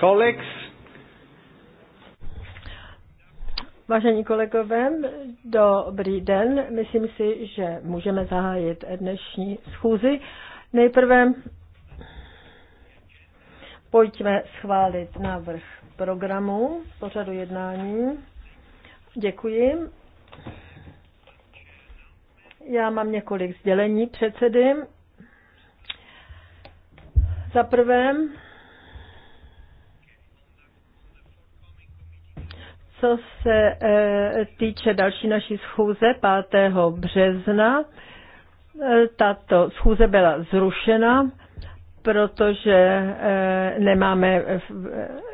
Colleagues. Vážení kolegové, dobrý den. Myslím si, že můžeme zahájit dnešní schůzi. Nejprve pojďme schválit návrh programu pořadu jednání. Děkuji. Já mám několik sdělení předsedy. Za prvé, co se e, týče další naší schůze 5. března, e, tato schůze byla zrušena, protože e, nemáme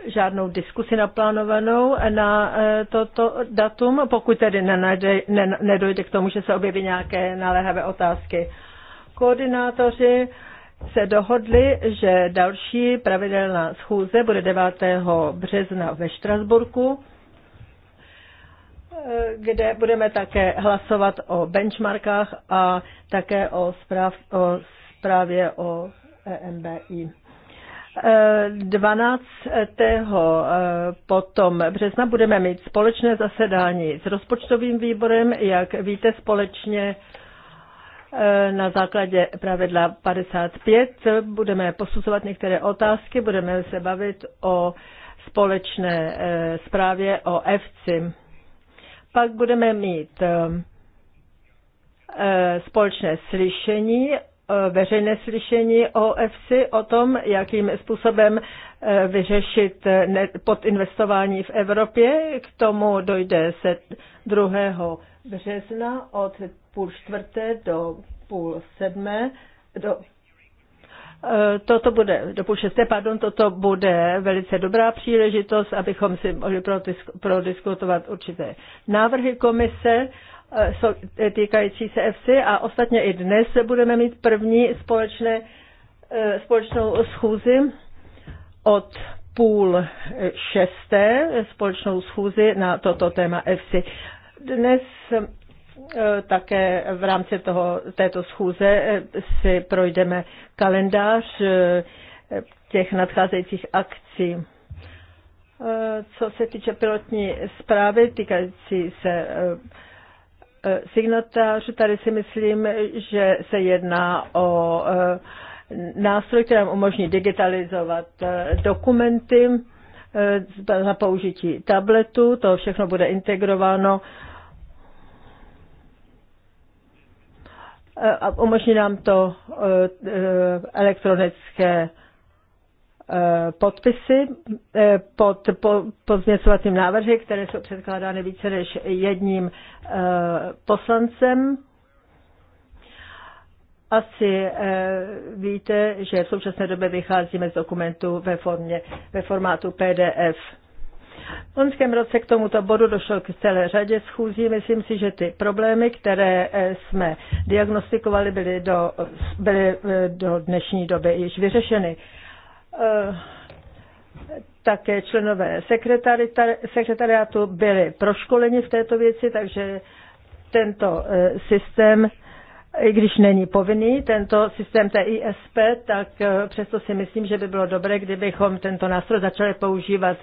žádnou diskusi naplánovanou na toto datum, pokud tedy nedojde k tomu, že se objeví nějaké naléhavé otázky. Koordinátoři se dohodli, že další pravidelná schůze bude 9. března ve Štrasburku, kde budeme také hlasovat o benchmarkách a také o, zpráv, o zprávě o EMBI. 12. Eh, potom března budeme mít společné zasedání s rozpočtovým výborem, jak víte, společně Eh, na základě pravidla 55 budeme posuzovat některé otázky, budeme se bavit o společné eh, zprávě o EFCI. Pak budeme mít eh, společné slyšení, veřejné slyšení o FC o tom, jakým způsobem vyřešit podinvestování v Evropě. K tomu dojde se 2. března od půl čtvrté do půl sedmé. Do, e, Toto bude, do půl šesté, pardon, toto bude velice dobrá příležitost, abychom si mohli prodiskutovat určité návrhy komise e, e, týkající se FC a ostatně i dnes budeme mít první společné, společnou schůzi od půl šesté společnou schůzi na toto téma FC. Dnes eh, také v rámci toho, této schůze eh, si projdeme kalendář eh, těch nadcházejících akcí. Co se týče pilotní zprávy týkající se signatářů, tady si myslím, že se jedná o nástroj, který nám umožní digitalizovat dokumenty za použití tabletu. To všechno bude integrováno Eh, a umožní nám to eh, elektronické eh, podpisy pod pozměcovacím návrhy, které jsou předkládány více než jedním poslancem. Asi víte, že v současné době vycházíme z dokumentu ve, formě, ve formátu PDF. V loňském roce k tomuto bodu došlo k celé řadě schůzí. Myslím si, že ty problémy, které eh, jsme diagnostikovali, byly do, byly eh, do dnešní doby již vyřešeny. Eh, také členové sekretariátu byli proškoleni v této věci, takže tento systém i když není povinný tento systém TISP, tak eh, přesto si myslím, že by bylo dobré, kdybychom tento nástroj začali používat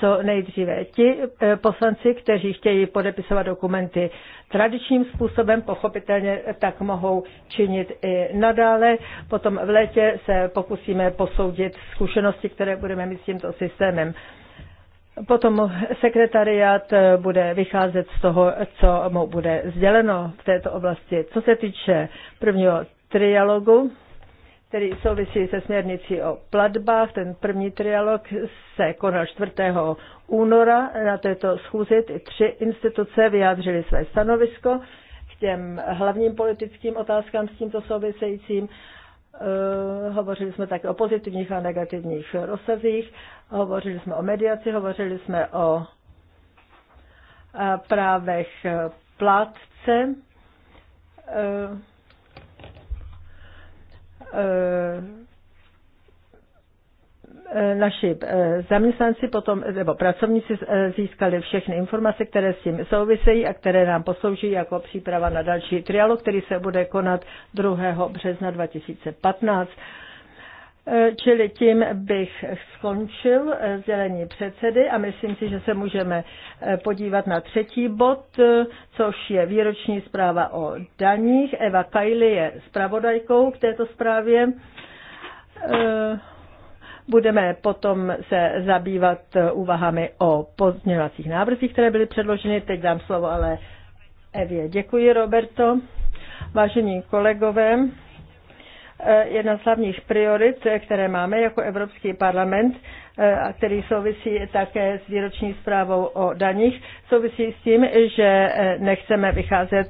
co nejdříve. Ti eh, poslanci, kteří chtějí podepisovat dokumenty tradičním způsobem, pochopitelně tak mohou činit i nadále. Potom v létě se pokusíme posoudit zkušenosti, které budeme mít s tímto systémem. Potom sekretariát eh, bude vycházet z toho, co mu bude sděleno v této oblasti. Co se týče prvního trialogu, který souvisí se směrnicí o platbách. Ten první trialog se konal 4. února na této schůzi. Ty tři instituce vyjádřily své stanovisko k těm hlavním politickým otázkám s tímto souvisejícím Eh, hovořili jsme také o pozitivních a negativních rozsazích, hovořili jsme o mediaci, hovořili jsme o eh, právech eh, plátce. Uh, uh, E, naši e, zaměstnanci potom, nebo pracovníci e, získali všechny informace, které s tím souvisejí a které nám poslouží jako příprava na další trialog, který se bude konat 2. března 2015. Čili tím bych skončil sdělení předsedy a myslím si, že se můžeme podívat na třetí bod, což je výroční zpráva o daních. Eva Kajli je zpravodajkou k této zprávě. Budeme potom se zabývat úvahami o pozměňovacích návrzích, které byly předloženy. Teď dám slovo ale Evě. Děkuji, Roberto. Vážení kolegové, eh, jedna z hlavních priorit, které máme jako Evropský parlament, eh, a který souvisí také s výroční zprávou o daních, souvisí s tím, že eh, nechceme vycházet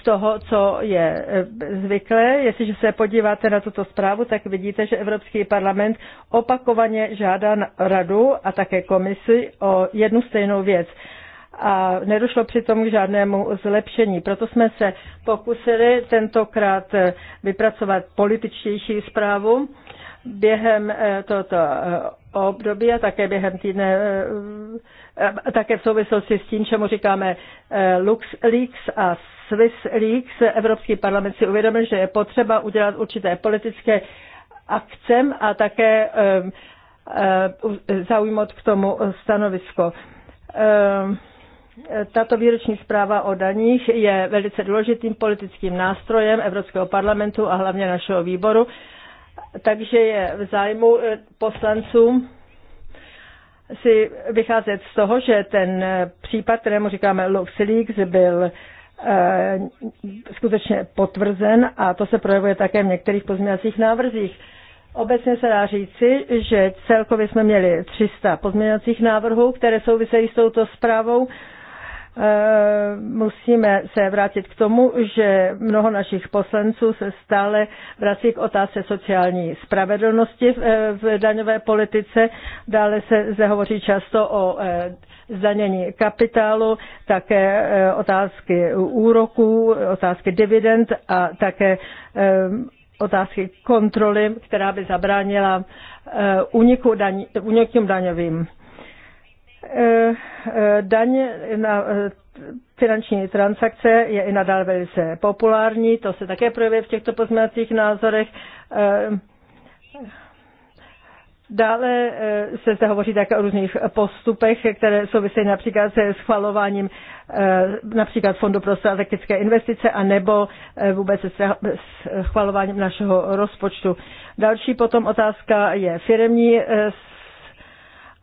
z toho, co je eh, zvyklé. Jestliže se podíváte na tuto zprávu, tak vidíte, že Evropský parlament opakovaně žádá radu a také komisi o jednu stejnou věc a nedošlo přitom k žádnému zlepšení. Proto jsme se pokusili tentokrát eh, vypracovat političtější zprávu během eh, tohoto období a také během týdne, také v souvislosti s tím, čemu říkáme LuxLeaks a Swiss Leaks Evropský parlament si uvědomil, že je potřeba udělat určité politické akcem a také um, uh, zaujmout k tomu stanovisko. Um, tato výroční zpráva o daních je velice důležitým politickým nástrojem Evropského parlamentu a hlavně našeho výboru, takže je v zájmu eh, poslancům si vycházet z toho, že ten eh, případ, kterému říkáme LuxLeaks, byl Eh, skutečně potvrzen a to se projevuje také v některých pozměňovacích návrzích. Obecně se dá říci, že celkově jsme měli 300 pozměňovacích návrhů, které souvisejí s touto zprávou. Eh, musíme se vrátit k tomu, že mnoho našich poslanců se stále vrací k otázce sociální spravedlnosti v eh, daňové politice. Dále se zde hovoří často o eh, zdanění kapitálu, také otázky úroků, otázky dividend a také otázky kontroly, která by zabránila uniku daň, daňovým. Eh, eh, daň na eh, finanční transakce je i nadále velice populární, to se také projevuje v těchto pozměňovacích názorech. Dále se zde hovoří také o různých postupech, které souvisejí například se schvalováním například Fondu pro strategické investice a nebo vůbec se schvalováním našeho rozpočtu. Další potom otázka je firmní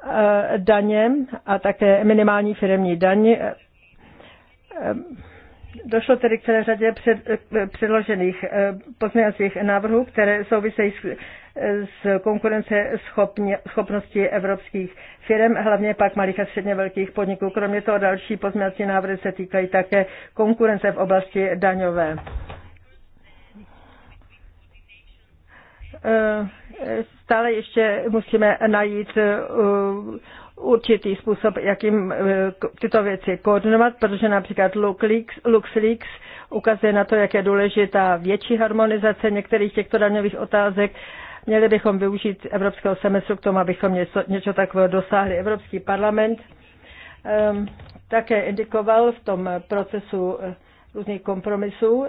Eh, daně a také minimální firmní daň. Eh, eh, došlo tedy k celé řadě před, předložených pozměňovacích návrhů, které souvisejí s, s schopnosti evropských firm, hlavně pak malých a středně velkých podniků. Kromě toho další pozměňovací návrhy se týkají také konkurence v oblasti daňové. Eh, stále ještě musíme najít eh, určitý způsob, jakým eh, tyto věci koordinovat, protože například LuxLeaks ukazuje na to, jak je důležitá větší harmonizace některých těchto daňových otázek. Měli bychom využít evropského semestru k tomu, abychom něco, něco takového dosáhli. Evropský parlament ehm, také indikoval v tom procesu různých kompromisů,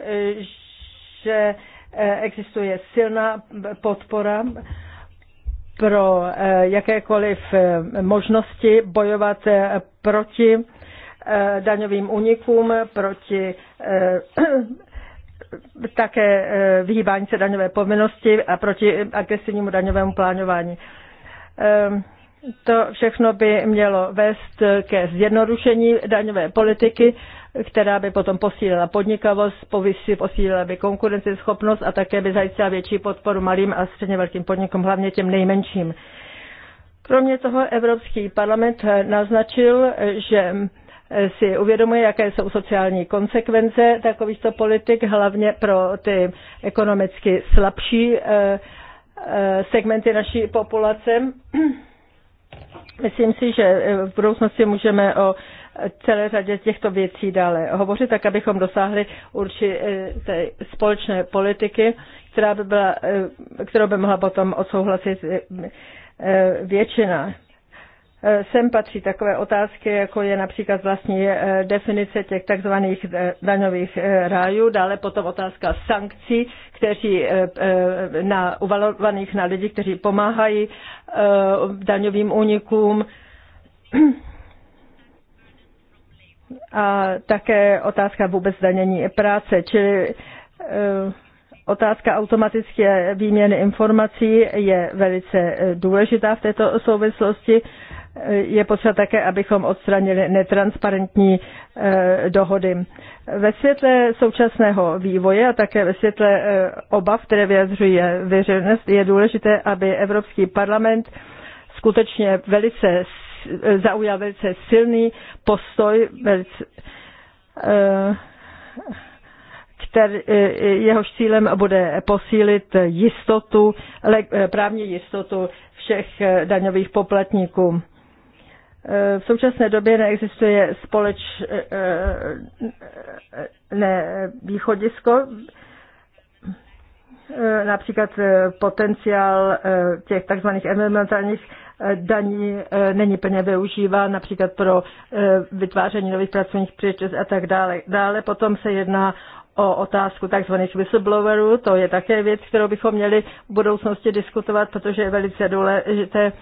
že Eh, existuje silná podpora pro eh, jakékoliv eh, možnosti bojovat proti daňovým únikům, proti také vyhýbání se daňové povinnosti a proti agresivnímu daňovému plánování. Ehm, to všechno by mělo vést ke zjednodušení daňové politiky, která by potom posílila podnikavost, posílila by konkurenceschopnost a také by zajistila větší podporu malým a středně velkým podnikům, hlavně těm nejmenším. Kromě toho Evropský parlament naznačil, že si uvědomuje, jaké jsou sociální konsekvence takovýchto politik, hlavně pro ty ekonomicky slabší eh, eh, segmenty naší populace. Myslím si, že eh, v budoucnosti můžeme o eh, celé řadě těchto věcí dále hovořit, tak abychom dosáhli určité eh, společné politiky, která by byla, kterou by mohla potom odsouhlasit většina. E, sem patří takové otázky, jako je například vlastní e, definice těch takzvaných e, daňových rájů, dále potom otázka sankcí, kteří na, uvalovaných na lidi, kteří pomáhají daňovým únikům. A také otázka vůbec danění práce, čili Otázka automatické výměny informací je velice důležitá v této souvislosti je potřeba také, abychom odstranili netransparentní eh, dohody. Ve světle současného vývoje a také ve světle eh, obav, které vyjadřují veřejnost, je důležité, aby Evropský parlament skutečně velice eh, zaujal velice silný postoj, velice, který, jehož cílem bude posílit jistotu, právní jistotu všech daňových poplatníků. V současné době neexistuje společné eh, eh, východisko, eh, například potenciál těch tzv. environmentálních daní není plně využíván, například pro vytváření nových pracovních příležitost a tak dále. Dále potom se jedná o otázku tzv. whistleblowerů, to je také věc, kterou bychom měli v budoucnosti diskutovat, protože je velice důležité,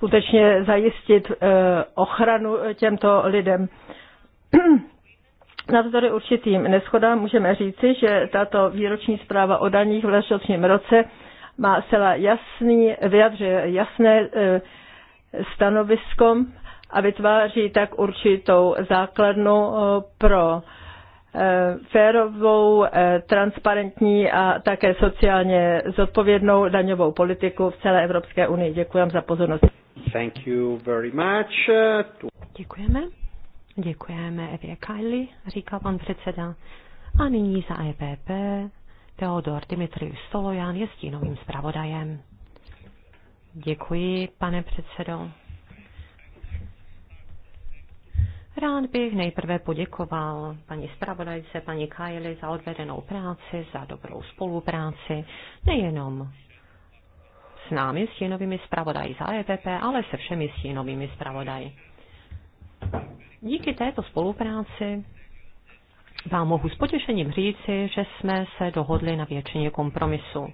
skutečně zajistit eh, ochranu eh, těmto lidem. Navzdory určitým neschodám můžeme říci, že tato výroční zpráva o daních v letošním roce má celá jasný, vyjadře, jasné eh, stanovisko a vytváří tak určitou základnu pro férovou, transparentní a také sociálně zodpovědnou daňovou politiku v celé Evropské unii. Děkuji vám za pozornost. Thank you very much. Děkujeme. Děkujeme Evě Kylie, říká pan předseda. A nyní za EPP Teodor Dimitrius Stolojan je stínovým zpravodajem. Děkuji, pane předsedo. Rád bych nejprve poděkoval paní zpravodajce, paní Kajli za odvedenou práci, za dobrou spolupráci, nejenom s námi, s stínovými zpravodaji za EPP, ale se všemi stínovými zpravodaji. Díky této spolupráci vám mohu s potěšením říci, že jsme se dohodli na většině kompromisu.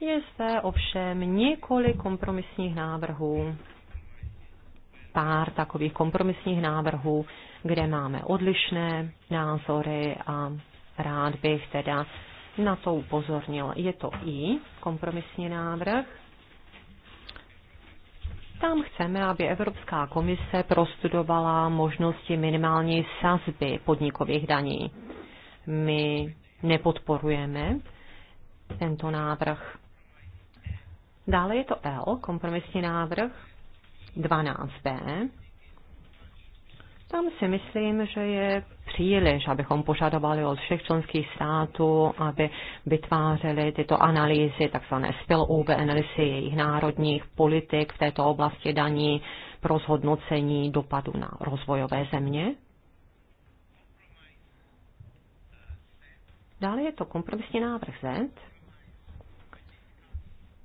Je zde ovšem několik kompromisních návrhů, pár takových kompromisních návrhů, kde máme odlišné názory a rád bych teda na to upozornil. Je to i kompromisní návrh. Tam chceme, aby Evropská komise prostudovala možnosti minimální sazby podnikových daní. My nepodporujeme tento návrh. Dále je to L, kompromisní návrh 12b. Tam si myslím, že je příliš, abychom požadovali od všech členských států, aby vytvářely tyto analýzy, takzvané spillover analýzy jejich národních politik v této oblasti daní pro zhodnocení dopadu na rozvojové země? Dále je to kompromisní návrh Z.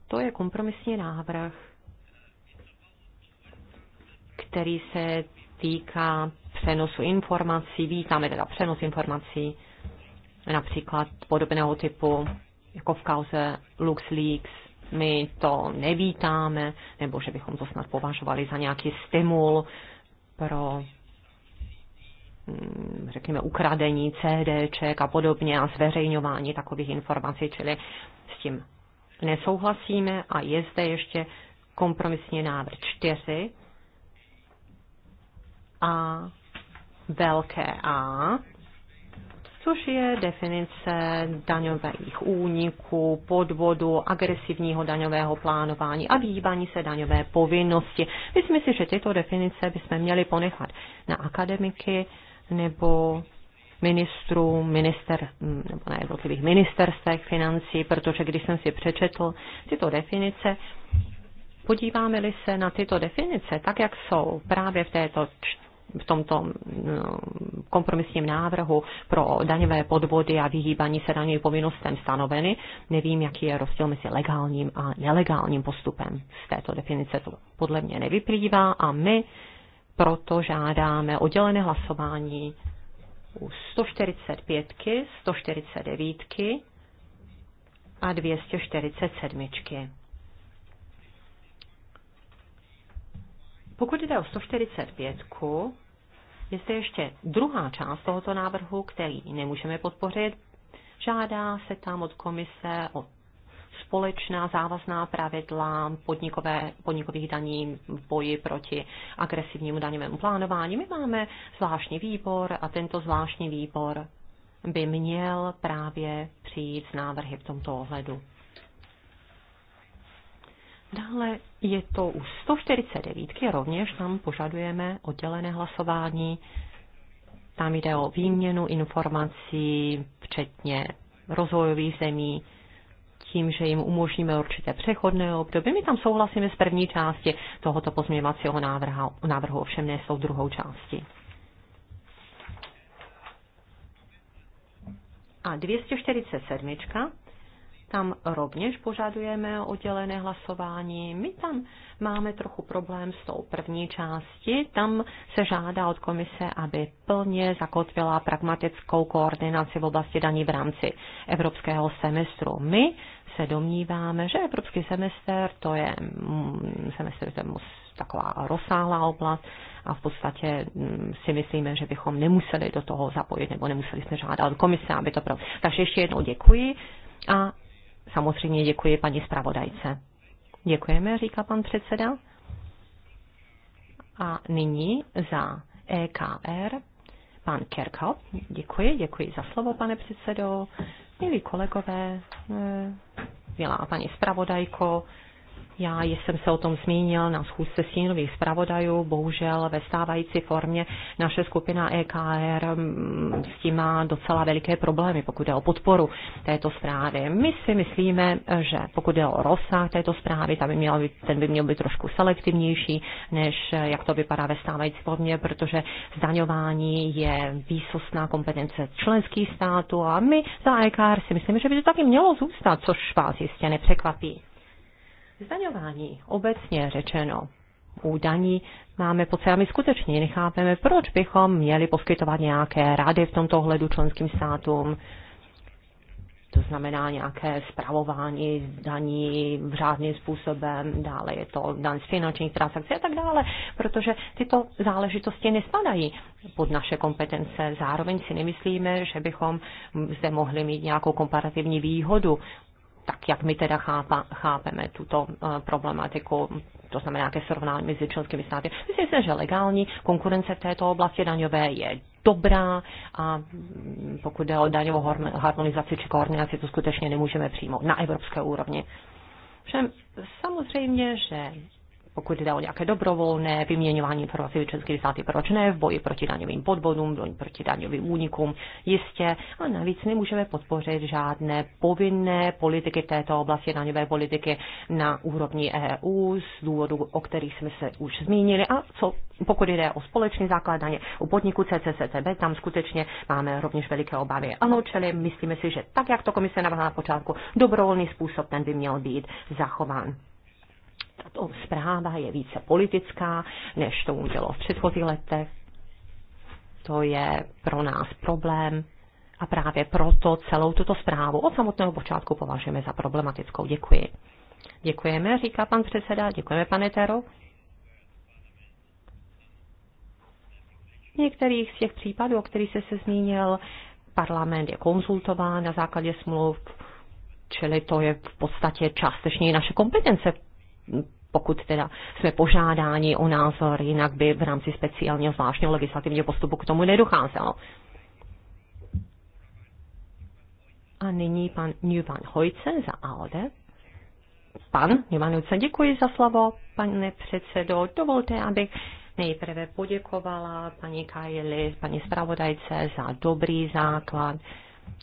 To je kompromisní návrh, který se týká přenosu informací. Vítáme teda přenos informací například podobného typu jako v kauze LuxLeaks. My to nevítáme, nebo že bychom to snad považovali za nějaký stimul pro mm, řekněme, ukradení CDček a podobně a zveřejňování takových informací, čili s tím nesouhlasíme a je zde ještě kompromisní návrh 4 a velké A, což je definice daňových úniků, podvodu, agresivního daňového plánování a výbání se daňové povinnosti. Myslím si, že tyto definice bychom měli ponechat na akademiky nebo ministru, minister, mm, nebo na jednotlivých ministerstvech financí, protože když jsem si přečetl tyto definice, podíváme-li se na tyto definice, tak jak jsou právě v této v tomto mm, kompromisním návrhu pro daňové podvody a vyhýbání se daňovým povinnostem stanoveny. Nevím, jaký je rozdíl mezi legálním a nelegálním postupem. Z této definice to podle mě nevyplývá a my proto žádáme oddělené hlasování u 145, 149 a 247. Pokud jde o 145, je zde ještě druhá část tohoto návrhu, který nemůžeme podpořit. Žádá se tam od komise o společná závazná pravidla podnikové, podnikových daní v boji proti agresivnímu daňovému plánování. My máme zvláštní výbor a tento zvláštní výbor by měl právě přijít s návrhy v tomto ohledu. Dále je to u 149, rovněž tam požadujeme oddělené hlasování. Tam jde o výměnu informací, včetně rozvojových zemí, tím, že jim umožníme určité přechodné období. My tam souhlasíme s první části tohoto pozměňovacího návrhu, návrhu ovšem ne s tou druhou části. A 247 tam rovněž požadujeme oddělené hlasování. My tam máme trochu problém s tou první části. Tam se žádá od komise, aby plně zakotvila pragmatickou koordinaci v oblasti daní v rámci evropského semestru. My se domníváme, že evropský semestr to je mm, semestr, to je taková rozsáhlá oblast a v podstatě mm, si myslíme, že bychom nemuseli do toho zapojit nebo nemuseli jsme žádat komise, aby to pro... Takže ještě jednou děkuji a Samozřejmě děkuji paní zpravodajce. Děkujeme, říká pan předseda. A nyní za EKR pan Kerkhoff. Děkuji, děkuji za slovo, pane předsedo. Milí kolegové, eh, milá paní zpravodajko, já jsem se o tom zmínil na schůzce stínových zpravodajů, bohužel ve stávající formě naše skupina EKR mm, s tím má docela veliké problémy, pokud jde o podporu této zprávy. My si myslíme, že pokud jde o rozsah této zprávy, ta by měla být, ten by měl být trošku selektivnější, než eh, jak to vypadá ve stávající formě, protože zdaňování je výsostná kompetence členských států a my za EKR si myslíme, že by to taky mělo zůstat, což vás jistě nepřekvapí. Zdaňování obecně řečeno u daní máme pocit, my skutečně nechápeme, proč bychom měli poskytovat nějaké rady v tomto ohledu členským státům, to znamená nějaké zpravování daní řádným způsobem, dále je to dan z finančních transakcí a tak dále, protože tyto záležitosti nespadají pod naše kompetence. Zároveň si nemyslíme, že bychom zde mohli mít nějakou komparativní výhodu tak jak my teda chápa, chápeme tuto eh, problematiku, to znamená nějaké srovnání mezi členskými státy. Myslím si, že legální konkurence v této oblasti daňové je dobrá a mm, pokud jde o daňovou harmonizaci či koordinaci, to skutečně nemůžeme přijmout na evropské úrovni. Všem samozřejmě, že pokud jde o nějaké dobrovolné vyměňování informací České státy, proč ne, v boji proti daňovým podvodům, boji proti daňovým únikům, jistě. A navíc nemůžeme podpořit žádné povinné politiky této oblasti daňové politiky na úrovni EU z důvodu, o kterých jsme se už zmínili. A co pokud jde o společný základ daně u podniku CCCCB, tam skutečně máme rovněž veliké obavy. Ano, čili myslíme si, že tak, jak to komise navrhla na počátku, dobrovolný způsob ten by měl být zachován tato zpráva je více politická, než to bylo v předchozích letech. To je pro nás problém a právě proto celou tuto zprávu od samotného počátku považujeme za problematickou. Děkuji. Děkujeme, říká pan předseda. Děkujeme, pane Tero. některých z těch případů, o kterých se se zmínil, parlament je konzultován na základě smluv, čili to je v podstatě částečně i naše kompetence pokud teda jsme požádáni o názor, jinak by v rámci speciálního zvláštního legislativního postupu k tomu nedocházelo. A nyní pan Newman Hojce za ALDE. Pan Newman Hojce, děkuji za slovo, pane předsedo. Dovolte, abych nejprve poděkovala paní Kajli, paní zpravodajce za dobrý základ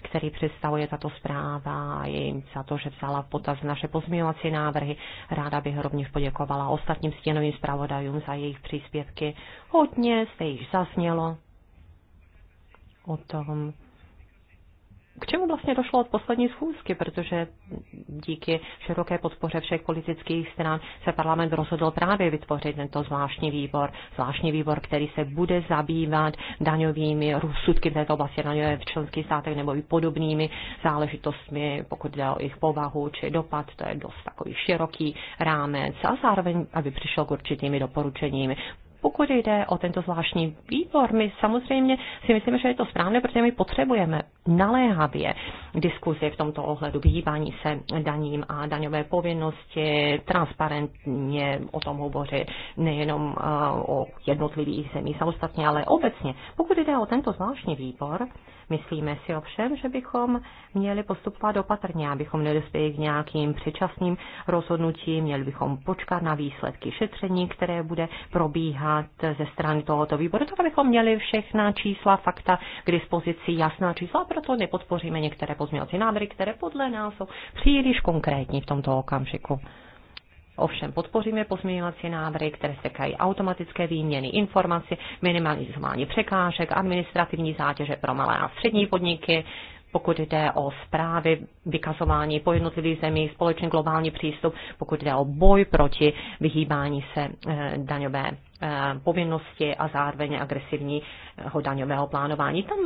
který představuje tato zpráva a jim za to, že vzala v potaz naše pozměňovací návrhy. Ráda bych rovněž poděkovala ostatním stěnovým zpravodajům za jejich příspěvky. Hodně jste již zasnělo o tom, k čemu vlastně došlo od poslední schůzky, protože díky široké podpoře všech politických stran se parlament rozhodl právě vytvořit tento zvláštní výbor, zvláštní výbor, který se bude zabývat daňovými rozsudky v této oblasti daňové v členských státech nebo i podobnými záležitostmi, pokud jde o jejich povahu či dopad, to je dost takový široký rámec a zároveň, aby přišel k určitými doporučeními pokud jde o tento zvláštní výbor, my samozřejmě si myslíme, že je to správné, protože my potřebujeme naléhavě diskuzi v tomto ohledu, vyhýbání se daním a daňové povinnosti, transparentně o tom hovořit, nejenom eh, o jednotlivých zemí samostatně, ale obecně. Pokud jde o tento zvláštní výbor, Myslíme si ovšem, že bychom měli postupovat opatrně, abychom nedospěli k nějakým předčasným rozhodnutím, měli bychom počkat na výsledky šetření, které bude probíhat mandát ze strany tohoto výboru, tak abychom měli všechna čísla, fakta k dispozici, jasná čísla, proto nepodpoříme některé pozměňovací návrhy, které podle nás jsou příliš konkrétní v tomto okamžiku. Ovšem podpoříme pozměňovací návrhy, které se kají automatické výměny informací, minimalizování překážek, administrativní zátěže pro malé a střední podniky, pokud jde o zprávy, vykazování po jednotlivých zemích, společný globální přístup, pokud jde o boj proti vyhýbání se eh, daňové Eh, povinnosti a zároveň agresivního daňového plánování. Tam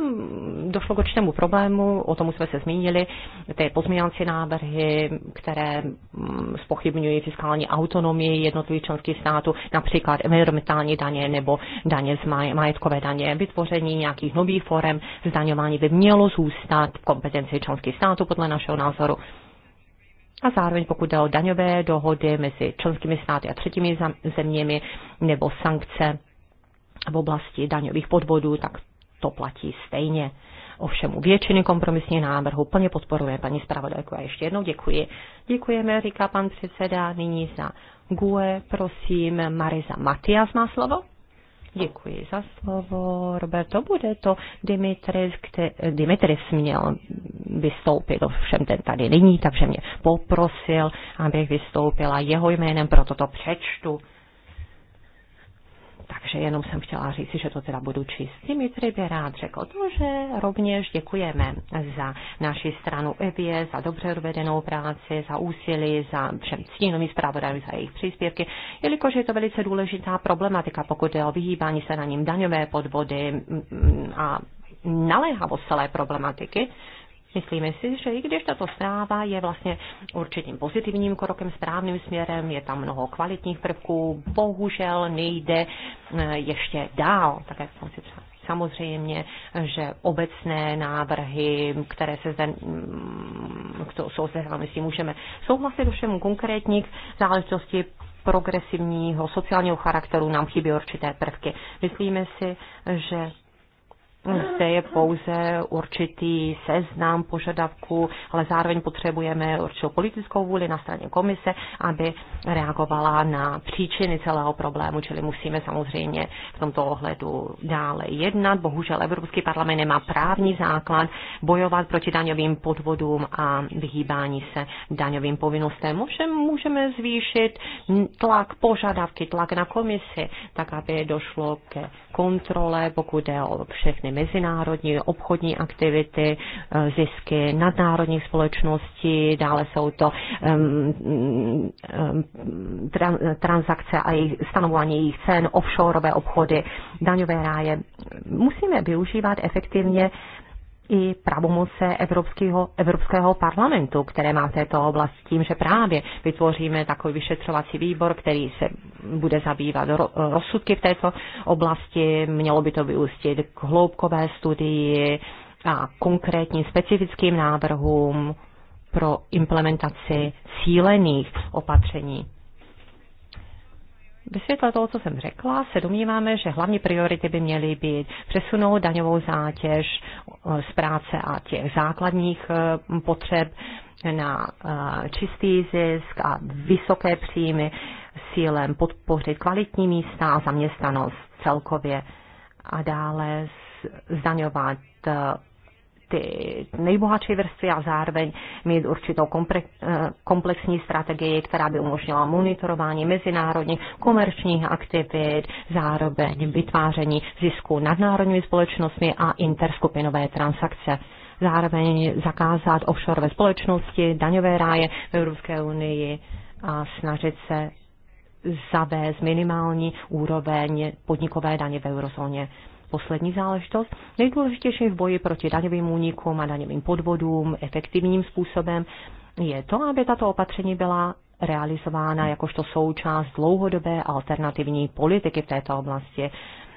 došlo k určitému problému, o tom jsme se zmínili, ty pozměňovací návrhy, které mm, spochybňují fiskální autonomii jednotlivých členských států, například environmentální daně nebo daně z majetkové daně, vytvoření nějakých nových forem zdaňování by mělo zůstat v kompetenci členských států podle našeho názoru a zároveň pokud jde o daňové dohody mezi členskými státy a třetími zeměmi nebo sankce v oblasti daňových podvodů, tak to platí stejně. Ovšem u většiny kompromisních návrhů plně podporuje paní zpravodajku a ještě jednou děkuji. Děkujeme, říká pan předseda, nyní za GUE, prosím, Marisa Matias má slovo. Děkuji za slovo, Roberto. Bude to Dimitris, který, Dimitris měl vystoupit, ovšem ten tady není, takže mě poprosil, abych vystoupila jeho jménem, proto to přečtu. Takže jenom jsem chtěla říct, že to teda budu čistý. Mitry by rád řekl to, že rovněž děkujeme za naši stranu EBIE, za dobře odvedenou práci, za úsilí, za všem stínovým zpravodajům, za jejich příspěvky, jelikož je to velice důležitá problematika, pokud je o vyhýbání se na ním daňové podvody mm, mm, a naléhavost celé problematiky. Myslíme si, že i když tato zpráva je vlastně určitým pozitivním krokem správným směrem, je tam mnoho kvalitních prvků, bohužel nejde eh, ještě dál, tak jak jsem si třeba. Samozřejmě, že obecné návrhy, které se zde, mm, jsou zde, my si můžeme souhlasit, ovšem konkrétních záležitosti progresivního sociálního charakteru nám chybí určité prvky. Myslíme si, že zde prostě je pouze určitý seznam požadavků, ale zároveň potřebujeme určitou politickou vůli na straně komise, aby reagovala na příčiny celého problému, čili musíme samozřejmě v tomto ohledu dále jednat. Bohužel Evropský parlament nemá právní základ bojovat proti daňovým podvodům a vyhýbání se daňovým povinnostem. Ovšem můžeme zvýšit tlak, požadavky, tlak na komisi, tak aby došlo ke kontrole, pokud jde o všechny všechny mezinárodní obchodní aktivity, eh, zisky nadnárodních společností, dále jsou to um, um, transakce a jejich, stanovování jejich cen, offshoreové obchody, daňové ráje. Musíme využívat efektivně i pravomoce Evropského, Evropského parlamentu, které má v této oblasti tím, že právě vytvoříme takový vyšetřovací výbor, který se bude zabývat rozsudky v této oblasti. Mělo by to vyústit k hloubkové studii a konkrétním specifickým návrhům pro implementaci cílených opatření. Ve světle toho, co jsem řekla, se domníváme, že hlavní priority by měly být přesunout daňovou zátěž eh, z práce a těch základních eh, potřeb na eh, čistý zisk a vysoké příjmy sílem podpořit kvalitní místa a zaměstnanost celkově a dále zdaňovat ty nejbohatší vrstvy a zároveň mít určitou eh, komplexní strategii, která by umožnila monitorování mezinárodních komerčních aktivit, zároveň vytváření zisku nadnárodními společnostmi a interskupinové transakce zároveň zakázat offshore ve společnosti, daňové ráje v Evropské unii a snažit se zavést minimální úroveň podnikové daně v eurozóně poslední záležitost, nejdůležitější v boji proti daňovým únikům a daňovým podvodům efektivním způsobem je to, aby tato opatření byla realizována jakožto součást dlouhodobé alternativní politiky v této oblasti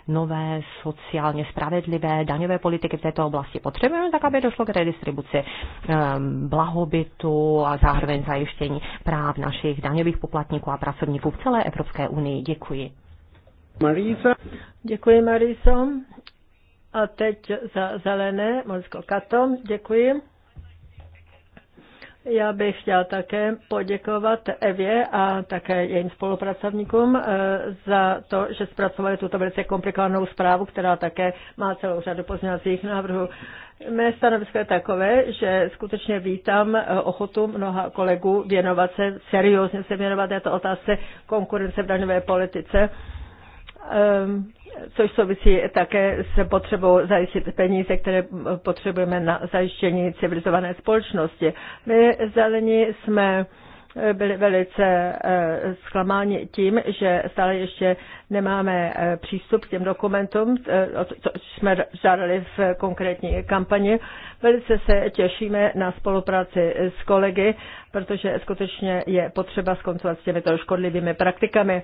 nové sociálně spravedlivé daňové politiky v této oblasti potřebujeme, tak aby došlo k redistribuci um, blahobytu a zároveň zajištění práv našich daňových poplatníků a pracovníků v celé Evropské unii. Děkuji. Marisa. Děkuji, Mariso. A teď za zelené, Morsko Kato, děkuji. Já bych chtěl také poděkovat Evě a také jejím spolupracovníkům eh, za to, že zpracovali tuto velice komplikovanou zprávu, která také má celou řadu pozměňovacích návrhů. Mé stanovisko je takové, že skutečně vítám eh, ochotu mnoha kolegů věnovat se, seriózně se věnovat této otázce konkurence v daňové politice Ehm, což souvisí také s potřebou zajistit peníze, které potřebujeme na zajištění civilizované společnosti. My zelení jsme eh, byli velice eh, zklamáni tím, že stále ještě nemáme eh, přístup k těm dokumentům, co jsme žádali v konkrétní kampani. Velice se těšíme na spolupráci s kolegy, protože skutečně je potřeba skoncovat s těmito škodlivými praktikami.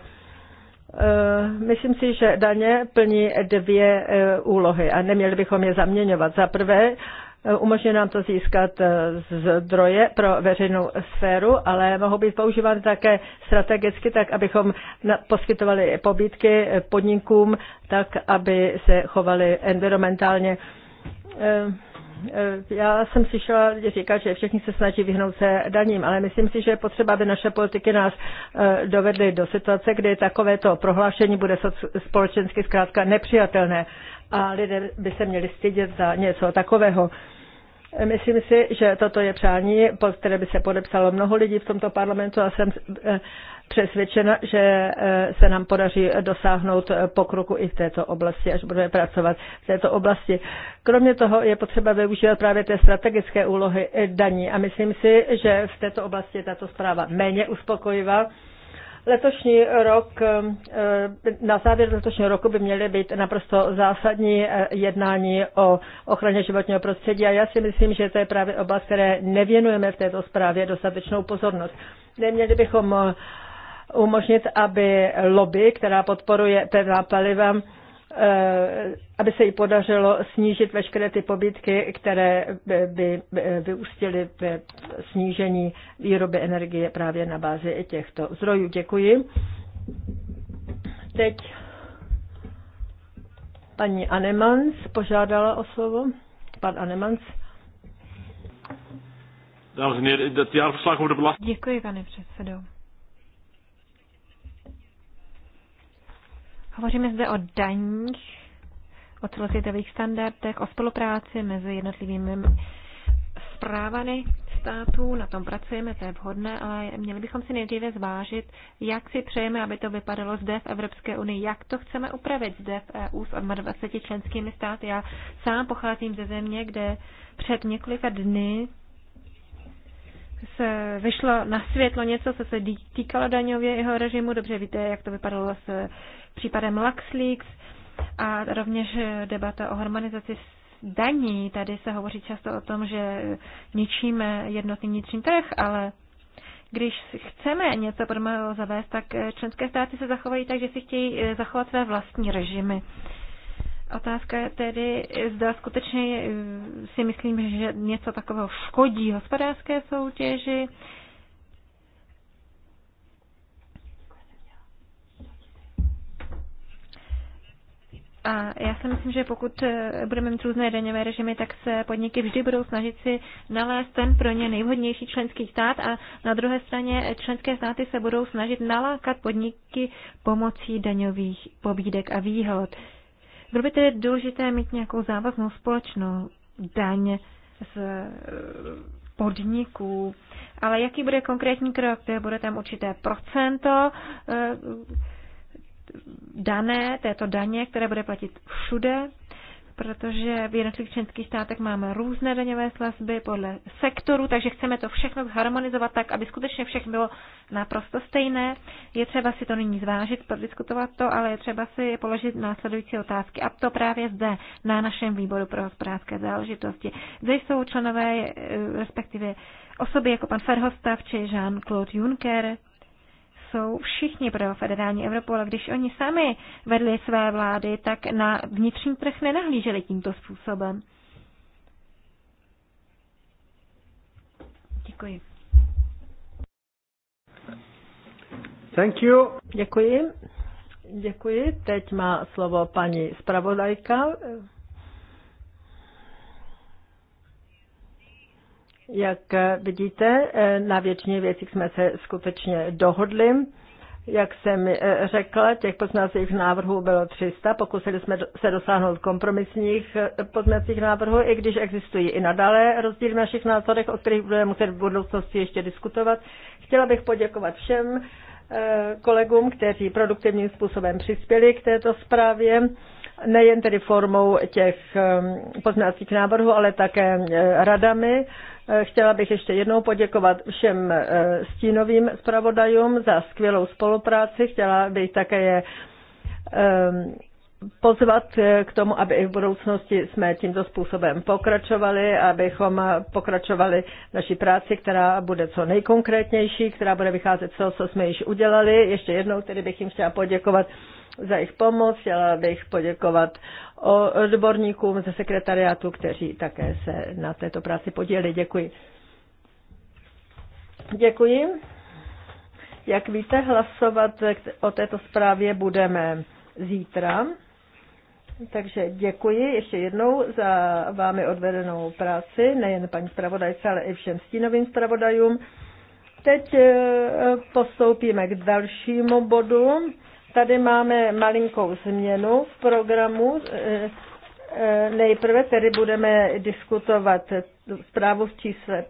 Eh, myslím si, že daně plní dvě eh, úlohy a neměli bychom je zaměňovat. Za prvé, eh, umožňuje nám to získat zdroje pro veřejnou sféru, ale mohou být používány také strategicky, tak abychom poskytovali pobídky podnikům, tak aby se chovali environmentálně Eh, já jsem slyšela říkat, že všichni se snaží vyhnout se daním, ale myslím si, že je potřeba, aby naše politiky nás eh, dovedly do situace, kdy takovéto prohlášení bude společensky zkrátka nepřijatelné a lidé by se měli stydět za něco takového. Eh, myslím si, že toto je přání, pod které by se podepsalo mnoho lidí v tomto parlamentu a jsem přesvědčena, že eh, se nám podaří dosáhnout eh, pokroku i v této oblasti, až budeme pracovat v této oblasti. Kromě toho je potřeba využívat právě té strategické úlohy eh, daní a myslím si, že v této oblasti je tato zpráva méně uspokojivá. Letošní rok, na závěr letošního roku by měly být naprosto zásadní jednání o ochraně životního prostředí a já si myslím, že to je právě oblast, které nevěnujeme v této zprávě dostatečnou pozornost. Neměli bychom umožnit, aby lobby, která podporuje teda paliva, eh, aby se jí podařilo snížit veškeré ty pobytky, které by vyústily ve snížení výroby energie právě na bázi těchto zdrojů. Děkuji. Teď paní Anemans požádala o slovo. Pan Anemans. Děkuji, pane předsedo. Hovoříme zde o daních, o celosvětových standardech, o spolupráci mezi jednotlivými zprávami států, na tom pracujeme, to je vhodné, ale měli bychom si nejdříve zvážit, jak si přejeme, aby to vypadalo zde v Evropské unii, jak to chceme upravit zde v EU s 28 členskými státy. Já sám pocházím ze země, kde před několika dny se vyšlo na světlo něco, co se týkalo daňového režimu. Dobře víte, jak to vypadalo s případem LuxLeaks a rovněž debata o harmonizaci daní. Tady se hovoří často o tom, že ničíme jednotný vnitřní trh, ale když chceme něco podobného zavést, tak členské státy se zachovají tak, že si chtějí eh, zachovat své vlastní režimy. Otázka je tedy, zda skutečně eh, si myslím, že něco takového škodí hospodářské soutěži, A já si myslím, že pokud eh, budeme mít různé daňové režimy, tak se podniky vždy budou snažit si nalézt ten pro ně nejvhodnější členský stát a na druhé straně členské státy se budou snažit nalákat podniky pomocí daňových pobídek a výhod. Bylo by tedy důležité mít nějakou závaznou společnou daň z eh, podniků, ale jaký bude konkrétní krok? Bude tam určité procento eh, dané, této daně, které bude platit všude, protože v jednotlivých členských státech máme různé daňové slazby podle sektoru, takže chceme to všechno zharmonizovat tak, aby skutečně všechno bylo naprosto stejné. Je třeba si to nyní zvážit, prodiskutovat to, ale je třeba si položit následující otázky. A to právě zde, na našem výboru pro hospodářské záležitosti. Zde jsou členové, eh, respektive osoby jako pan Ferhostav či Jean-Claude Juncker, jsou všichni pro federální Evropu, ale když oni sami vedli své vlády, tak na vnitřní trh nenahlíželi tímto způsobem. Děkuji. Thank you. Děkuji. Děkuji. Teď má slovo paní zpravodajka. Jak vidíte, eh, na většině věcí jsme se skutečně dohodli. Jak jsem eh, řekla, těch poznacích návrhů bylo 300. Pokusili jsme se dosáhnout kompromisních eh, poznacích návrhů, i když existují i nadále rozdíly v našich názorech, o kterých budeme muset v budoucnosti ještě diskutovat. Chtěla bych poděkovat všem kolegům, kteří produktivním způsobem přispěli k této zprávě nejen tedy formou těch poznacích návrhů, ale také radami. Eh, chtěla bych ještě jednou poděkovat všem eh, stínovým zpravodajům za skvělou spolupráci. Chtěla bych také eh, pozvat eh, k tomu, aby i v budoucnosti jsme tímto způsobem pokračovali, abychom pokračovali v naší práci, která bude co nejkonkrétnější, která bude vycházet z toho, co jsme již udělali. Ještě jednou tedy bych jim chtěla poděkovat za jejich pomoc, chtěla bych poděkovat odborníkům ze sekretariátu, kteří také se na této práci podíleli. Děkuji. Děkuji. Jak víte, hlasovat o této zprávě budeme zítra. Takže děkuji ještě jednou za vámi odvedenou práci, nejen paní zpravodajce, ale i všem stínovým zpravodajům. Teď eh, postoupíme k dalšímu bodu. Tady máme malinkou změnu v programu. Eh, eh, nejprve tedy budeme diskutovat zprávu v čísle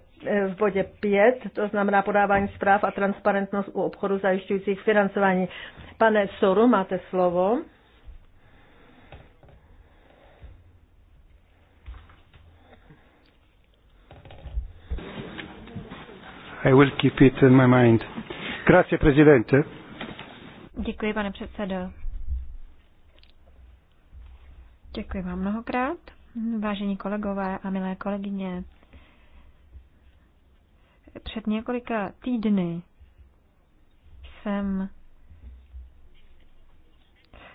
v bodě 5, to znamená podávání zpráv a transparentnost u obchodu zajišťujících financování. Pane Soru, máte slovo. I will keep it in my mind. Grazie, presidente. Děkuji, pane předsedo. Děkuji vám mnohokrát. Vážení kolegové a milé kolegyně, před několika týdny jsem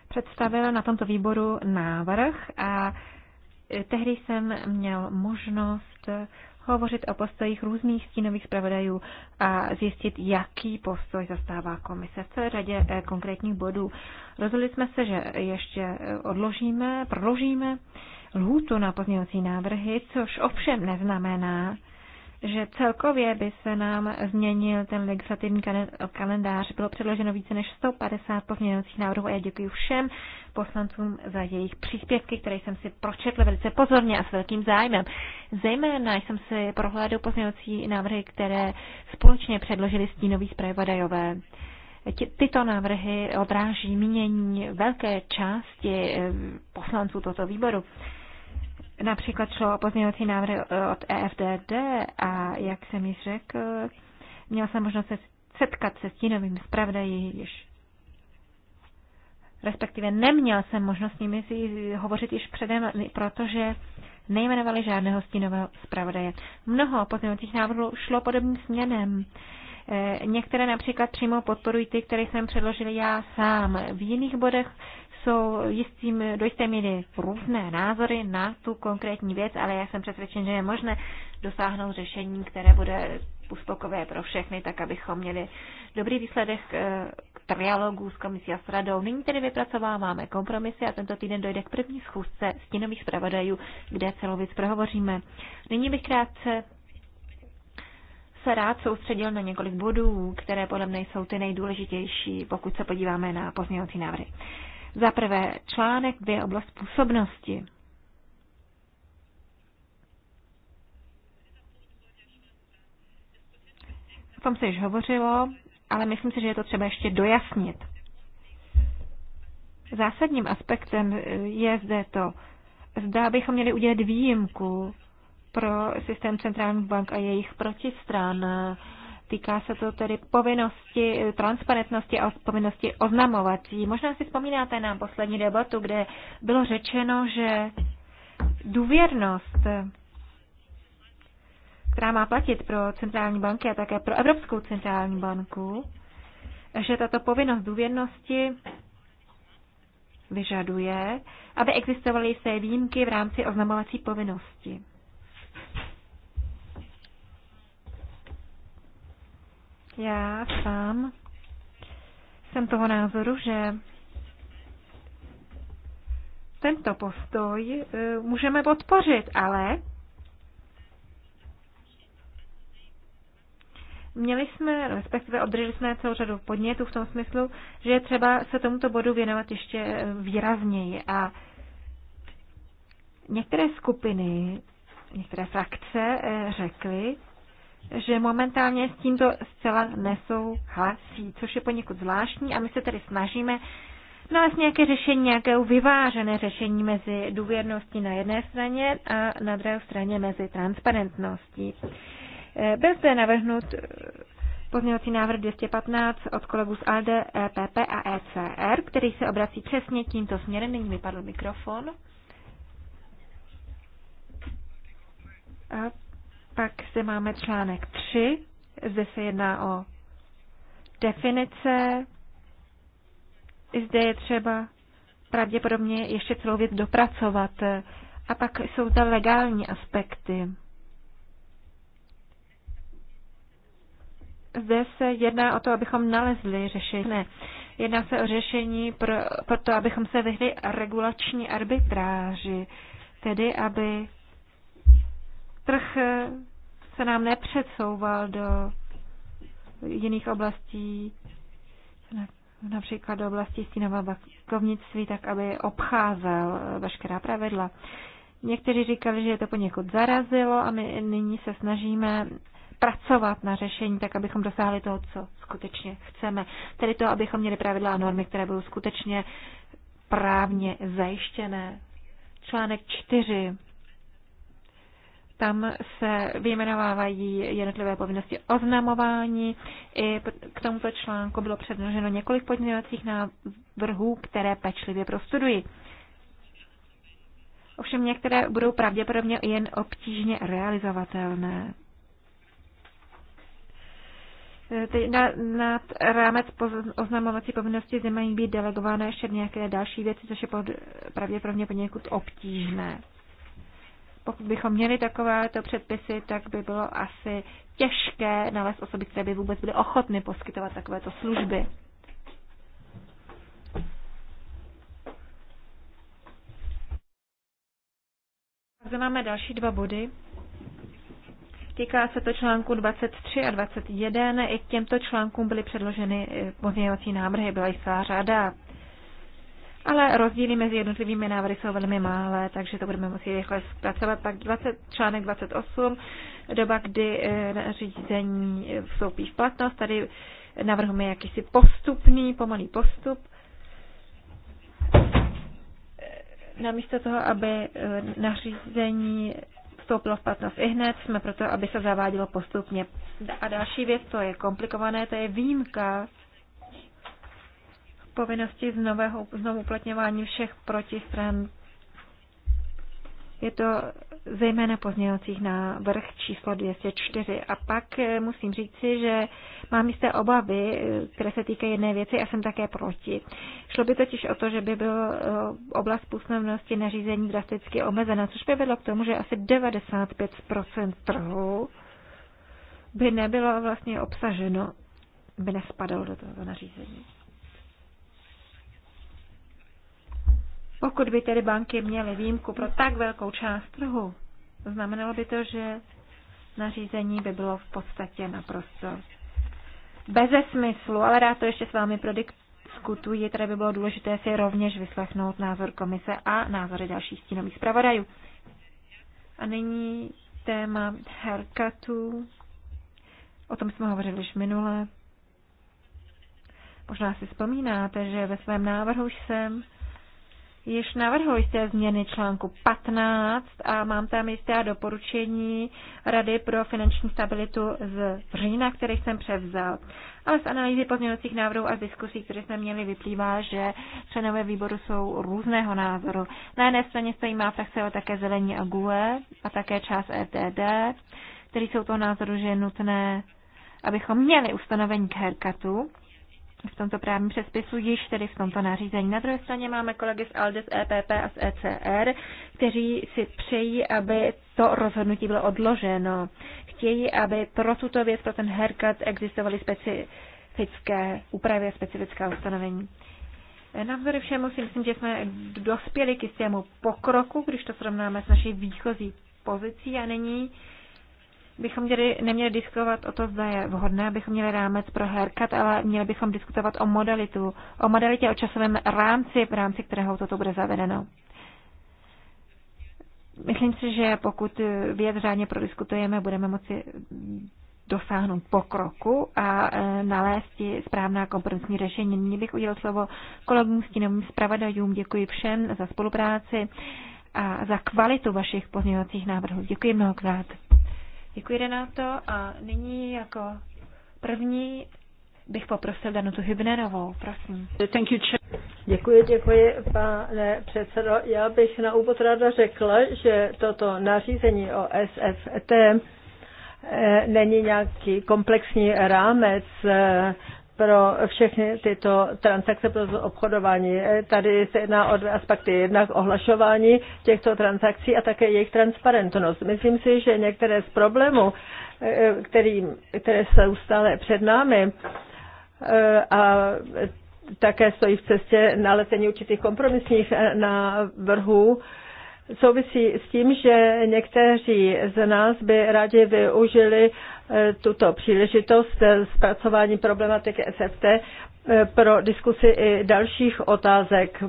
představila na tomto výboru návrh a tehdy jsem měl možnost hovořit o postojích různých stínových zpravodajů a zjistit, jaký postoj zastává komise v celé řadě eh, konkrétních bodů. Rozhodli jsme se, že ještě eh, odložíme, prodloužíme lhůtu na pozměňovací návrhy, což ovšem neznamená, že celkově by se nám změnil ten legislativní kalendář. Bylo předloženo více než 150 pozměňovacích návrhů a já děkuji všem poslancům za jejich příspěvky, které jsem si pročetl velice pozorně a s velkým zájmem. Zejména jsem si prohlédl pozměňovací návrhy, které společně předložili stínoví zpravodajové. Tyto návrhy odráží mínění velké části eh, poslanců tohoto výboru. Například šlo o pozměňovací návrhy od EFDD a jak jsem již řekl, měl jsem možnost se setkat se stínovými zpravdaji již respektive neměl jsem možnost s nimi si hovořit již předem, protože nejmenovali žádného stínového zpravodaje. Mnoho pozměňovacích návrhů šlo podobným směrem. E, některé například přímo podporují ty, které jsem předložil já sám. V jiných bodech jsou jistým, do jisté míry různé názory na tu konkrétní věc, ale já jsem přesvědčen, že je možné dosáhnout řešení, které bude uspokové pro všechny, tak abychom měli dobrý výsledek eh, k trialogu s komisí a s radou. Nyní tedy vypracováváme kompromisy a tento týden dojde k první schůzce stínových zpravodajů, kde celou věc prohovoříme. Nyní bych krátce se rád soustředil na několik bodů, které podle mě jsou ty nejdůležitější, pokud se podíváme na pozměňovací návrhy. Za prvé článek dvě oblast působnosti. O tom se již hovořilo, ale myslím si, že je to třeba ještě dojasnit. Zásadním aspektem eh, je zde to, zda bychom měli udělat výjimku pro systém centrálních bank a jejich protistran Týká se to tedy povinnosti, transparentnosti a povinnosti oznamovací. Možná si vzpomínáte na poslední debatu, kde bylo řečeno, že důvěrnost, která má platit pro centrální banky a také pro Evropskou centrální banku, že tato povinnost důvěrnosti vyžaduje, aby existovaly se výjimky v rámci oznamovací povinnosti. Já sám jsem toho názoru, že tento postoj e, můžeme podpořit, ale Měli jsme, respektive obdrželi jsme celou řadu podnětů v tom smyslu, že je třeba se tomuto bodu věnovat ještě e, výrazněji. A některé skupiny, některé frakce e, řekly, že momentálně s tímto zcela nesouhlasí, což je poněkud zvláštní a my se tedy snažíme nalézt nějaké řešení, nějaké vyvážené řešení mezi důvěrností na jedné straně a na druhé straně mezi transparentností. Eh, byl zde navrhnut eh, pozměňovací návrh 215 od kolegů z ALD, EPP a ECR, který se obrací přesně tímto směrem. Nyní padl mikrofon. A pak zde máme článek 3. Zde se jedná o definice. I zde je třeba pravděpodobně ještě celou věc dopracovat. A pak jsou zde legální aspekty. Zde se jedná o to, abychom nalezli řešení. Ne. Jedná se o řešení pro, pro to, abychom se vyhli regulační arbitráži, tedy aby Trh se nám nepřesouval do jiných oblastí, například do oblasti stínová bankovnictví, tak aby obcházel veškerá pravidla. Někteří říkali, že je to poněkud zarazilo a my nyní se snažíme pracovat na řešení, tak abychom dosáhli toho, co skutečně chceme. Tedy to, abychom měli pravidla a normy, které budou skutečně právně zajištěné. Článek 4 tam se vyjmenovávají jednotlivé povinnosti oznamování. I k tomuto článku bylo předloženo několik podněvacích návrhů, které pečlivě prostudují. Ovšem některé budou pravděpodobně jen obtížně realizovatelné. E, Teď na, nad rámec oznamovací povinnosti zde mají být delegované ještě nějaké další věci, což je pod, pravděpodobně poněkud obtížné. Pokud bychom měli takovéto předpisy, tak by bylo asi těžké nalézt osoby, které by vůbec byly ochotny poskytovat takovéto služby. Zde máme další dva body. Týká se to článku 23 a 21. I k těmto článkům byly předloženy eh, pozměňovací návrhy, byla jich celá řada ale rozdíly mezi jednotlivými návrhy jsou velmi malé, takže to budeme muset rychle zpracovat. Pak 20, článek 28, doba, kdy eh, řízení vstoupí v platnost. Tady navrhujeme jakýsi postupný, pomalý postup. Namísto toho, aby eh, nařízení vstoupilo v platnost i hned, jsme proto, aby se zavádělo postupně. A další věc, to je komplikované, to je výjimka povinnosti z nového znovu uplatňování všech protistran. Je to zejména pozměňovacích na vrch číslo 204. A pak eh, musím říci, že mám jisté obavy, eh, které se týkají jedné věci a jsem také proti. Šlo by totiž o to, že by byl eh, oblast působnosti nařízení drasticky omezena, což by vedlo k tomu, že asi 95% trhu by nebylo vlastně obsaženo, by nespadalo do toho nařízení. Pokud by tedy banky měly výjimku pro tak velkou část trhu, znamenalo by to, že nařízení by bylo v podstatě naprosto beze smyslu, ale rád to ještě s vámi prodiskutuji, tady by bylo důležité si rovněž vyslechnout názor komise a názory dalších stínových zpravodajů. A nyní téma herkatu. O tom jsme hovořili už minule. Možná si vzpomínáte, že ve svém návrhu jsem již navrhl jste změny článku 15 a mám tam jisté doporučení Rady pro finanční stabilitu z října, které jsem převzal. Ale z analýzy pozměňovacích návrhů a z diskusí, které jsme měli, vyplývá, že členové výboru jsou různého názoru. Na jedné straně stojí má frakce o také zelení a GUE a také část ETD, který jsou toho názoru, že je nutné, abychom měli ustanovení k herkatu, v tomto právním přespisu, již tedy v tomto nařízení. Na druhé straně máme kolegy z ALDE, z EPP a z ECR, kteří si přejí, aby to rozhodnutí bylo odloženo. Chtějí, aby pro tuto věc, pro ten haircut existovaly specifické úpravy a specifická ustanovení. Navzory všemu si myslím, že jsme dospěli k jistému pokroku, když to srovnáme s naší výchozí pozicí a nyní bychom měli, neměli diskutovat o to, zda je vhodné, abychom měli rámec pro haircut, ale měli bychom diskutovat o modalitu, o modalitě, o časovém rámci, v rámci kterého toto bude zavedeno. Myslím si, že pokud věc řádně prodiskutujeme, budeme moci dosáhnout pokroku a e, nalézt správná kompromisní řešení. Nyní bych udělal slovo kolegům stínovým zpravodajům. Děkuji všem za spolupráci a za kvalitu vašich pozměňovacích návrhů. Děkuji mnohokrát. Děkuji, Renato. A nyní jako první bych poprosil Danutu Hybnerovou, prosím. Thank you, děkuji, děkuji, pane předsedo. Já bych na úvod ráda řekla, že toto nařízení o SFT eh, není nějaký komplexní rámec eh, pro všechny tyto transakce pro obchodování. Tady se jedná o dvě aspekty. Jednak ohlašování těchto transakcí a také jejich transparentnost. Myslím si, že některé z problémů, eh, který, které jsou stále před námi eh, a také stojí v cestě nalezení určitých kompromisních eh, návrhů, na souvisí s tím, že někteří z nás by rádi využili e, tuto příležitost e, zpracování problematiky SFT e, pro diskusi i dalších otázek,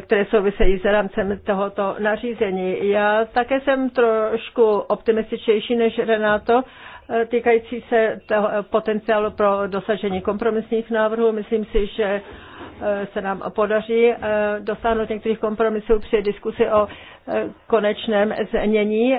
které souvisejí s rámcem tohoto nařízení. Já také jsem trošku optimističtější než Renato, týkající se toho potenciálu pro dosažení kompromisních návrhů. Myslím si, že Eh, se nám podaří eh, dosáhnout některých kompromisů při diskusi o eh, konečném znění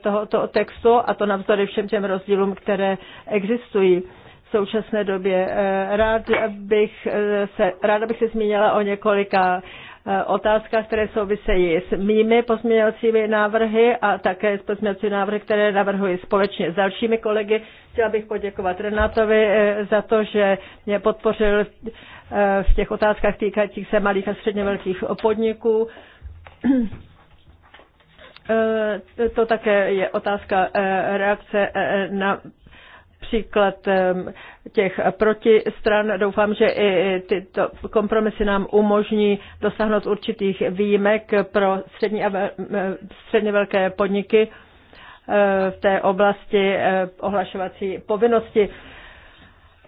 tohoto textu a to navzdory všem těm rozdílům, které existují v současné době. Rád bych se, ráda bych se zmínila o několika Eh, otázkách, které souvisejí s mými pozměňovacími návrhy a také s pozměňovacími návrhy, které navrhuji společně s dalšími kolegy. Chtěla bych poděkovat Renátovi eh, za to, že mě podpořil eh, v těch otázkách týkajících se malých a středně velkých podniků. To také je otázka reakce na příklad těch protistran. Doufám, že i tyto kompromisy nám umožní dosáhnout určitých výjimek pro střední a středně velké podniky v té oblasti ohlašovací povinnosti.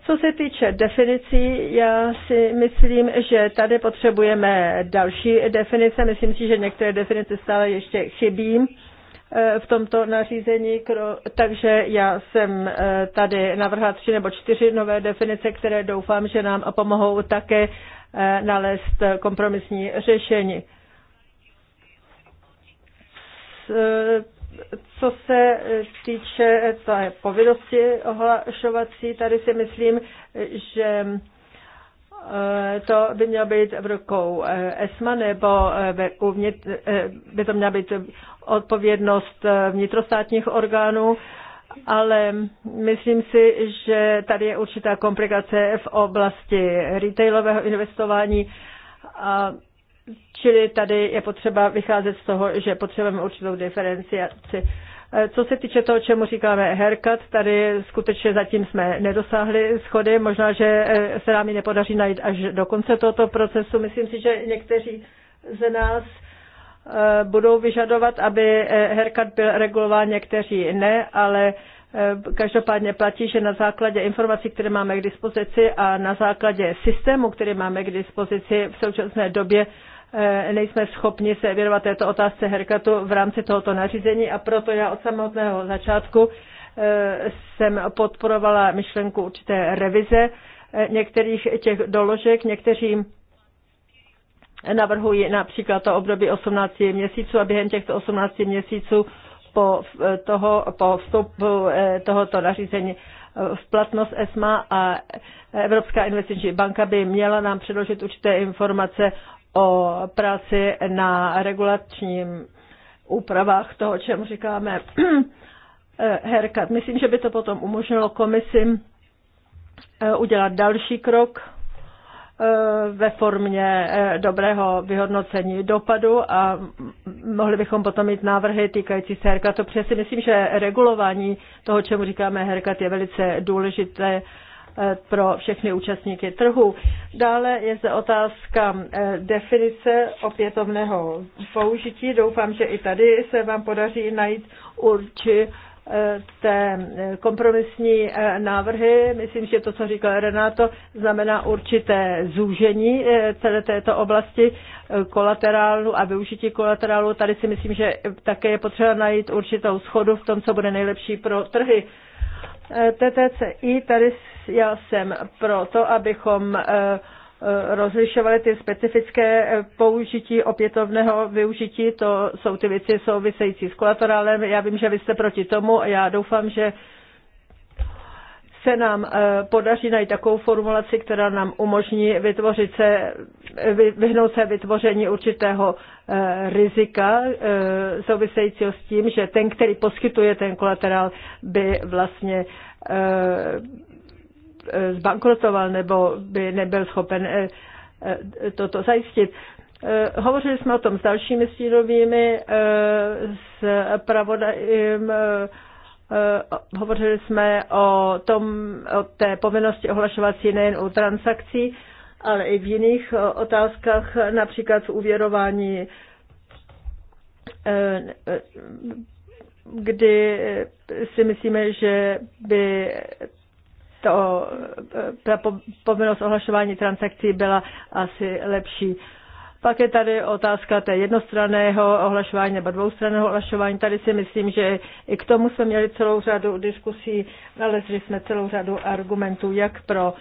Co se týče definicí, já si myslím, že tady potřebujeme další definice. Myslím si, že některé definice stále ještě chybí. Eh, v tomto nařízení, takže já jsem eh, tady navrhla tři nebo čtyři nové definice, které doufám, že nám pomohou také eh, nalézt kompromisní řešení. Co se týče té povinnosti ohlašovací, tady si myslím, že Eh, to by mělo být v rukou eh, ESMA nebo eh, by to měla být odpovědnost vnitrostátních orgánů, ale myslím si, že tady je určitá komplikace v oblasti retailového investování a Čili tady je potřeba vycházet z toho, že potřebujeme určitou diferenciaci. Eh, co se týče toho, čemu říkáme haircut, tady skutečně zatím jsme nedosáhli schody. Možná, že eh, se nám ji nepodaří najít až do konce tohoto procesu. Myslím si, že někteří ze nás eh, budou vyžadovat, aby haircut byl regulován, někteří ne, ale Každopádně platí, že na základě informací, které máme k dispozici a na základě systému, který máme k dispozici v současné době, Eh, nejsme schopni se věnovat této otázce herkatu v rámci tohoto nařízení a proto já od samotného začátku eh, jsem podporovala myšlenku určité revize eh, některých těch doložek, někteří navrhují například to období 18 měsíců a během těchto 18 měsíců po, toho, po vstupu tohoto nařízení v platnost ESMA a Evropská investiční banka by měla nám předložit určité informace o práci na regulačním úpravách toho, čemu říkáme herkat. Myslím, že by to potom umožnilo komisi eh, udělat další krok eh, ve formě eh, dobrého vyhodnocení dopadu a mohli bychom potom mít návrhy týkající se herkatu. Protože si myslím, že regulování toho, čemu říkáme herkat, je velice důležité Eh, pro všechny účastníky trhu. Dále je zde otázka eh, definice opětovného použití. Doufám, že i tady se vám podaří najít určité eh, kompromisní návrhy. Myslím, že to, co říkal Renato, znamená určité zúžení celé této oblasti kolaterálu a využití kolaterálu. Tady si myslím, že také je potřeba najít určitou schodu v tom, co bude nejlepší pro trhy. TTCI, tady já jsem proto, abychom eh, eh, rozlišovali ty specifické eh, použití opětovného využití, to jsou ty věci související s kolaterálem. Já vím, že vy jste proti tomu a já doufám, že se nám podaří najít takovou formulaci, která nám umožní vytvořit se, vyhnout se vytvoření určitého rizika souvisejícího s tím, že ten, který poskytuje ten kolaterál, by vlastně Eh, zbankrotoval nebo by nebyl schopen eh, eh, toto zajistit. Hovořili jsme o tom s dalšími stínovými, s pravodajím, hovořili jsme o, tom, o té povinnosti ohlašovací nejen u transakcí, ale i v jiných otázkách, například v uvěrování, kdy si myslíme, že by to, ta povinnost ohlašování transakcí byla asi lepší. Pak je tady otázka té jednostranného ohlašování nebo dvoustranného ohlašování. Tady si myslím, že i k tomu jsme měli celou řadu diskusí, nalezli jsme celou řadu argumentů, jak pro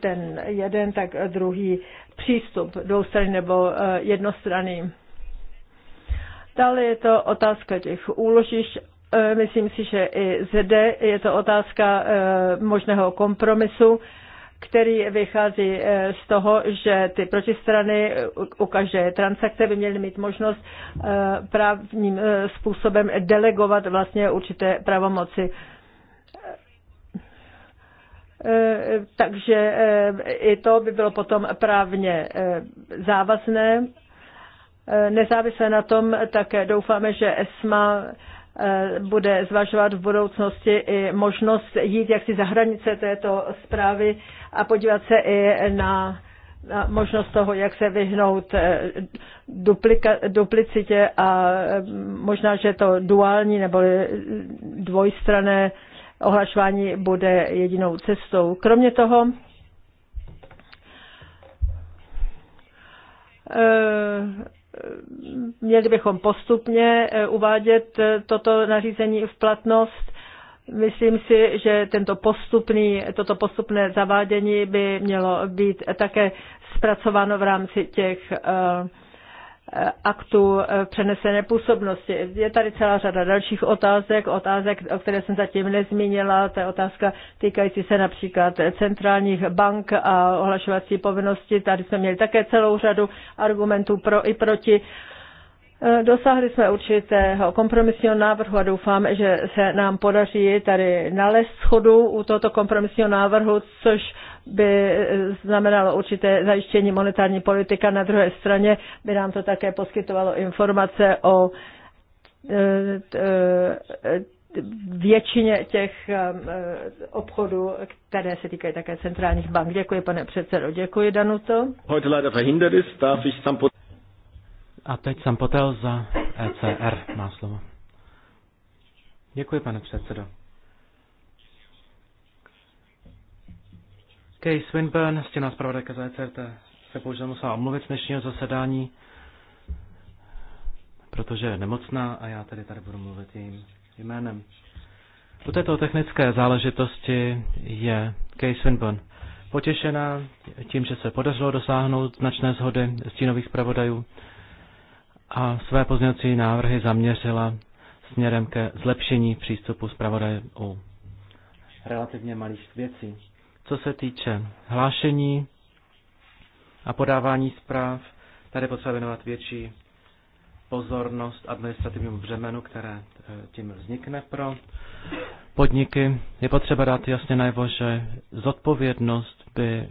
ten jeden, tak druhý přístup dvoustranný nebo eh, jednostranný. Dále je to otázka těch úložišť E, myslím si, že i zde je to otázka e, možného kompromisu, který vychází e, z toho, že ty protistrany u každé transakce by měly mít možnost právním způsobem delegovat vlastně určité pravomoci. Takže i to by bylo potom právně závazné. Nezávisle na tom také doufáme, že ESMA Eh, bude zvažovat v budoucnosti i možnost jít jaksi za hranice této zprávy a podívat se i na možnost toho, jak se vyhnout eh, duplika, duplicitě a eh, možná, že to duální nebo dvojstrané ohlašování bude jedinou cestou. Kromě toho, měli bychom postupně eh, uvádět eh, toto nařízení v platnost. Myslím si, že tento postupný, toto postupné zavádění by mělo být také zpracováno v rámci těch uh, aktu eh, přenesené působnosti. Je tady celá řada dalších otázek, otázek, o které jsem zatím nezmínila, to je otázka týkající se například centrálních bank a ohlašovací povinnosti. Tady jsme měli také celou řadu argumentů pro i proti. Eh, dosáhli jsme určitého kompromisního návrhu a doufám, že se nám podaří tady nalézt schodu u tohoto kompromisního návrhu, což by eh, znamenalo určité zajištění monetární politika, na druhé straně by nám to také poskytovalo informace o eh, eh, většině těch obchodů, které se týkají také centrálních bank. Děkuji, pane předsedo. Děkuji, Danuto. A teď Sampotel za ECR má slovo. Děkuji, pane předsedo. Kay Swinburne, stěná zpravodajka za ECRT, se bohužel musela omluvit z dnešního zasedání, protože je nemocná a já tedy tady budu mluvit jejím jménem. U této technické záležitosti je Kay Swinburne potěšená tím, že se podařilo dosáhnout značné shody stínových zpravodajů a své pozměňovací návrhy zaměřila směrem ke zlepšení přístupu zpravodajů u relativně malých věcí. Co se týče hlášení a podávání zpráv, tady potřeba věnovat větší pozornost administrativnímu břemenu, které eh, tím vznikne pro podniky. Je potřeba dát jasně najevo, že zodpovědnost by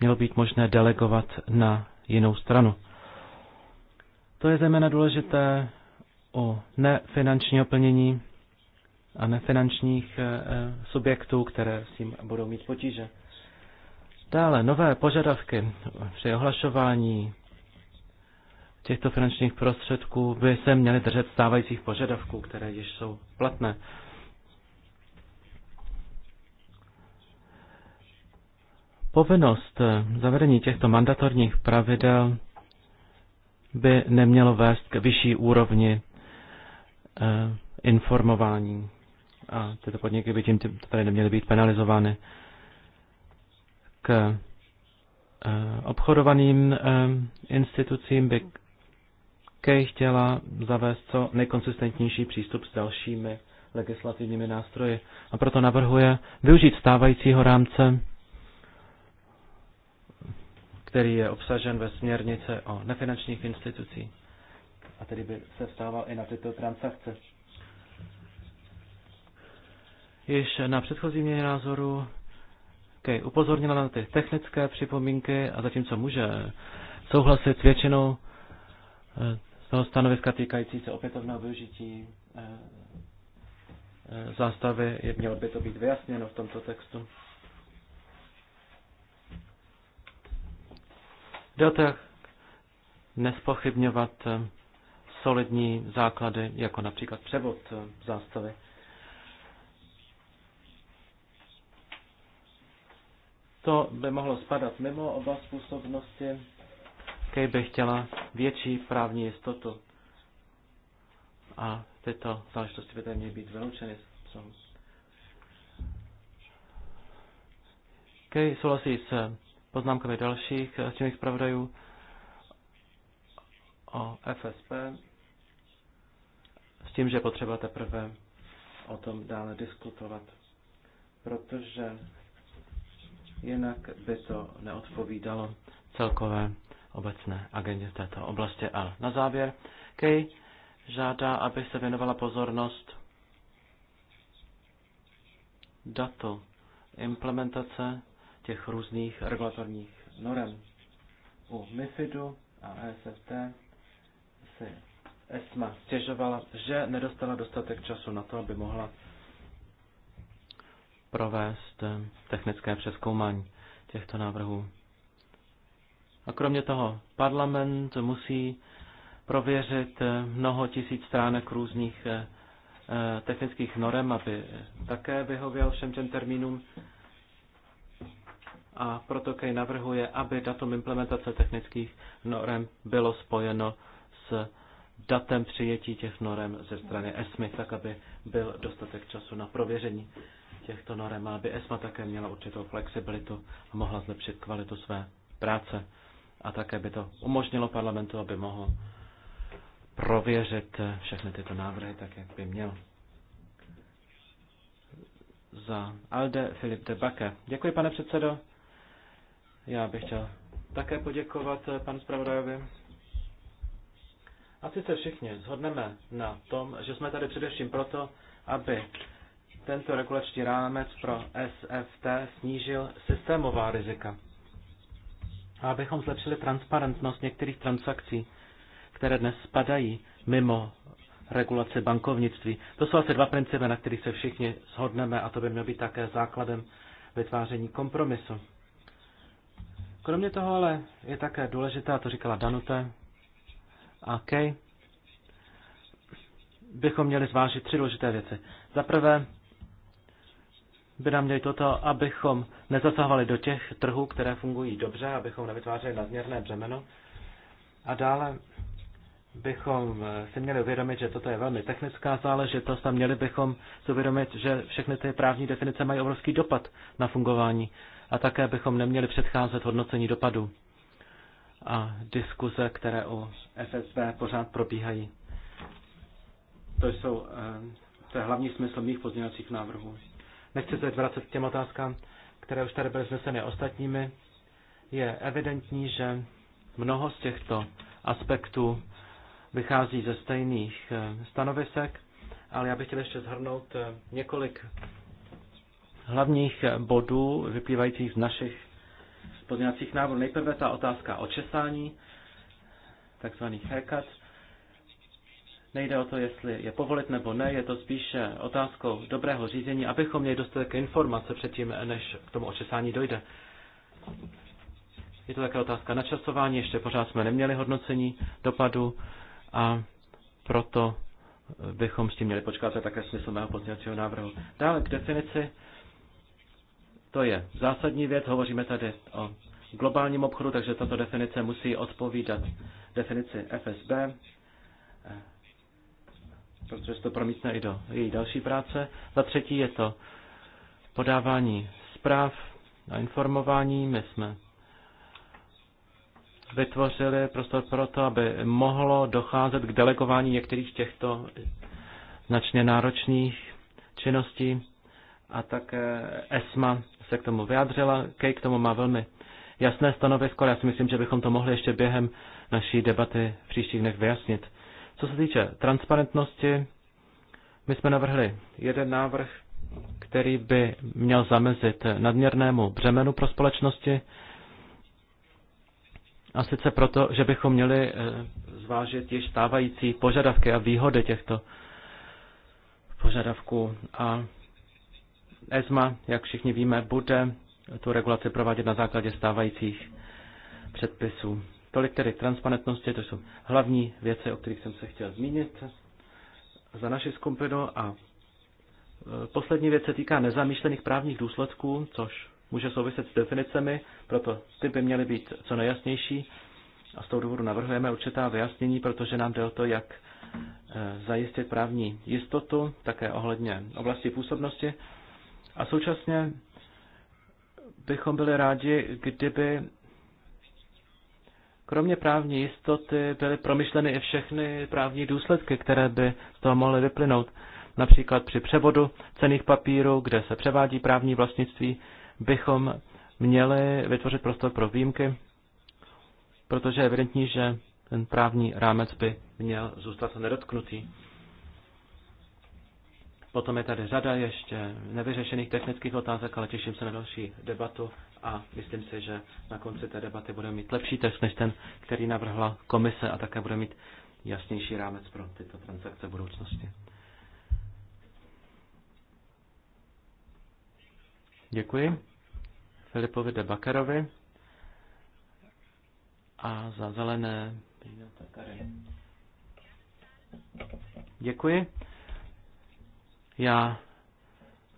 mělo být možné delegovat na jinou stranu. To je zejména důležité u nefinančního plnění, a nefinančních eh, eh, subjektů, které s tím budou mít potíže. Dále nové požadavky při ohlašování těchto finančních prostředků by se měly držet stávajících požadavků, které již jsou platné. Povinnost eh, zavedení těchto mandatorních pravidel by nemělo vést k vyšší úrovni informování a tyto podniky by tím tady neměly být penalizovány. K eh, obchodovaným eh, institucím by Kej chtěla zavést co nejkonsistentnější přístup s dalšími legislativními nástroji a proto navrhuje využít stávajícího rámce, který je obsažen ve směrnice o nefinančních institucích a tedy by se vstával i na tyto transakce již na předchozí měně názoru okay, upozornila na ty technické připomínky a zatímco může souhlasit s většinou eh, z toho stanoviska týkající se opětovného využití eh, eh, zástavy, je mělo by to být vyjasněno v tomto textu. Jde nespochybňovat solidní základy, jako například převod zástavy. To by mohlo spadat mimo oblast působnosti, kej by chtěla větší právní jistotu. A tyto záležitosti by tady měly být vyloučeny. Kej souhlasí s poznámkami dalších stínových zpravodajů o FSP s tím, že potřeba teprve o tom dále diskutovat, protože jinak by to neodpovídalo celkové obecné agendě v této oblasti. A na závěr Kej žádá, aby se věnovala pozornost datu implementace těch různých regulatorních norem. U MIFIDu a ESFT si ESMA stěžovala, že nedostala dostatek času na to, aby mohla provést eh, technické přeskoumání těchto návrhů. A kromě toho parlament musí prověřit eh, mnoho tisíc stránek různých eh, technických norem, aby také vyhověl všem těm termínům. A proto Kej navrhuje, aby datum implementace technických norem bylo spojeno s datem přijetí těch norem ze strany ESMI, tak aby byl dostatek času na prověření těchto norem, aby ESMA také měla určitou flexibilitu a mohla zlepšit kvalitu své práce. A také by to umožnilo parlamentu, aby mohl prověřit všechny tyto návrhy tak, jak by měl. Za Alde Filip de Bake. Děkuji, pane předsedo. Já bych chtěl také poděkovat panu zpravodajovi. Asi se všichni zhodneme na tom, že jsme tady především proto, aby tento regulační rámec pro SFT snížil systémová rizika. A abychom zlepšili transparentnost některých transakcí, které dnes spadají mimo regulace bankovnictví. To jsou asi dva principy, na kterých se všichni shodneme a to by mělo být také základem vytváření kompromisu. Kromě toho ale je také důležité, a to říkala Danute a Kay, bychom měli zvážit tři důležité věci. Za prvé, by nám měli toto, abychom nezasahovali do těch trhů, které fungují dobře, abychom nevytvářeli nadměrné břemeno. A dále bychom si měli uvědomit, že toto je velmi technická záležitost a měli bychom si uvědomit, že všechny ty právní definice mají obrovský dopad na fungování a také bychom neměli předcházet hodnocení dopadu a diskuze, které o FSB pořád probíhají. To jsou eh, to je hlavní smysl mých pozměňovacích návrhů. Nechci se vracet k těm otázkám, které už tady byly zneseny ostatními. Je evidentní, že mnoho z těchto aspektů vychází ze stejných eh, stanovisek, ale já bych chtěl ještě zhrnout eh, několik hlavních eh, bodů vyplývajících z našich pozměňovacích návrhů. Nejprve ta otázka o česání takzvaný haircut. Nejde o to, jestli je povolit nebo ne, je to spíše otázkou dobrého řízení, abychom měli dostatek informace předtím, než k tomu očesání dojde. Je to také otázka načasování, ještě pořád jsme neměli hodnocení dopadu a proto bychom s tím měli počkat, to je také smysl mého pozměňovacího návrhu. Dále k definici, to je zásadní věc, hovoříme tady o globálním obchodu, takže tato definice musí odpovídat definici FSB, protože se to promítne i do její další práce. Za třetí je to podávání zpráv a informování. My jsme vytvořili prostor pro to, aby mohlo docházet k delegování některých těchto značně náročných činností a tak ESMA se k tomu vyjádřila. Kej k tomu má velmi jasné stanovisko, já si myslím, že bychom to mohli ještě během naší debaty v příštích dnech vyjasnit. Co se týče transparentnosti, my jsme navrhli jeden návrh, který by měl zamezit nadměrnému břemenu pro společnosti, a sice proto, že bychom měli eh, zvážit již stávající požadavky a výhody těchto požadavků. A ESMA, jak všichni víme, bude tu regulaci provádět na základě stávajících předpisů. Tolik tedy transparentnosti, to jsou hlavní věci, o kterých jsem se chtěl zmínit za naši skupinu. A e, poslední věc se týká nezamýšlených právních důsledků, což může souviset s definicemi, proto ty by měly být co nejjasnější. A z toho důvodu navrhujeme určitá vyjasnění, protože nám jde o to, jak e, zajistit právní jistotu, také ohledně oblasti působnosti. A současně bychom byli rádi, kdyby Kromě právní jistoty byly promyšleny i všechny právní důsledky, které by z toho mohly vyplynout. Například při převodu cených papírů, kde se převádí právní vlastnictví, bychom měli vytvořit prostor pro výjimky, protože je evidentní, že ten právní rámec by měl zůstat nedotknutý. Potom je tady řada ještě nevyřešených technických otázek, ale těším se na další debatu a myslím si, že na konci té debaty bude mít lepší test než ten, který navrhla komise a také bude mít jasnější rámec pro tyto transakce v budoucnosti. Děkuji Filipovi de Bakerovi a za zelené Děkuji. Já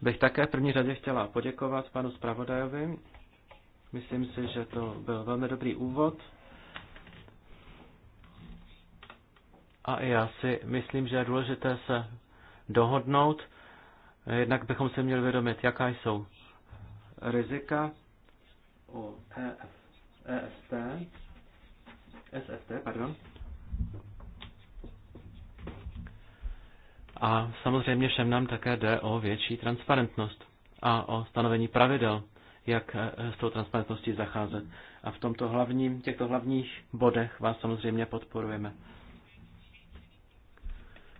bych také v první řadě chtěla poděkovat panu zpravodajovi Myslím si, že to byl velmi dobrý úvod. A já si myslím, že je důležité se dohodnout. Jednak bychom se měli vědomit, jaká jsou rizika o EF, EST, SFT, pardon. A samozřejmě všem nám také jde o větší transparentnost a o stanovení pravidel jak eh, s tou transparentností zacházet. A v tomto hlavním, těchto hlavních bodech vás samozřejmě podporujeme.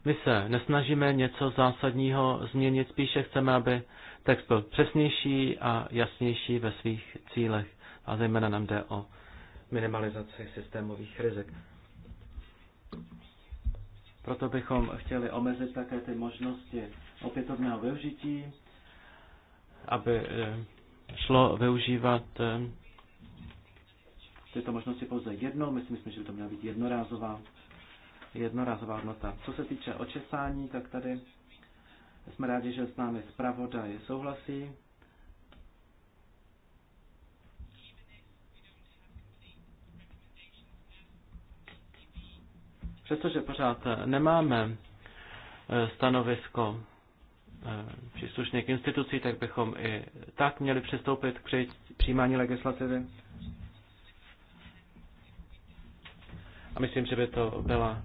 My se nesnažíme něco zásadního změnit, spíše chceme, aby text byl přesnější a jasnější ve svých cílech. A zejména nám jde o minimalizaci systémových rizik. Proto bychom chtěli omezit také ty možnosti opětovného využití, aby eh, šlo využívat eh, tyto možnosti pouze jednou. My si myslím, že by to měla být jednorázová, jednorázová hodnota. Co se týče očesání, tak tady jsme rádi, že s námi zpravodaj souhlasí. Přestože pořád nemáme eh, stanovisko Eh, příslušných institucí, tak bychom i tak měli přistoupit k přijímání legislativy. A myslím, že by to byla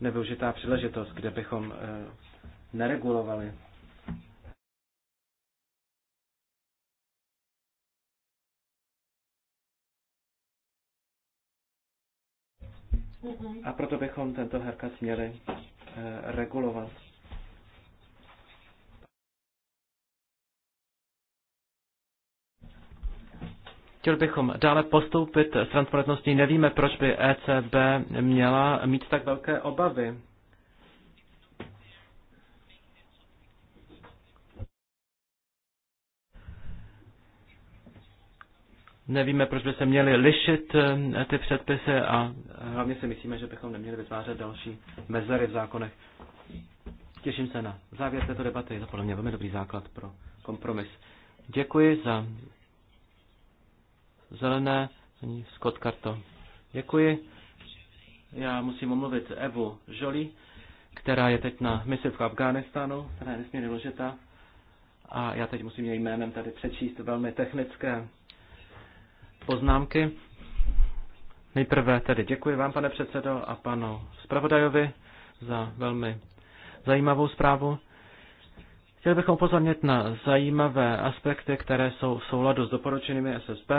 nevyužitá příležitost, kde bychom eh, neregulovali. A proto bychom tento herkat měli eh, regulovat. Chtěl bychom dále postoupit s transparentností. Nevíme, proč by ECB měla mít tak velké obavy. Nevíme, proč by se měly lišit eh, ty předpisy a hlavně si myslíme, že bychom neměli vytvářet další mezery v zákonech. Těším se na závěr této debaty. Je to podle mě velmi dobrý základ pro kompromis. Děkuji za zelené, paní Scott Carto. Děkuji. Já musím omluvit Evu Žoli, která je teď na misi v Afganistánu, která je nesmírně důležitá. A já teď musím jejím jménem tady přečíst velmi technické poznámky. Nejprve tedy děkuji vám, pane předsedo, a panu zpravodajovi za velmi zajímavou zprávu. Chtěli bychom upozornit na zajímavé aspekty, které jsou v souladu s doporučenými SSB.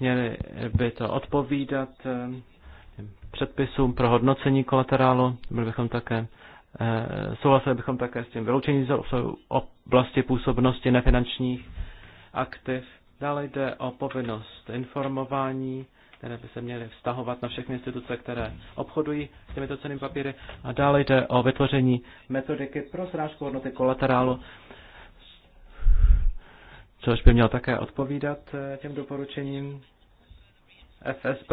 Měly by to odpovídat eh, předpisům pro hodnocení kolaterálu. Byli bychom také, eh, souhlasili bychom také s tím vyloučení z oblasti působnosti nefinančních aktiv. Dále jde o povinnost informování které by se měly vztahovat na všechny instituce, které obchodují s těmito cenými papíry. A dále jde o vytvoření metodiky pro srážku hodnoty kolaterálu, což by měl také odpovídat eh, těm doporučením FSB.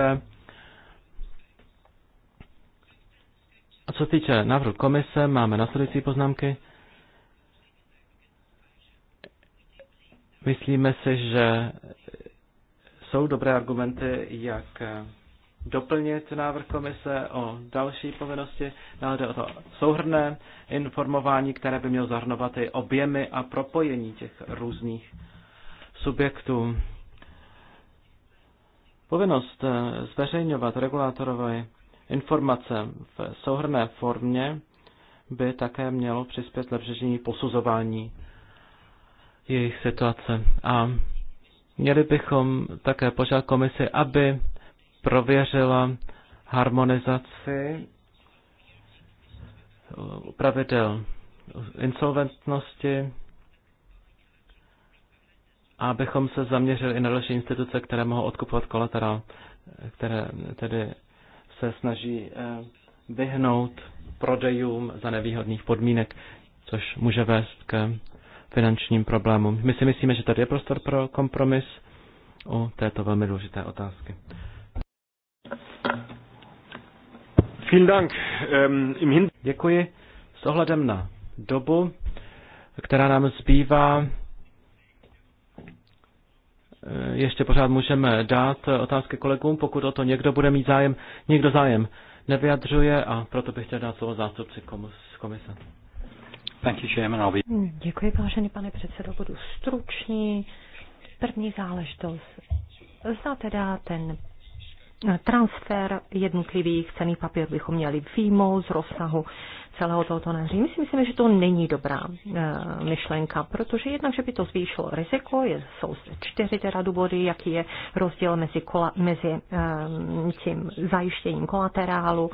A co týče návrhu komise, máme následující poznámky. Myslíme si, že jsou dobré argumenty, jak eh, doplnit návrh komise o další povinnosti, ale jde o to souhrné informování, které by mělo zahrnovat i objemy a propojení těch různých subjektů. Povinnost eh, zveřejňovat regulátorové informace v souhrné formě by také mělo přispět lepšení posuzování jejich situace. A Měli bychom také požádat komisi, aby prověřila harmonizaci pravidel insolventnosti, abychom se zaměřili i na další instituce, které mohou odkupovat kolaterál, které tedy se snaží eh, vyhnout prodejům za nevýhodných podmínek, což může vést k finančním problémům. My si myslíme, že tady je prostor pro kompromis o této velmi důležité otázky. Ähm, Děkuji. S ohledem na dobu, která nám zbývá, eh, ještě pořád můžeme dát otázky kolegům, pokud o to někdo bude mít zájem. Někdo zájem nevyjadřuje a proto bych chtěl dát slovo zástupci komise. Hmm, děkuji, vážený pane předsedo, budu stručný. První záležitost. Zda teda ten transfer jednotlivých cených papírů bychom měli výjmout z rozsahu celého tohoto nařízení. My si myslíme, že to není dobrá e, myšlenka, protože jednak, že by to zvýšilo riziko, je, jsou čtyři teda důvody, jaký je rozdíl mezi, kola, mezi e, tím zajištěním kolaterálu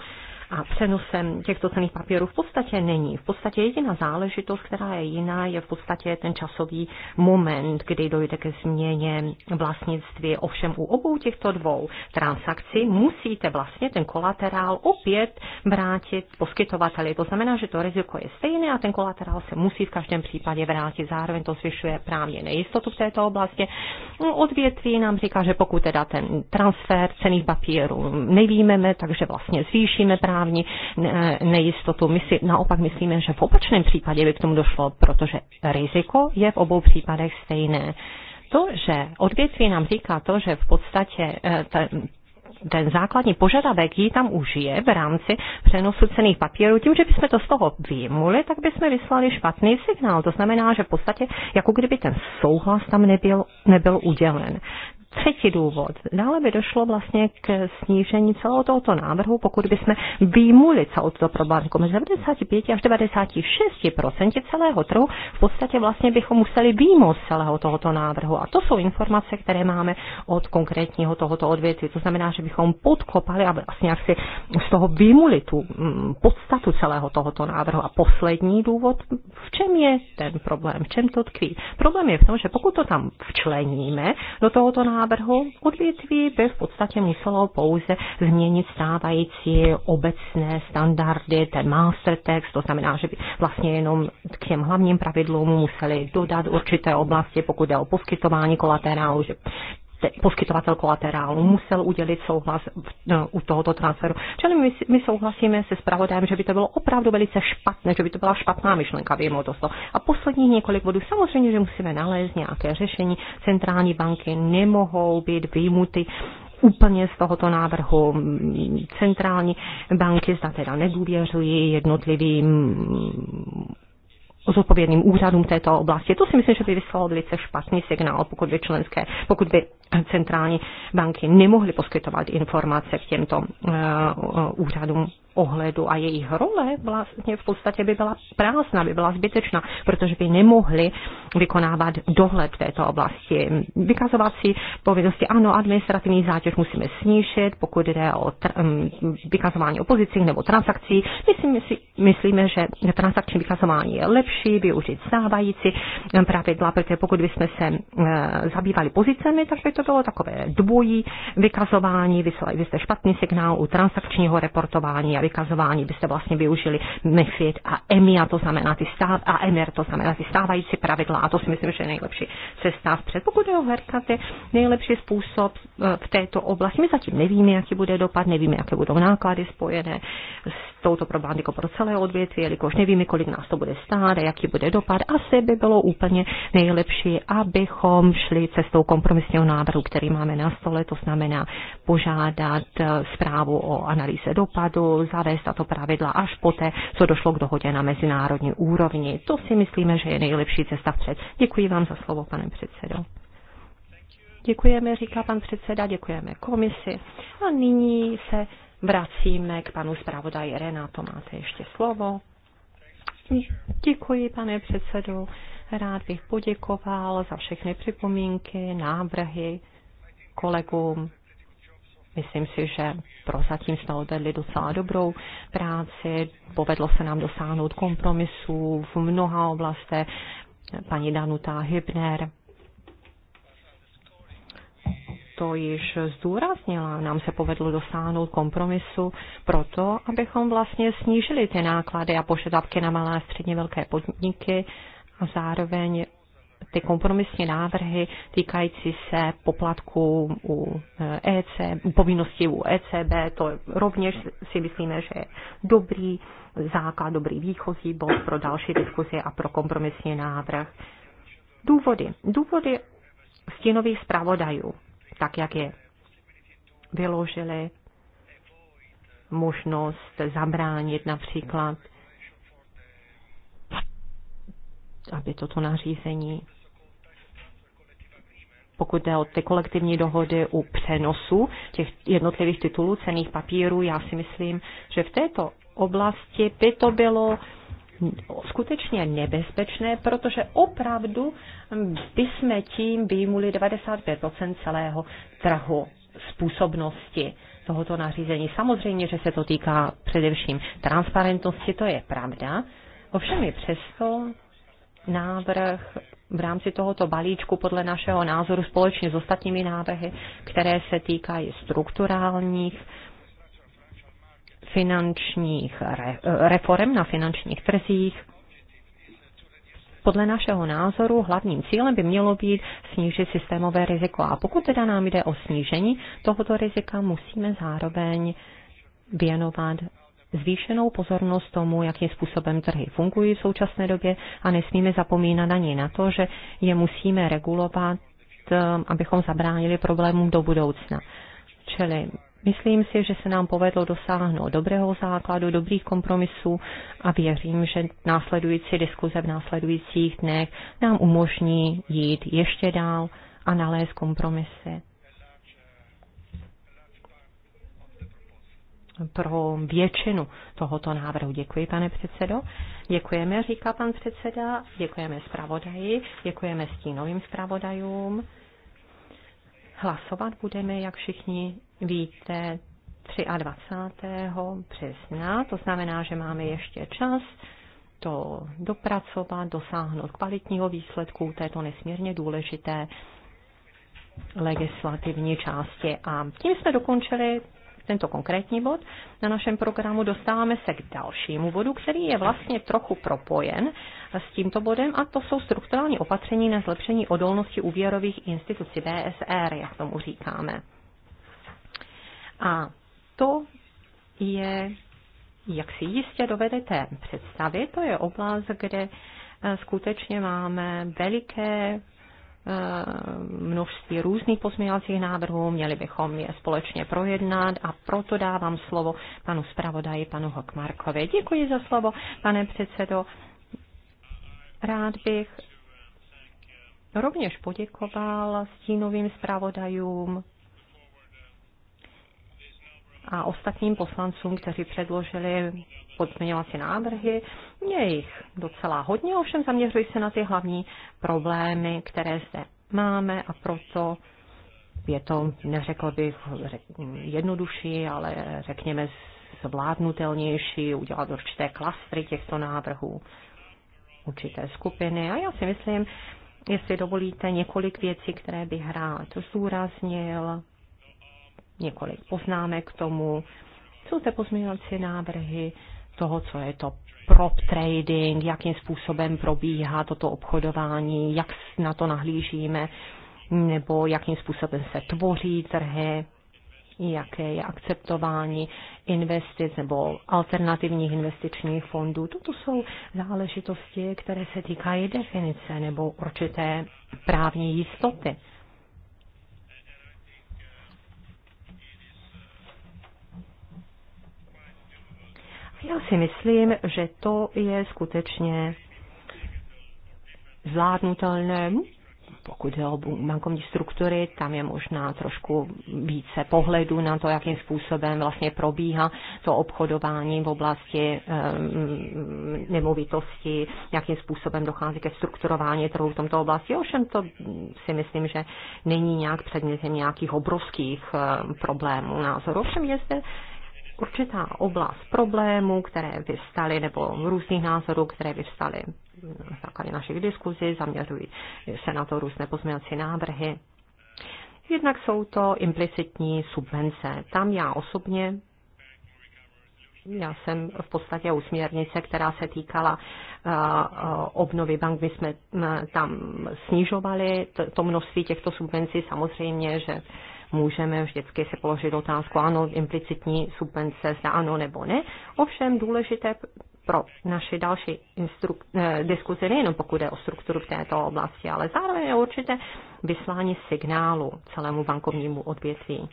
a přenosem těchto cených papírů v podstatě není. V podstatě jediná záležitost, která je jiná, je v podstatě ten časový moment, kdy dojde ke změně vlastnictví. Ovšem u obou těchto dvou transakcí musíte vlastně ten kolaterál opět vrátit poskytovateli. To znamená, že to riziko je stejné a ten kolaterál se musí v každém případě vrátit. Zároveň to zvyšuje právě nejistotu v této oblasti. No, odvětví nám říká, že pokud teda ten transfer cených papírů nevíme, takže vlastně zvýšíme právě právní eh, nejistotu. My si naopak myslíme, že v opačném případě by k tomu došlo, protože riziko je v obou případech stejné. To, že odvětví nám říká to, že v podstatě eh, ten základní požadavek ji tam už je v rámci přenosu cených papírů. Tím, že bychom to z toho vyjmuli, tak bychom vyslali špatný signál. To znamená, že v podstatě jako kdyby ten souhlas tam nebyl, nebyl udělen. Třetí důvod. Dále by došlo vlastně k snížení celého tohoto návrhu, pokud bychom výmuli celou tuto problémku. Mezi 95 až 96 celého trhu v podstatě vlastně bychom museli výmout celého tohoto návrhu. A to jsou informace, které máme od konkrétního tohoto odvětví. To znamená, že bychom podkopali a vlastně jak si z toho výmuli tu mm, podstatu celého tohoto návrhu. A poslední důvod, v čem je ten problém, v čem to tkví. Problém je v tom, že pokud to tam včleníme do tohoto návrhu, návrhu odvětví by v podstatě muselo pouze změnit stávající obecné standardy, ten master text, to znamená, že by vlastně jenom k těm hlavním pravidlům museli dodat určité oblasti, pokud jde o poskytování kolaterálu, že poskytovatel kolaterálu musel udělit souhlas no, u tohoto transferu. Čili my, my souhlasíme se zpravodajem, že by to bylo opravdu velice špatné, že by to byla špatná myšlenka, vím to slovo. A posledních několik bodů. Samozřejmě, že musíme nalézt nějaké řešení. Centrální banky nemohou být výjimuty úplně z tohoto návrhu centrální banky zda teda nedůvěřují jednotlivým zodpovědným úřadům této oblasti. To si myslím, že by vyslalo velice špatný signál, pokud by členské, pokud by centrální banky nemohly poskytovat informace k těmto uh, úřadům ohledu a jejich role vlastně v podstatě by byla prázdná, by byla zbytečná, protože by nemohli vykonávat dohled v této oblasti. Vykazovací povinnosti, ano, administrativní zátěž musíme snížit, pokud jde o mm, vykazování opozicí nebo transakcí. My si, myslíme, že transakční vykazování je lepší, využít stávající mm, pravidla, protože pokud bychom se mm, zabývali pozicemi, tak by to bylo takové dvojí vykazování, vyslali byste špatný signál u transakčního reportování a vykazování byste vlastně využili MIFID a EMIA, to znamená ty stáv, a MR, to znamená ty stávající pravidla a to si myslím, že je nejlepší cesta vpřed. Pokud je o herkaty, nejlepší způsob eh, v této oblasti. My zatím nevíme, jaký bude dopad, nevíme, jaké budou náklady spojené s touto problematikou pro celé odvětví, jelikož nevíme, kolik nás to bude stát a jaký bude dopad. Asi by bylo úplně nejlepší, abychom šli cestou kompromisního návrhu, který máme na stole, to znamená požádat eh, zprávu o analýze dopadu, zavést tato pravidla až poté, co došlo k dohodě na mezinárodní úrovni. To si myslíme, že je nejlepší cesta vpřed. Děkuji vám za slovo, pane předsedo. Děkujeme, říká pan předseda, děkujeme komisi. A nyní se vracíme k panu zpravodaji Renato. Máte ještě slovo. Děkuji, pane předsedo. Rád bych poděkoval za všechny připomínky, návrhy kolegům. Myslím si, že prozatím jsme odvedli docela dobrou práci, povedlo se nám dosáhnout kompromisů v mnoha oblastech. Paní Danuta Hybner to již zdůraznila, nám se povedlo dosáhnout kompromisu proto, abychom vlastně snížili ty náklady a požadavky na malé a středně velké podniky a zároveň ty kompromisní návrhy týkající se poplatků u, EC, eh, e u povinnosti u ECB, to rovněž si myslíme, že je dobrý základ, dobrý výchozí bod pro další diskuzi a pro kompromisní návrh. Důvody. Důvody stínových zpravodajů, tak jak je vyložili možnost zabránit například aby toto nařízení pokud jde o ty kolektivní dohody u přenosu těch jednotlivých titulů cených papírů, já si myslím, že v této oblasti by to bylo skutečně nebezpečné, protože opravdu bychom tím výjimuli 95% celého trhu způsobnosti tohoto nařízení. Samozřejmě, že se to týká především transparentnosti, to je pravda. Ovšem i přesto návrh v rámci tohoto balíčku podle našeho názoru společně s ostatními návrhy, které se týkají strukturálních finančních reform na finančních trzích. Podle našeho názoru hlavním cílem by mělo být snížit systémové riziko. A pokud teda nám jde o snížení tohoto rizika, musíme zároveň věnovat zvýšenou pozornost tomu, jakým způsobem trhy fungují v současné době a nesmíme zapomínat ani na to, že je musíme regulovat, um, abychom zabránili problémům do budoucna. Čili Myslím si, že se nám povedlo dosáhnout dobrého základu, dobrých kompromisů a věřím, že následující diskuze v následujících dnech nám umožní jít ještě dál a nalézt kompromisy. pro většinu tohoto návrhu. Děkuji, pane předsedo. Děkujeme, říká pan předseda. Děkujeme zpravodaji, děkujeme stínovým zpravodajům. Hlasovat budeme, jak všichni víte, 23. března, to znamená, že máme ještě čas to dopracovat, dosáhnout kvalitního výsledku této nesmírně důležité legislativní části. A tím jsme dokončili tento konkrétní bod na našem programu, dostáváme se k dalšímu bodu, který je vlastně trochu propojen s tímto bodem a to jsou strukturální opatření na zlepšení odolnosti úvěrových institucí BSR, jak tomu říkáme. A to je, jak si jistě dovedete představit, to je oblast, kde eh, skutečně máme veliké Eh, množství různých pozměňovacích návrhů, měli bychom je společně projednat a proto dávám slovo panu zpravodaji, panu Hokmarkovi. Děkuji za slovo, pane předsedo. Rád bych rovněž poděkoval stínovým zpravodajům a ostatním poslancům, kteří předložili podměňovací návrhy. Je jich docela hodně, ovšem zaměřují se na ty hlavní problémy, které zde máme a proto je to, neřekl bych, jednodušší, ale řekněme zvládnutelnější, udělat určité klastry těchto návrhů, určité skupiny. A já si myslím, jestli dovolíte, několik věcí, které bych rád zúraznil, několik poznámek k tomu. Jsou zde pozměňovací návrhy toho, co je to prop trading, jakým způsobem probíhá toto obchodování, jak na to nahlížíme, nebo jakým způsobem se tvoří trhy, jaké je akceptování investic nebo alternativních investičních fondů. Toto jsou záležitosti, které se týkají definice nebo určité právní jistoty. Já si myslím, že to je skutečně zvládnutelné. Pokud je o bankovní struktury, tam je možná trošku více pohledu na to, jakým způsobem vlastně probíhá to obchodování v oblasti um, nemovitosti, jakým způsobem dochází ke strukturování trhu v tomto oblasti. Ovšem to si myslím, že není nějak předmětem nějakých obrovských um, problémů názoru. Ovšem je zde určitá oblast problémů, které vyvstaly, nebo různých názorů, které vyvstaly na základě našich diskuzí, zaměřují se na to různé pozměňovací návrhy. Jednak jsou to implicitní subvence. Tam já osobně já jsem v podstatě u směrnice, která se týkala eh, obnovy bank. My jsme eh, tam snižovali to množství těchto subvencí. Samozřejmě, že můžeme vždycky si položit otázku, ano, implicitní subvence, zda ano nebo ne. Ovšem důležité pro naši další instruk- eh, diskuzi, nejenom pokud je o strukturu v této oblasti, ale zároveň je určité vyslání signálu celému bankovnímu odvětví.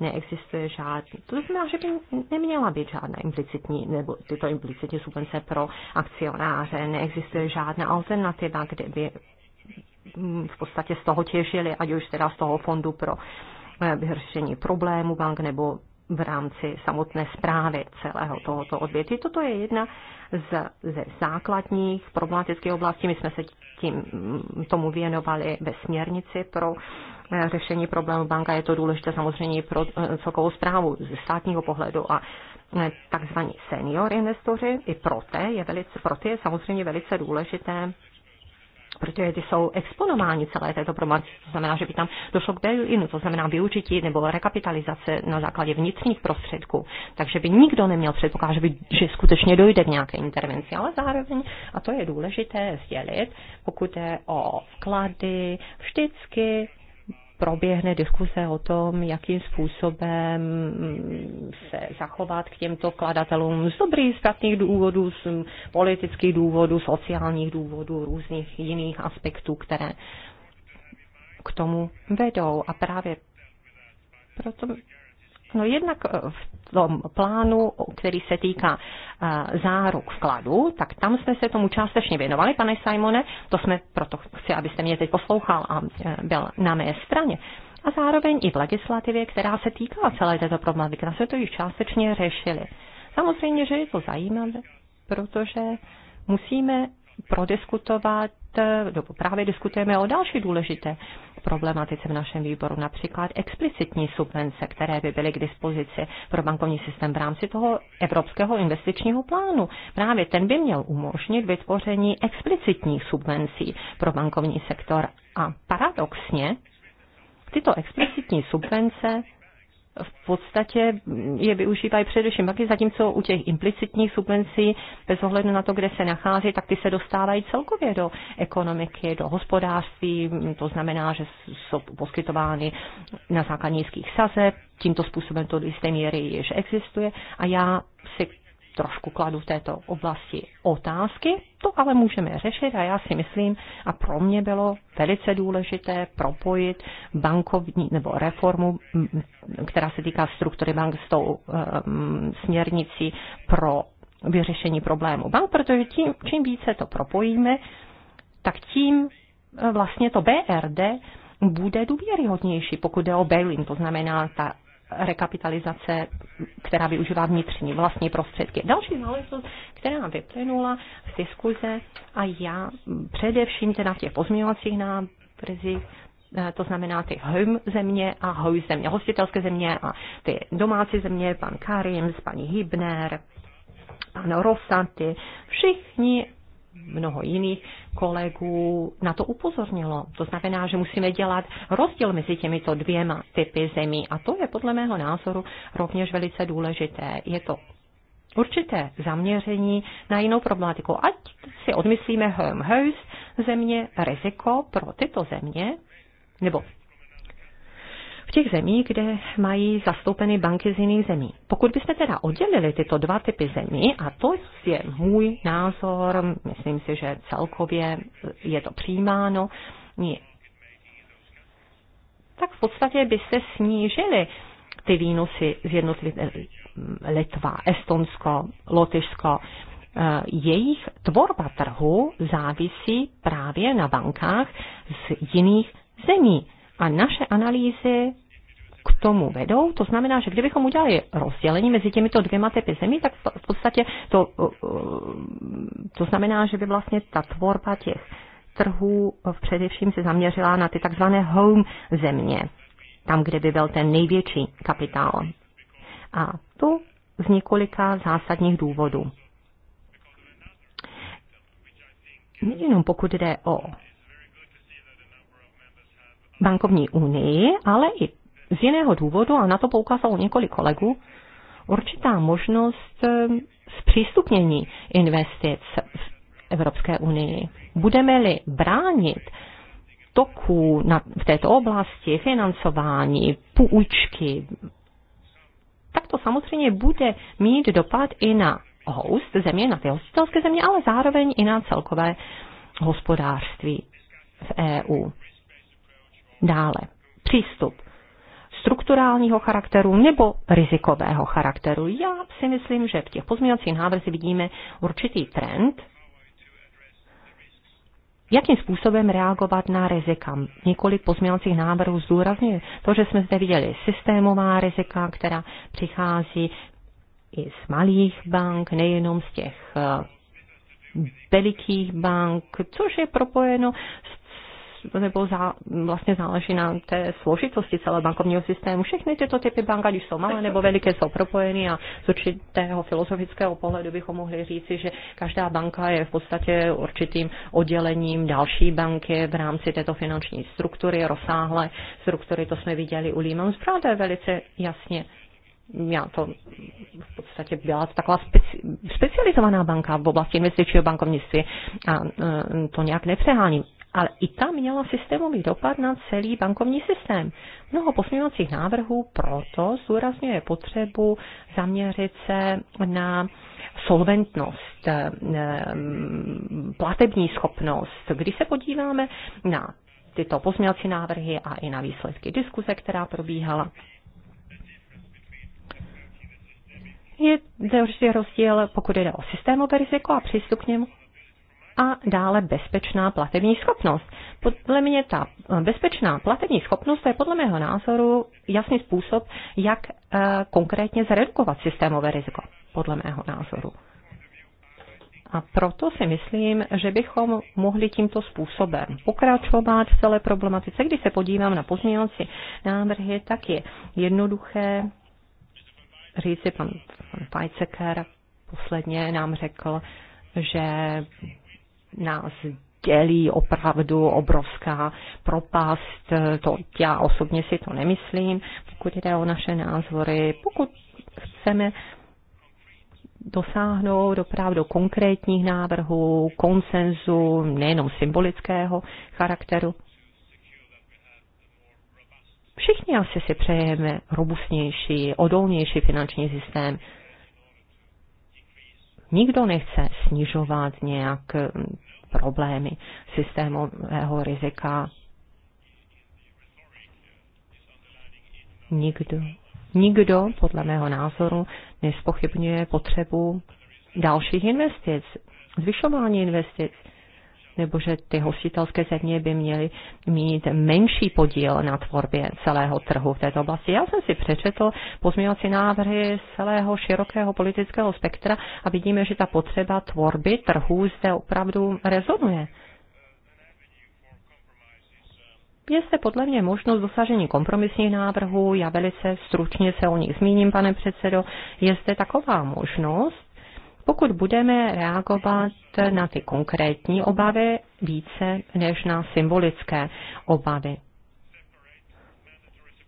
Neexistuje žádný. To znamená, že by neměla být žádná implicitní, nebo tyto implicitní subvence pro akcionáře. Neexistuje žádná alternativa, kde by v podstatě z toho těžili, ať už teda z toho fondu pro Eh, vyřešení problému bank nebo v rámci samotné zprávy celého tohoto odvětví. Toto je jedna z, ze základních problematických oblastí. My jsme se tím, mm, tomu věnovali ve směrnici pro eh, řešení problému banka. Je to důležité samozřejmě pro eh, celkovou zprávu ze státního pohledu a takzvaní senior investoři. I pro, ty je velice, pro ty je samozřejmě velice důležité protože ty jsou exponováni celé této problematice. To znamená, že by tam došlo k bail-inu, to znamená využití nebo rekapitalizace na základě vnitřních prostředků. Takže by nikdo neměl předpokládat, že, by, že skutečně dojde k nějaké intervenci, ale zároveň, a to je důležité sdělit, pokud je o vklady, vždycky proběhne diskuse o tom, jakým způsobem se zachovat k těmto kladatelům z dobrých, špatných důvodů, z politických důvodů, sociálních důvodů, různých jiných aspektů, které k tomu vedou. A právě proto No jednak eh, v tom plánu, který se týká eh, záruk vkladu, tak tam jsme se tomu částečně věnovali, pane Simone, to jsme, proto chci, abyste mě teď poslouchal a eh, byl na mé straně. A zároveň i v legislativě, která se týkala celé této problematiky, tam jsme to již částečně řešili. Samozřejmě, že je to zajímavé, protože musíme prodiskutovat, právě diskutujeme o další důležité problematice v našem výboru, například explicitní subvence, které by byly k dispozici pro bankovní systém v rámci toho Evropského investičního plánu. Právě ten by měl umožnit vytvoření explicitních subvencí pro bankovní sektor. A paradoxně tyto explicitní subvence v podstatě je využívají především taky, zatímco u těch implicitních subvencí, bez ohledu na to, kde se nachází, tak ty se dostávají celkově do ekonomiky, do hospodářství, to znamená, že jsou poskytovány na základních nízkých sazeb, tímto způsobem to do jisté míry již existuje a já si trošku kladu v této oblasti otázky, to ale můžeme řešit a já si myslím, a pro mě bylo velice důležité propojit bankovní nebo reformu, která se týká struktury bank s tou um, směrnicí pro vyřešení problému bank, protože tím, čím více to propojíme, tak tím e, vlastně to BRD bude důvěryhodnější, pokud jde o bail to znamená ta rekapitalizace, která využívá vnitřní vlastní prostředky. Další záležitost, která vyplynula z diskuze a já především teda v těch pozměňovacích návrzích eh, to znamená ty home země a host země, hostitelské země a ty domácí země, pan Karims, paní Hibner, pan Rosanty, všichni mnoho jiných kolegů na to upozornilo. To znamená, že musíme dělat rozdíl mezi těmito dvěma typy zemí a to je podle mého názoru rovněž velice důležité. Je to určité zaměření na jinou problematiku. Ať si odmyslíme home host, země riziko pro tyto země, nebo v těch zemích, kde mají zastoupeny banky z jiných zemí. Pokud bychom teda oddělili tyto dva typy zemí, a to je můj názor, myslím si, že celkově je to přijímáno, tak v podstatě by se snížily ty výnosy z jednotlivých eh, Litva, Estonsko, Lotyšsko. Eh, jejich tvorba trhu závisí právě na bankách z jiných zemí. A naše analýzy k tomu vedou. To znamená, že kdybychom udělali rozdělení mezi těmito dvěma typy zemí, tak v podstatě to, uh, uh, to znamená, že by vlastně ta tvorba těch trhů především se zaměřila na ty takzvané home země, tam, kde by byl ten největší kapitál. A to z několika zásadních důvodů. Nejenom pokud jde o bankovní unii, ale i z jiného důvodu, a na to poukázalo několik kolegů, určitá možnost eh, zpřístupnění investic v Evropské unii. Budeme-li bránit toku na, v této oblasti, financování, půjčky, tak to samozřejmě bude mít dopad i na host země, na ty hostitelské země, ale zároveň i na celkové hospodářství v EU. Dále přístup strukturálního charakteru nebo rizikového charakteru. Já si myslím, že v těch pozměňovacích návrzích vidíme určitý trend, jakým způsobem reagovat na rizika. Několik pozměňovacích návrhů zdůrazňuje to, že jsme zde viděli systémová rizika, která přichází i z malých bank, nejenom z těch eh, velikých bank, což je propojeno s nebo zá, vlastně záleží na té složitosti celého bankovního systému. Všechny tyto typy bank, když jsou malé nebo veliké, jsou propojeny a z určitého filozofického pohledu bychom mohli říci, že každá banka je v podstatě určitým oddělením další banky v rámci této finanční struktury, rozsáhlé struktury, to jsme viděli u Lehman Brothers velice jasně já to v podstatě byla taková speci- specializovaná banka v oblasti investičního bankovnictví a e, to nějak nepřeháním ale i ta měla systémový dopad na celý bankovní systém. Mnoho posměvacích návrhů proto zdůrazňuje potřebu zaměřit se na solventnost, eh, mm, platební schopnost. Když se podíváme na tyto pozměňovací návrhy a i na výsledky diskuze, která probíhala, je určitě rozdíl, pokud jde o systémové riziko a přístup k němu a dále bezpečná platební schopnost. Podle mě ta eh, bezpečná platební schopnost je podle mého názoru jasný způsob, jak eh, konkrétně zredukovat systémové riziko, podle mého názoru. A proto si myslím, že bychom mohli tímto způsobem pokračovat v celé problematice. Když se podívám na pozměňovací návrhy, tak je jednoduché říci, pan, pan Pajceker posledně nám řekl, že nás dělí opravdu obrovská propast. To já osobně si to nemyslím, pokud jde o naše názory. Pokud chceme dosáhnout opravdu konkrétních návrhů, konsenzu, nejenom symbolického charakteru. Všichni asi si přejeme robustnější, odolnější finanční systém, Nikdo nechce snižovat nějak hm, problémy systémového rizika. Nikdo. Nikdo, podle mého názoru, nespochybňuje potřebu dalších investic, zvyšování investic nebo že ty hostitelské země by měly mít menší podíl na tvorbě celého trhu v této oblasti. Já jsem si přečetl pozměňovací návrhy z celého širokého politického spektra a vidíme, že ta potřeba tvorby trhů zde opravdu rezonuje. Je zde podle mě možnost dosažení kompromisních návrhů, já velice stručně se o nich zmíním, pane předsedo. Je zde taková možnost, pokud budeme reagovat na ty konkrétní obavy více než na symbolické obavy.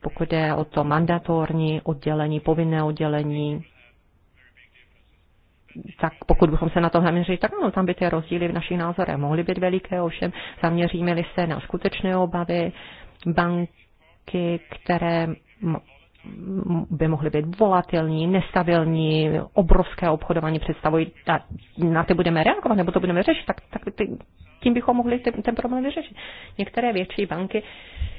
Pokud je o to mandatorní oddělení, povinné oddělení, tak pokud bychom se na to zaměřili, tak ano, tam by ty rozdíly v našich názorech mohly být veliké, ovšem zaměříme-li se na skutečné obavy banky, které by mohly být volatilní, nestabilní, obrovské obchodování představují a na ty budeme reagovat nebo to budeme řešit, tak, tak ty, tím bychom mohli ten, ten problém vyřešit. Některé větší banky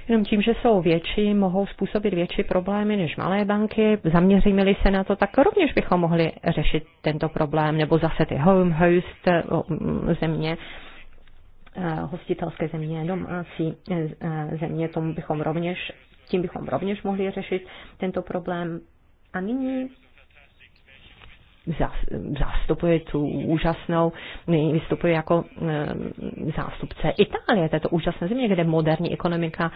jenom tím, že jsou větší, mohou způsobit větší problémy než malé banky. Zaměříme-li se na to, tak rovněž bychom mohli řešit tento problém, nebo zase ty home host eh, země, eh, hostitelské země, domácí eh, země, tomu bychom rovněž tím bychom rovněž mohli řešit tento problém. A nyní zastupuje tu úžasnou, vystupuje jako eh, zástupce Itálie, této úžasné země, kde moderní ekonomika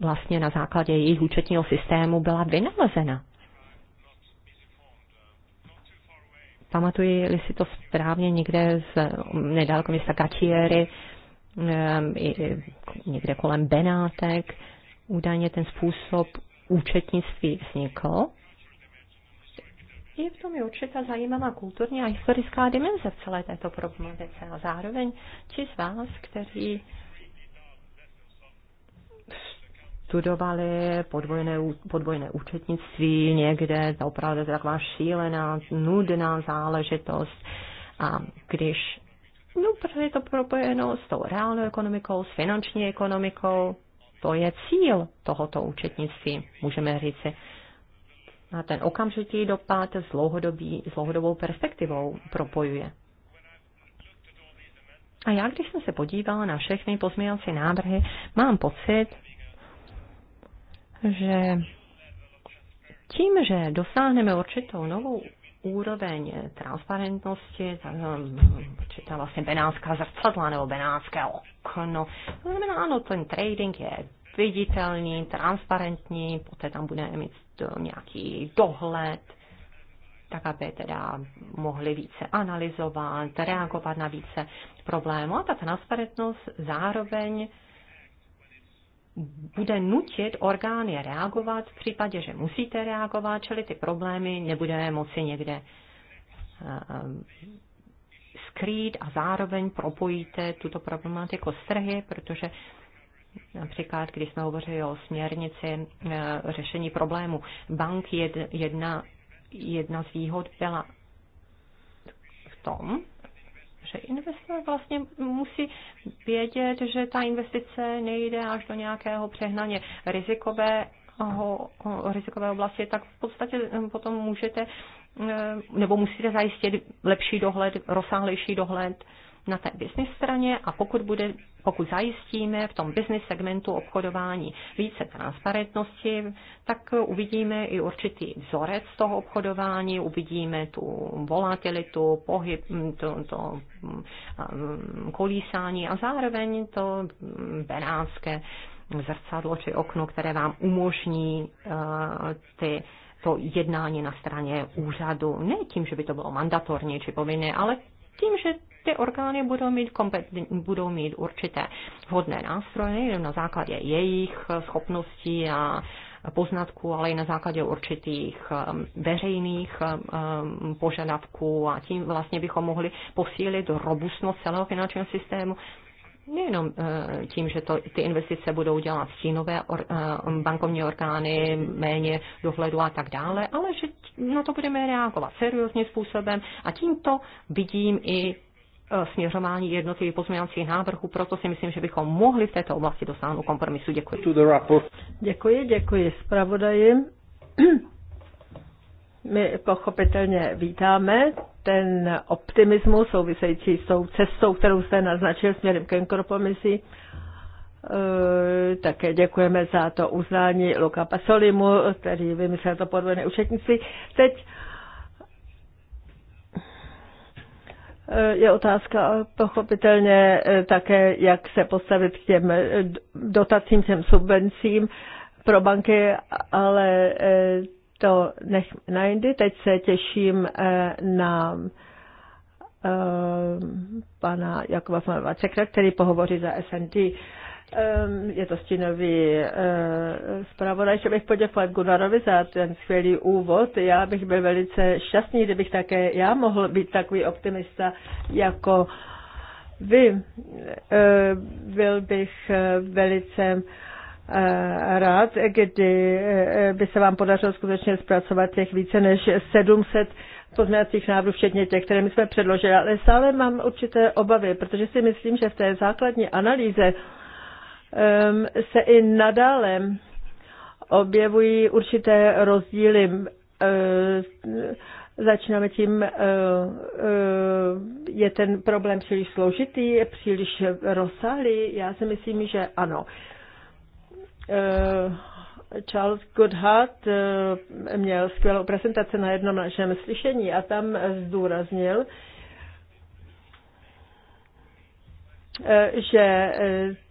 vlastně na základě jejich účetního systému byla vynalezena. Pamatuji, si to správně, někde z nedaleko města Kačiery, eh, někde kolem Benátek, údajně ten způsob účetnictví vznikl. Je v tom je určitá zajímavá kulturní a historická dimenze v celé této problematice a zároveň ti z vás, kteří studovali podvojné, podvojné účetnictví někde, to opravdu je taková šílená, nudná záležitost. A když, no, protože je to propojeno s tou reálnou ekonomikou, s finanční ekonomikou, to je cíl tohoto účetnictví, můžeme říci. A ten okamžitý dopad s, dlouhodobý, s dlouhodobou perspektivou propojuje. A já, když jsem se podívala na všechny pozměňovací návrhy, mám pocit, že tím, že dosáhneme určitou novou úroveň transparentnosti, tak určitá um, vlastně benátská zrcadla nebo benátské okno. To znamená, ano, ten trading je viditelný, transparentní, poté tam budeme mít nějaký dohled, tak aby teda mohli více analyzovat, reagovat na více problémů. A ta transparentnost zároveň bude nutit orgány reagovat v případě, že musíte reagovat, čili ty problémy nebudeme moci někde eh, skrýt a zároveň propojíte tuto problematiku s trhy, protože Například, když jsme hovořili o směrnici eh, řešení problému bank, jedna, jedna z výhod byla v tom, že investor vlastně musí vědět, že ta investice nejde až do nějakého přehnaně rizikové o, o rizikové oblasti, tak v podstatě eh, potom můžete eh, nebo musíte zajistit lepší dohled, rozsáhlejší dohled na té business straně a pokud, bude, pokud zajistíme v tom business segmentu obchodování více transparentnosti, tak uvidíme i určitý vzorec toho obchodování, uvidíme tu volatilitu, pohyb, to, to mm, kolísání a zároveň to benátské zrcadlo či okno, které vám umožní eh, ty to jednání na straně úřadu, ne tím, že by to bylo mandatorní či povinné, ale tím, že ty orgány budou mít, budou mít určité vhodné nástroje na základě jejich schopností a poznatků, ale i na základě určitých um, veřejných um, um, požadavků a tím vlastně bychom mohli posílit robustnost celého finančního systému nejenom uh, tím, že to, ty investice budou dělat stínové or, uh, bankovní orgány, méně dohledu a tak dále, ale že na to budeme reagovat seriózním způsobem a tímto vidím i E, směřování jednotlivých pozměňovacích návrhů, proto si myslím, že bychom mohli v této oblasti dosáhnout kompromisu. Děkuji. Děkuji, děkuji zpravodaji. My pochopitelně vítáme ten optimismus související s tou cestou, kterou jste naznačil směrem ke kompromisí. E, také děkujeme za to uznání Luka Pasolimu, který vymyslel to podvojné učetnictví. Teď Eh, je otázka eh, pochopitelně eh, také, jak se postavit k těm dotacím, těm subvencím pro banky, ale to nech na jindy. Teď se těším na pana Jakova Fanovačekra, který pohovoří za SND. Ehm, je to stínový eh, zpravodaj, že bych poděkoval Gunnarovi za ten skvělý úvod. Já bych byl velice šťastný, kdybych také já mohl být takový optimista jako vy. Eh, byl bych eh, velice rád, kdy by se vám podařilo skutečně zpracovat těch více než 700 pozměňovacích návrhů, včetně těch, které my jsme předložili, ale stále mám určité obavy, protože si myslím, že v té základní analýze se i nadále objevují určité rozdíly. Začínáme tím, je ten problém příliš složitý, je příliš rozsáhlý? Já si myslím, že ano. Charles Goodhart měl skvělou prezentaci na jednom našem slyšení a tam zdůraznil, že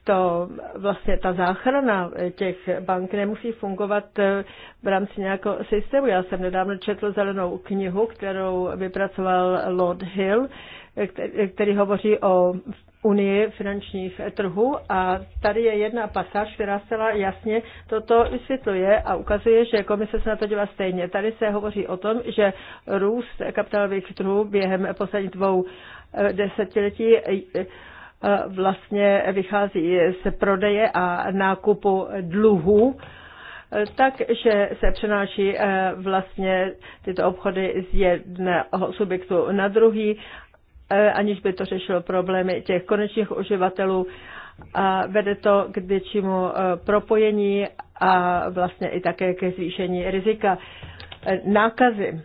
to vlastně ta záchrana eh, těch bank nemusí fungovat eh, v rámci nějakého systému. Já jsem nedávno četl zelenou knihu, kterou vypracoval Lord Hill, eh, který hovoří o Unii finančních trhů a tady je jedna pasáž, která zcela jasně toto vysvětluje a ukazuje, že komise se na to dělá stejně. Tady se hovoří o tom, že růst kapitálových trhů během posledních dvou desetiletí vlastně vychází z prodeje a nákupu dluhů, takže se přenáší eh, vlastně tyto obchody z jednoho subjektu na druhý, eh, aniž by to řešilo problémy těch konečných uživatelů a vede to k většímu eh, propojení a vlastně i také ke zvýšení rizika nákazy.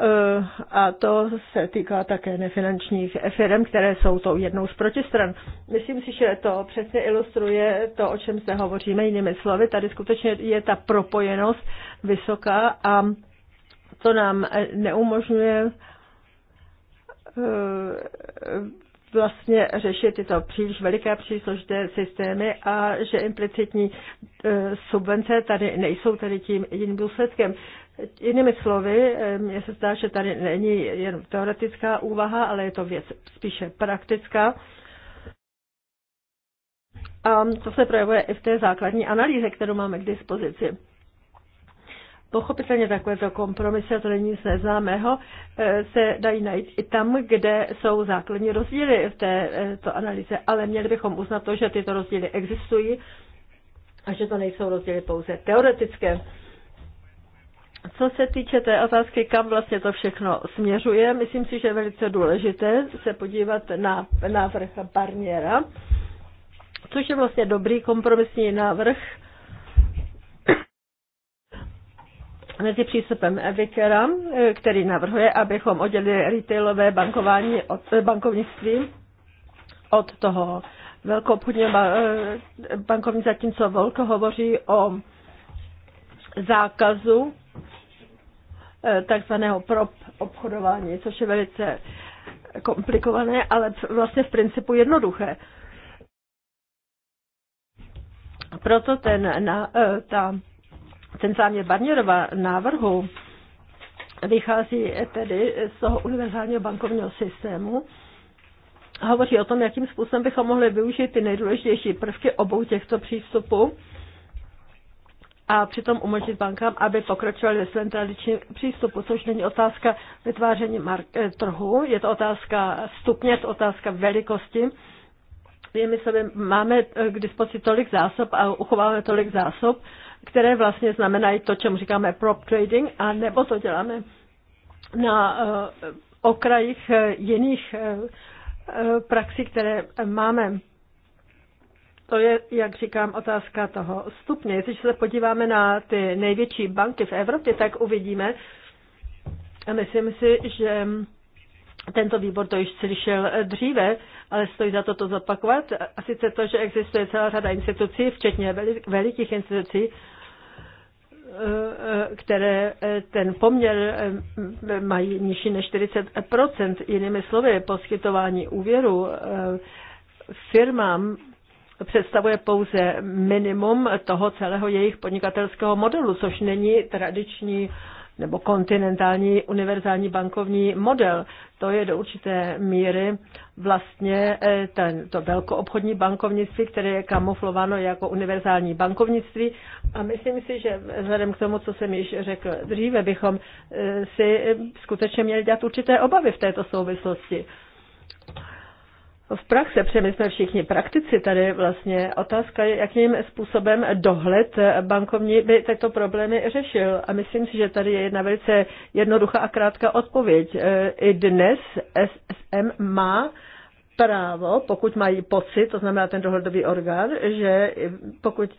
Eh, a to se týká také nefinančních firm, které jsou tou jednou z protistran. Myslím si, že to přesně ilustruje to, o čem se hovoříme jinými slovy. Tady skutečně je ta propojenost vysoká a to nám neumožňuje eh, vlastně řešit tyto příliš veliké příslušné příliš složité systémy a že implicitní eh, subvence tady nejsou tady tím jediným důsledkem. Jinými slovy, eh, mně se zdá, že tady není jen teoretická úvaha, ale je to věc spíše praktická. A to se projevuje i v té základní analýze, kterou máme k dispozici. Pochopitelně takovéto kompromisy, a to není nic neznámého, eh, se dají najít i tam, kde jsou základní rozdíly v této eh, analýze, ale měli bychom uznat to, že tyto rozdíly existují a že to nejsou rozdíly pouze teoretické. Co se týče té otázky, kam vlastně to všechno směřuje, myslím si, že je velice důležité se podívat na návrh Barniera, což je vlastně dobrý kompromisní návrh mezi přístupem Evikera, který navrhuje, abychom oddělili retailové bankování od eh, bankovnictví od toho velkou obchodního bankovní, eh, zatímco Volko hovoří o zákazu Eh, takzvaného prop obchodování, což je velice komplikované, ale vlastně v principu jednoduché. Proto ten, na, eh, ta, ten záměr Barnierova návrhu vychází tedy z toho univerzálního bankovního systému, hovoří o tom, jakým způsobem bychom mohli využít ty nejdůležitější prvky obou těchto přístupů a přitom umožnit bankám, aby pokračovali ve svém tradičním přístupu, což není otázka vytváření eh, trhu, je to otázka stupně, je to otázka velikosti. My sobě máme eh, k dispozici tolik zásob a uchováváme tolik zásob, které vlastně znamenají to, čemu říkáme prop trading, a nebo to děláme na eh, okrajích jiných praxí, které máme to je, jak říkám, otázka toho stupně. Jestliže se podíváme na ty největší banky v Evropě, tak uvidíme, a myslím si, že tento výbor to již slyšel dříve, ale stojí za to to zopakovat. A sice to, že existuje celá řada institucí, včetně velikých institucí, eh, které eh, ten poměr eh, mají nižší než 40 Jinými slovy, poskytování úvěru firmám představuje pouze minimum toho celého jejich podnikatelského modelu, což není tradiční nebo kontinentální univerzální bankovní model. To je do určité míry vlastně eh, ten, to velkoobchodní bankovnictví, které je kamuflováno jako univerzální bankovnictví. A myslím si, že vzhledem k tomu, co jsem již řekl dříve, bychom eh, si eh, skutečně měli dělat určité obavy v této souvislosti v praxi, protože my jsme všichni praktici tady vlastně, otázka je, jakým způsobem dohled bankovní by tyto problémy řešil. A myslím si, že tady je jedna velice jednoduchá a krátká odpověď. E, I dnes SSM má právo, pokud mají pocit, to znamená ten dohledový orgán, že pokud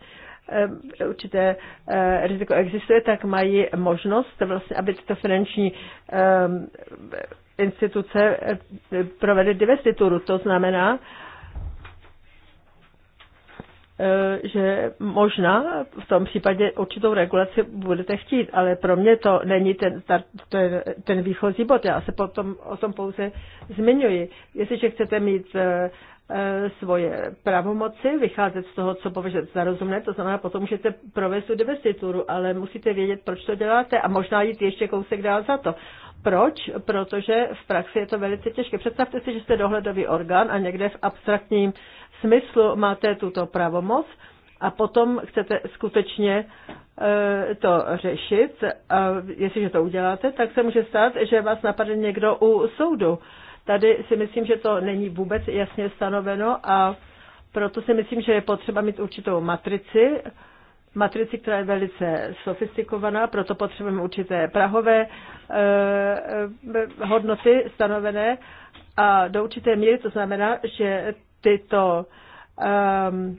e, určité e, riziko existuje, tak mají možnost vlastně, aby tyto finanční instituce eh, provede divestituru. To znamená, eh, že možná v tom případě určitou regulaci budete chtít, ale pro mě to není ten, ten, ten výchozí bod. Já se potom o tom pouze zmiňuji. Jestliže chcete mít eh, svoje pravomoci, vycházet z toho, co považujete za rozumné, to znamená, potom můžete provést tu divestituru, ale musíte vědět, proč to děláte a možná jít ještě kousek dál za to. Proč? Protože v praxi je to velice těžké. Představte si, že jste dohledový orgán a někde v abstraktním smyslu máte tuto pravomoc a potom chcete skutečně e, to řešit. A jestliže to uděláte, tak se může stát, že vás napadne někdo u soudu. Tady si myslím, že to není vůbec jasně stanoveno a proto si myslím, že je potřeba mít určitou matrici, matrici, která je velice sofistikovaná, proto potřebujeme určité prahové eh, eh, hodnoty stanovené a do určité míry to znamená, že tyto um,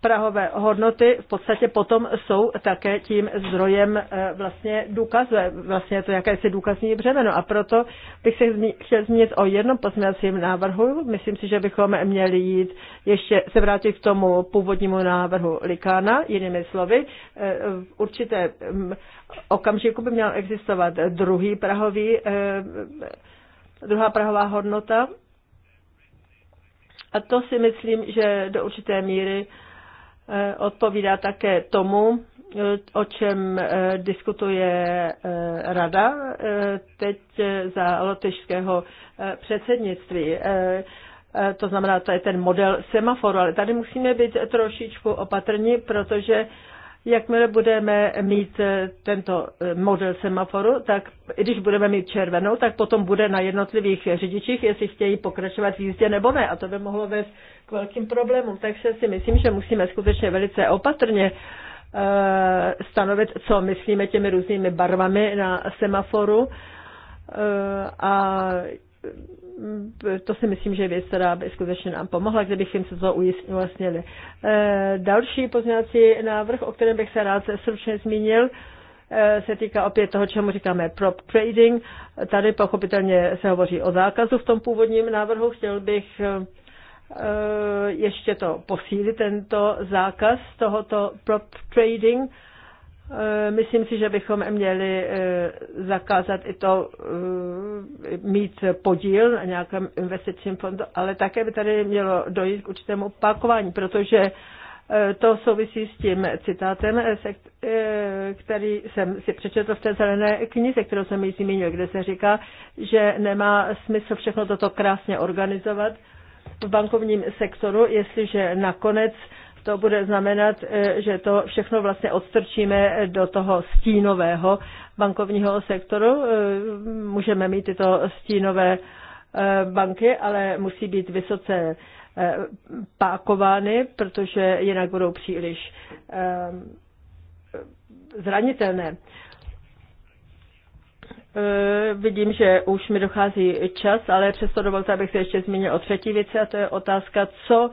Prahové hodnoty v podstatě potom jsou také tím zdrojem eh, vlastně důkaze, vlastně to jakési důkazní břemeno. A proto bych se chtěl zmínit o jednom pozměňovacím návrhu. Myslím si, že bychom měli jít ještě se vrátit k tomu původnímu návrhu Likána, jinými slovy. Eh, v určité mm, okamžiku by měl existovat druhý prahový, eh, druhá prahová hodnota. A to si myslím, že do určité míry Eh, odpovídá také tomu, eh, o čem eh, diskutuje rada teď za lotyšského předsednictví. To znamená, to je ten model semaforu, ale tady musíme být trošičku opatrní, protože Jakmile budeme mít eh, tento eh, model semaforu, tak když budeme mít červenou, tak potom bude na jednotlivých řidičích, jestli chtějí pokračovat v jízdě nebo ne. A to by mohlo vést k velkým problémům. Takže si myslím, že musíme skutečně velice opatrně eh, stanovit, co myslíme těmi různými barvami na semaforu. A Mm, to si myslím, že věc, která by skutečně nám pomohla, kdybychom se to ujasnili. E, další pozměňovací návrh, o kterém bych se rád stručně zmínil, e, se týká opět toho, čemu říkáme prop trading. Tady pochopitelně se hovoří o zákazu v tom původním návrhu. Chtěl bych e, ještě to posílit, tento zákaz tohoto prop trading Eh, myslím si, že bychom měli eh, zakázat i to eh, mít podíl na nějakém investičním fondu, ale také by tady mělo dojít k určitému pakování, protože to souvisí s tím citátem, který jsem si přečetl v té zelené knize, kterou jsem ji zmínil, kde se říká, že nemá smysl všechno toto krásně organizovat v bankovním sektoru, jestliže nakonec to bude znamenat, eh, že to všechno vlastně odstrčíme do toho stínového bankovního sektoru. Eh, můžeme mít tyto stínové eh, banky, ale musí být vysoce pákovány, protože jinak budou příliš zranitelné. Vidím, že už mi dochází čas, ale přesto dovolte, abych se ještě zmínil o třetí věci, a to je otázka, co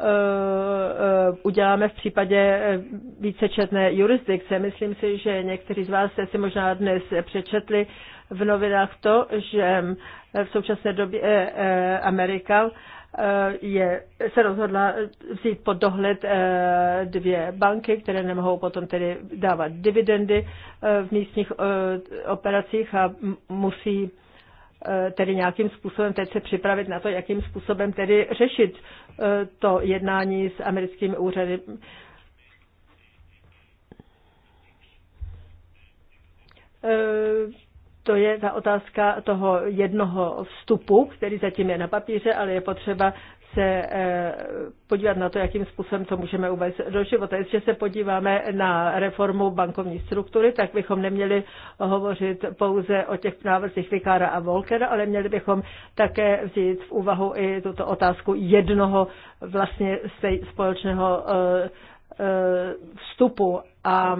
Eh, eh, uděláme v případě eh, vícečetné jurisdikce. Myslím si, že někteří z vás jste si možná dnes přečetli v novinách to, že v současné době Amerika je, se rozhodla vzít pod dohled dvě banky, které nemohou potom tedy dávat dividendy v místních operacích a musí Eh, tedy nějakým způsobem teď se připravit na to, jakým způsobem tedy řešit eh, to jednání s americkými úřady. Eh, to je ta otázka toho jednoho vstupu, který zatím je na papíře, ale je potřeba se eh, podívat na to, jakým způsobem to můžeme uvést do života. Jestliže se podíváme na reformu bankovní struktury, tak bychom neměli hovořit pouze o těch návrzích Vikára a Volkera, ale měli bychom také vzít v úvahu i tuto otázku jednoho vlastně společného eh, eh, vstupu a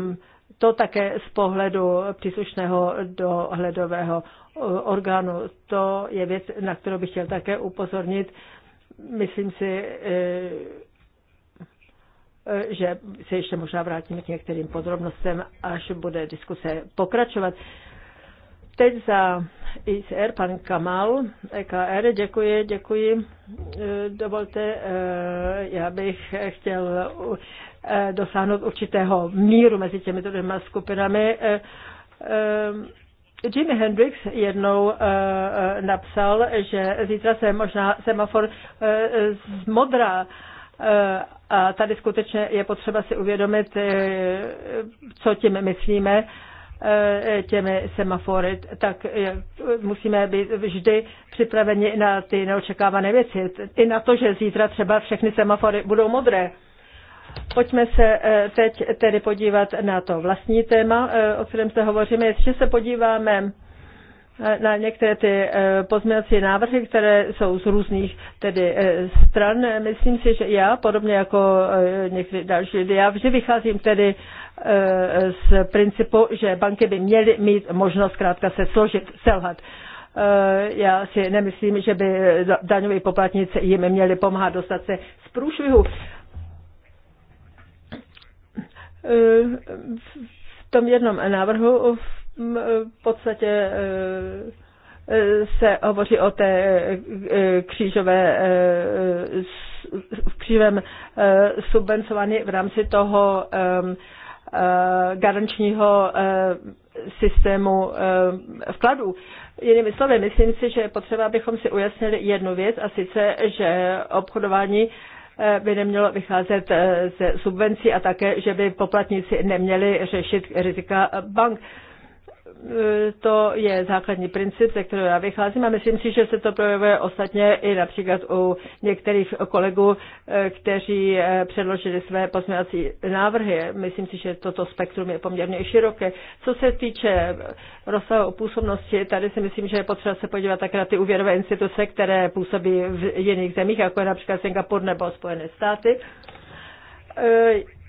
to také z pohledu příslušného dohledového orgánu. To je věc, na kterou bych chtěl také upozornit Myslím si, eh, že se ještě možná vrátíme k některým podrobnostem, až bude diskuse pokračovat. Teď za ICR pan Kamal, EKR, děkuji, děkuji. Eh, dovolte, eh, já bych chtěl dosáhnout určitého míru mezi těmi dvěma skupinami Jimi Hendrix jednou eh, eh, napsal, že zítra se možná semafor eh, zmodrá. A tady skutečně je potřeba si uvědomit, co tím myslíme těmi semafory, tak musíme být vždy připraveni na ty neočekávané věci. I na to, že zítra třeba všechny semafory budou modré. Pojďme se eh, teď tedy podívat na to vlastní téma, eh, o kterém se hovoříme. Ještě se podíváme eh, na některé ty pozměňovací návrhy, které jsou z různých tedy stran. Myslím si, že já, podobně jako někteří další lidé, já vždy vycházím tedy z principu, že banky by měly mít možnost zkrátka se složit, selhat. Já si nemyslím, že by daňoví poplatníci jim měli pomáhat dostat se z průšvihu v tom jednom návrhu v podstatě eh, eh, se hovoří o té eh, křížové, v křížovém subvencování v rámci toho garančního systému vkladů. Jinými slovy, myslím si, že je potřeba, abychom si ujasnili jednu věc, a sice, že obchodování Eh, by nemělo vycházet eh, ze subvencí a také, že by poplatníci neměli řešit rizika bank. E, to je základní princip, ze kterého já vycházím a myslím si, že se to projevuje ostatně i například u některých kolegů, e, kteří e, předložili své pozměňovací návrhy. Myslím si, že toto spektrum je poměrně široké. Co se týče rozsahu působnosti, tady si myslím, že je potřeba se podívat také na ty úvěrové instituce, které působí v jiných zemích, jako je například Singapur nebo Spojené státy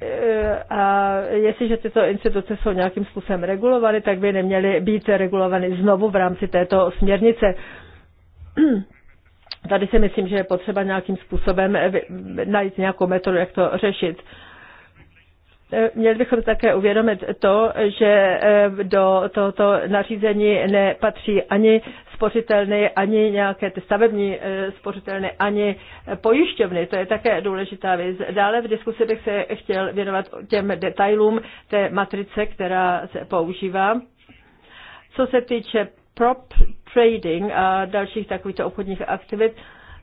Eh, a jestliže tyto instituce jsou nějakým způsobem regulovány, tak by neměly být regulovány znovu v rámci této směrnice. Tady si myslím, že je potřeba nějakým způsobem najít nějakou metodu, jak to řešit. Eh, měli bychom také uvědomit to, že eh, do tohoto nařízení nepatří ani spořitelny, ani nějaké ty stavební eh, spořitelny, ani pojišťovny. To je také důležitá věc. Dále v diskusi bych se chtěl věnovat těm detailům té matrice, která se používá. Co se týče prop trading a dalších takovýchto obchodních aktivit,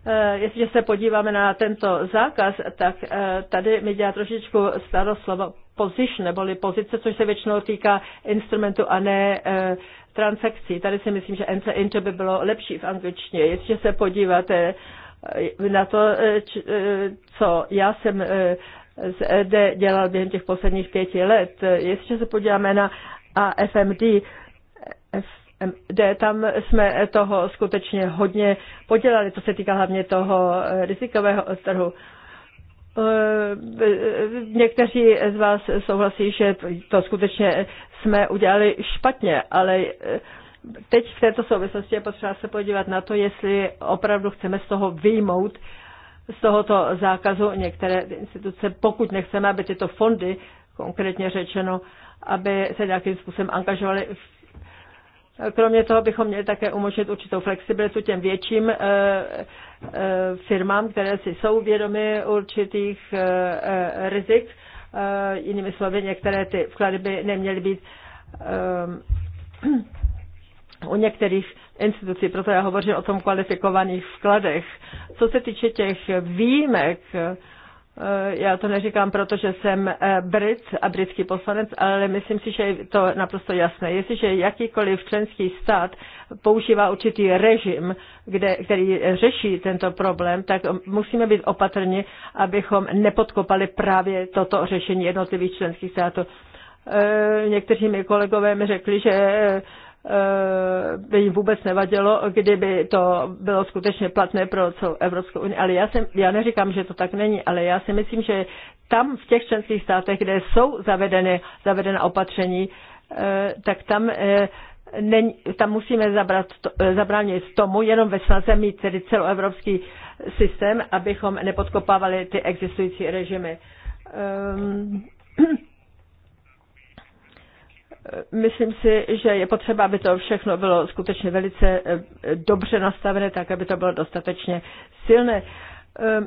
Eh, jestliže se podíváme na tento zákaz, tak eh, tady mi dělá trošičku starost slovo position, neboli pozice, což se většinou týká instrumentu a ne eh, transakcí. Tady si myslím, že enter into by bylo lepší v angličtině. Jestliže se podíváte na to, co já jsem z ED dělal během těch posledních pěti let, jestliže se podíváme na AFMD, MD, tam jsme toho skutečně hodně podělali, to se týká hlavně toho eh, rizikového trhu. Eh, někteří z vás souhlasí, že to skutečně jsme udělali špatně, ale eh, teď v této souvislosti je potřeba se podívat na to, jestli opravdu chceme z toho vyjmout z tohoto zákazu některé instituce, pokud nechceme, aby tyto fondy, konkrétně řečeno, aby se nějakým způsobem angažovaly v Kromě toho bychom měli také umožnit určitou flexibilitu těm větším eh, eh, firmám, které si jsou vědomy určitých eh, rizik. Jinými slovy, některé ty vklady by neměly být u některých institucí, proto já hovořím o tom kvalifikovaných vkladech. Co se týče těch výjimek, Eh, já to neříkám, protože jsem eh, Brit a britský poslanec, ale myslím si, že je to naprosto jasné. Jestliže jakýkoliv členský stát používá určitý režim, kde, který řeší tento problém, tak musíme být opatrni, abychom nepodkopali právě toto řešení jednotlivých členských států. Eh, někteří mi kolegové mi řekli, že Eh, by jim vůbec nevadilo, kdyby to bylo skutečně platné pro celou Evropskou unii. Ale já, si, já neříkám, že to tak není, ale já si myslím, že tam v těch členských státech, kde jsou zavedeny, zavedena opatření, eh, tak tam, eh, není, tam musíme zabrat, zabránit tomu, jenom ve snaze mít tedy celoevropský systém, abychom nepodkopávali ty existující režimy. Um, Eh, myslím si, že je potřeba, aby to všechno bylo skutečně velice eh, dobře nastavené, tak aby to bylo dostatečně silné. Ehm,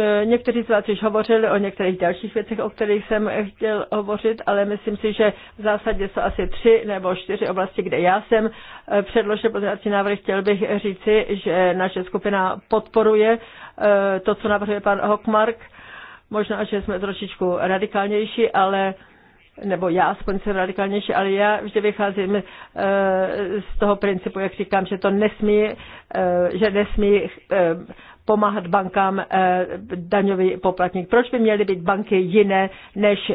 eh, někteří z vás již hovořili o některých dalších věcech, o kterých jsem chtěl hovořit, ale myslím si, že v zásadě jsou asi tři nebo čtyři oblasti, kde já jsem předložil pozorací návrh. Chtěl bych říci, že naše skupina podporuje to, co navrhuje pan Hockmark. Možná, že jsme trošičku radikálnější, ale uh, nebo já aspoň jsem radikálnější, ale já vždy vycházím eh, z toho principu, jak říkám, že to nesmí, eh, že nesmí eh, pomáhat bankám daňový poplatník. Proč by měly být banky jiné než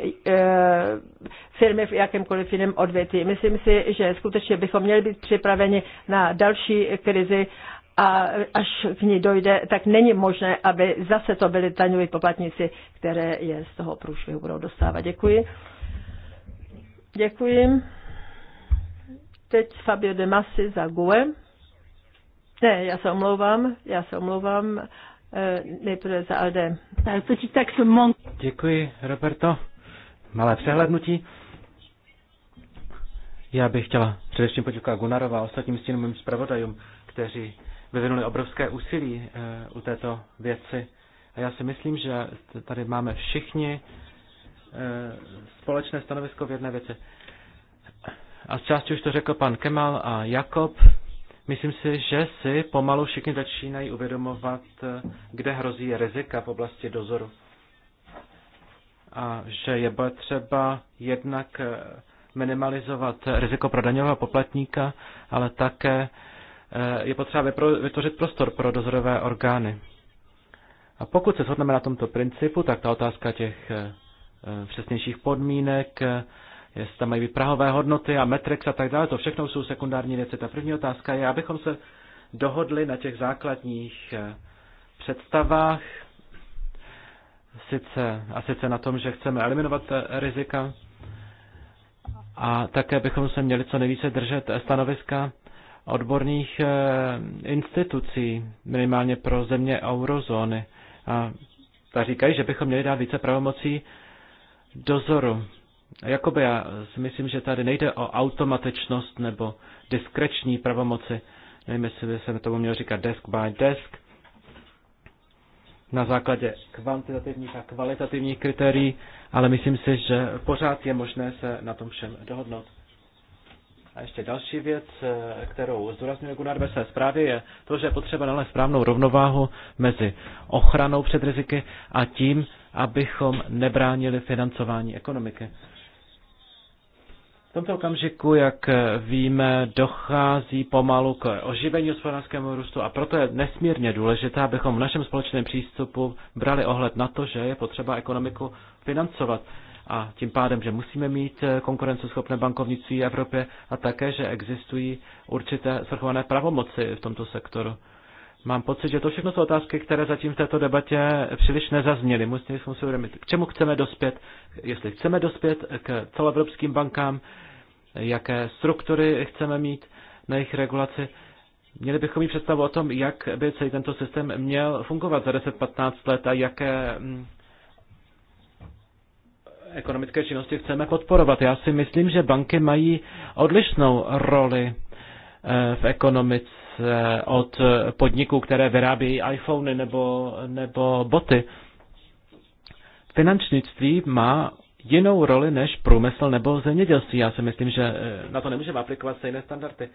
firmy v jakémkoliv jiném odvětví? Myslím si, že skutečně bychom měli být připraveni na další krizi a až k ní dojde, tak není možné, aby zase to byly daňoví poplatníci, které je z toho průšvihu budou dostávat. Děkuji. Děkuji. Teď Fabio De Masi za GUE. Ne, já se omlouvám, já se omlouvám eh, nejprve za ALDE. Děkuji, Roberto. Malé přehlednutí. Já bych chtěla především poděkovat Gunarova a ostatním stínovým zpravodajům, kteří vyvinuli obrovské úsilí eh, u této věci. A já si myslím, že tady máme všichni Eh, společné stanovisko v jedné věci. A z části už to řekl pan Kemal a Jakob. Myslím si, že si pomalu všichni začínají uvědomovat, eh, kde hrozí rizika v oblasti dozoru. A že je třeba jednak eh, minimalizovat riziko pro daňového poplatníka, ale také je potřeba vytvořit prostor pro dozorové orgány. A pokud se shodneme na tomto principu, tak ta otázka těch Eh, přesnějších podmínek, eh, jestli tam mají být prahové hodnoty a metrix a tak dále. To všechno jsou sekundární věci. Ta první otázka je, abychom se dohodli na těch základních eh, představách, sice, a sice na tom, že chceme eliminovat rizika a také bychom se měli co nejvíce držet stanoviska odborných institucí, minimálně pro země eurozóny. A ta říkají, že bychom měli dát více pravomocí dozoru. Jakoby já si myslím, že tady nejde o automatečnost nebo diskreční pravomoci. Nevím, jestli by se tomu měl říkat desk by desk. Na základě kvantitativních a kvalitativních kritérií, ale myslím si, že pořád je možné se na tom všem dohodnout. A ještě další věc, eh, kterou zdůrazňuje Gunnar ve své zprávě, je to, že je potřeba nalézt správnou rovnováhu mezi ochranou před riziky a tím, abychom nebránili financování ekonomiky. V tomto okamžiku, jak víme, dochází pomalu k oživení hospodářskému růstu a proto je nesmírně důležité, abychom v našem společném přístupu brali ohled na to, že je potřeba ekonomiku financovat a tím pádem, že musíme mít eh, konkurenceschopné bankovnictví v Evropě a také, že existují určité svrchované pravomoci v tomto sektoru. Mám pocit, že to všechno jsou otázky, které zatím v této debatě příliš nezazněly. Musíme si uvědomit, k čemu chceme dospět, jestli chceme dospět k celoevropským bankám, jaké struktury chceme mít na jejich regulaci. Měli bychom mít představu o tom, jak by celý tento systém měl fungovat za 10-15 let a jaké mm, ekonomické činnosti chceme podporovat. Já si myslím, že banky mají odlišnou roli eh, v ekonomice od podniků, které vyrábějí iPhony nebo, nebo boty. Finančnictví má jinou roli než průmysl nebo zemědělství. Já si myslím, že eh, na to nemůžeme aplikovat stejné standardy.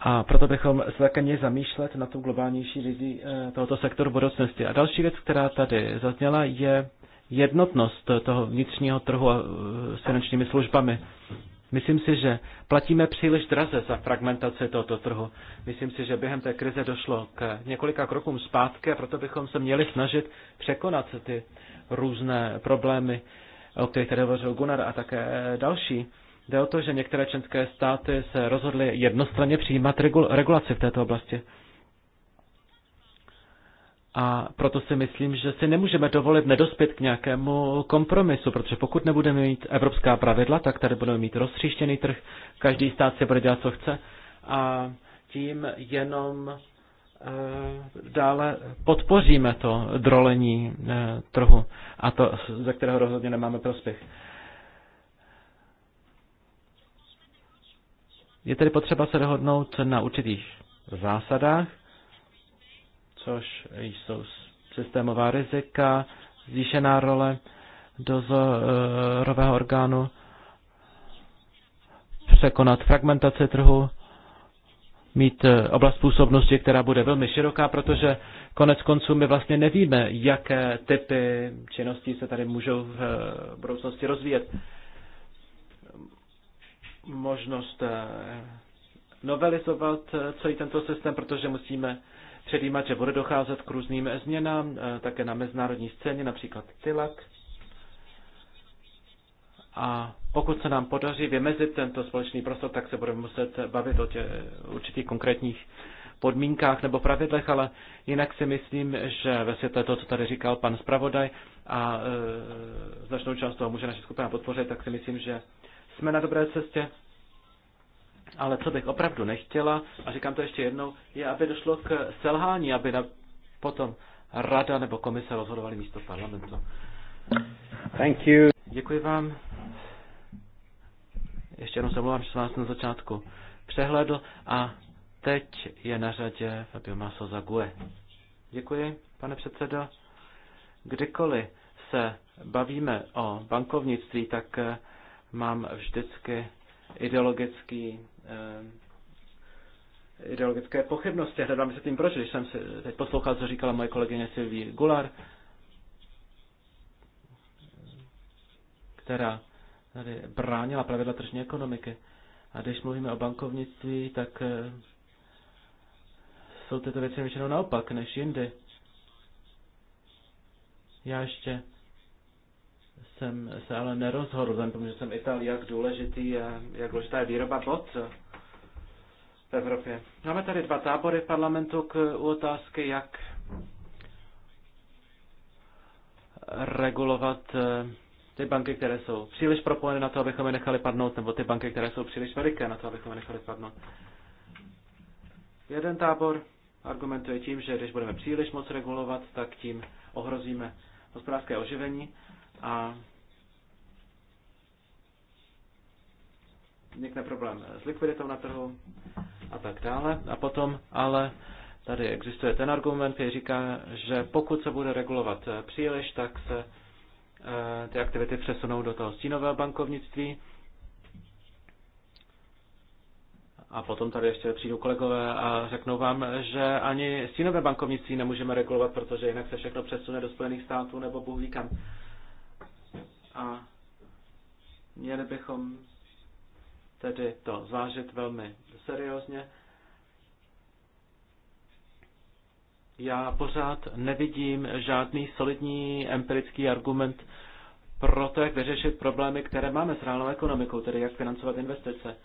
A proto bychom se také měli zamýšlet na tu globálnější vizi eh, tohoto sektoru budoucnosti. A další věc, která tady zazněla, je jednotnost toho vnitřního trhu e, s finančními službami. Myslím si, že platíme příliš draze za fragmentaci tohoto trhu. Myslím si, že během té krize došlo k několika krokům zpátky a proto bychom se měli snažit překonat ty různé problémy, o kterých tady hovořil Gunnar a také další. Jde o to, že některé členské státy se rozhodly jednostranně přijímat regulaci v této oblasti. A proto si myslím, že si nemůžeme dovolit nedospět k nějakému kompromisu, protože pokud nebudeme mít evropská pravidla, tak tady budeme mít rozstříštěný trh, každý stát si bude dělat, co chce a tím jenom eh, dále podpoříme to drolení eh, trhu a to, ze kterého rozhodně nemáme prospěch. Je tedy potřeba se dohodnout na určitých zásadách, což jsou systémová rizika, zvýšená role dozorového orgánu, překonat fragmentaci trhu, mít eh, oblast působnosti, která bude velmi široká, protože konec konců my vlastně nevíme, jaké typy činností se tady můžou v eh, budoucnosti rozvíjet. Možnost eh, novelizovat celý tento systém, protože musíme předjímat, že bude docházet k různým změnám, eh, také na mezinárodní scéně, například TILAK. A pokud se nám podaří vymezit tento společný prostor, tak se budeme muset bavit o tě, určitých konkrétních podmínkách nebo pravidlech, ale jinak si myslím, že ve světle toho, co tady říkal pan zpravodaj a e, značnou část toho může naše skupina podpořit, tak si myslím, že jsme na dobré cestě. Ale co bych opravdu nechtěla, a říkám to ještě jednou, je, aby došlo k selhání, aby na, potom rada nebo komise rozhodovali místo parlamentu. Thank you. Děkuji vám. Ještě jednou se mluvám, že jsem vás na začátku přehledl a teď je na řadě Fabio Maso Zague. Děkuji, pane předsedo. Kdykoliv se bavíme o bankovnictví, tak eh, mám vždycky ideologický Eh, ideologické pochybnosti. Hledám se tím proč, když jsem si teď poslouchal, co říkala moje kolegyně Silví Gular, která tady bránila pravidla tržní ekonomiky. A když mluvíme o bankovnictví, tak eh, jsou tyto věci většinou naopak než jindy. Já ještě jsem se ale nerozhodl, ten, protože jsem Ital, jak důležitý je, jak důležitá je výroba bot v Evropě. Máme tady dva tábory v parlamentu k, otázky, jak regulovat eh, ty banky, které jsou příliš propojené na to, abychom je nechali padnout, nebo ty banky, které jsou příliš veliké na to, abychom je nechali padnout. Jeden tábor argumentuje tím, že když budeme příliš moc regulovat, tak tím ohrozíme hospodářské oživení a vznikne problém s likviditou na trhu a tak dále. A potom ale tady existuje ten argument, který říká, že pokud se bude regulovat příliš, tak se eh, ty aktivity přesunou do toho stínového bankovnictví. A potom tady ještě přijdou kolegové a řeknou vám, že ani stínové bankovnictví nemůžeme regulovat, protože jinak se všechno přesune do Spojených států nebo Bůh ví kam a měli bychom tedy to zvážit velmi seriózně. Já pořád nevidím žádný solidní empirický argument pro to, jak vyřešit problémy, které máme s reálnou ekonomikou, tedy jak financovat investice.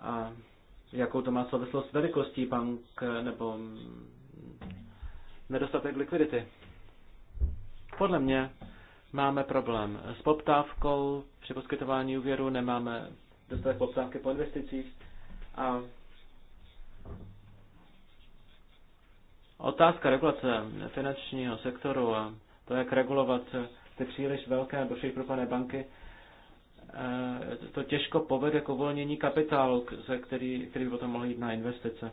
A jakou to má souvislost s velikostí bank nebo nedostatek likvidity. Podle mě Máme problém s poptávkou při poskytování úvěru, nemáme dostatek poptávky po investicích a otázka regulace finančního sektoru a to, jak regulovat ty příliš velké nebo příliš propané banky, eh, to těžko povede k uvolnění kapitálu, ze který, který by potom mohl jít na investice.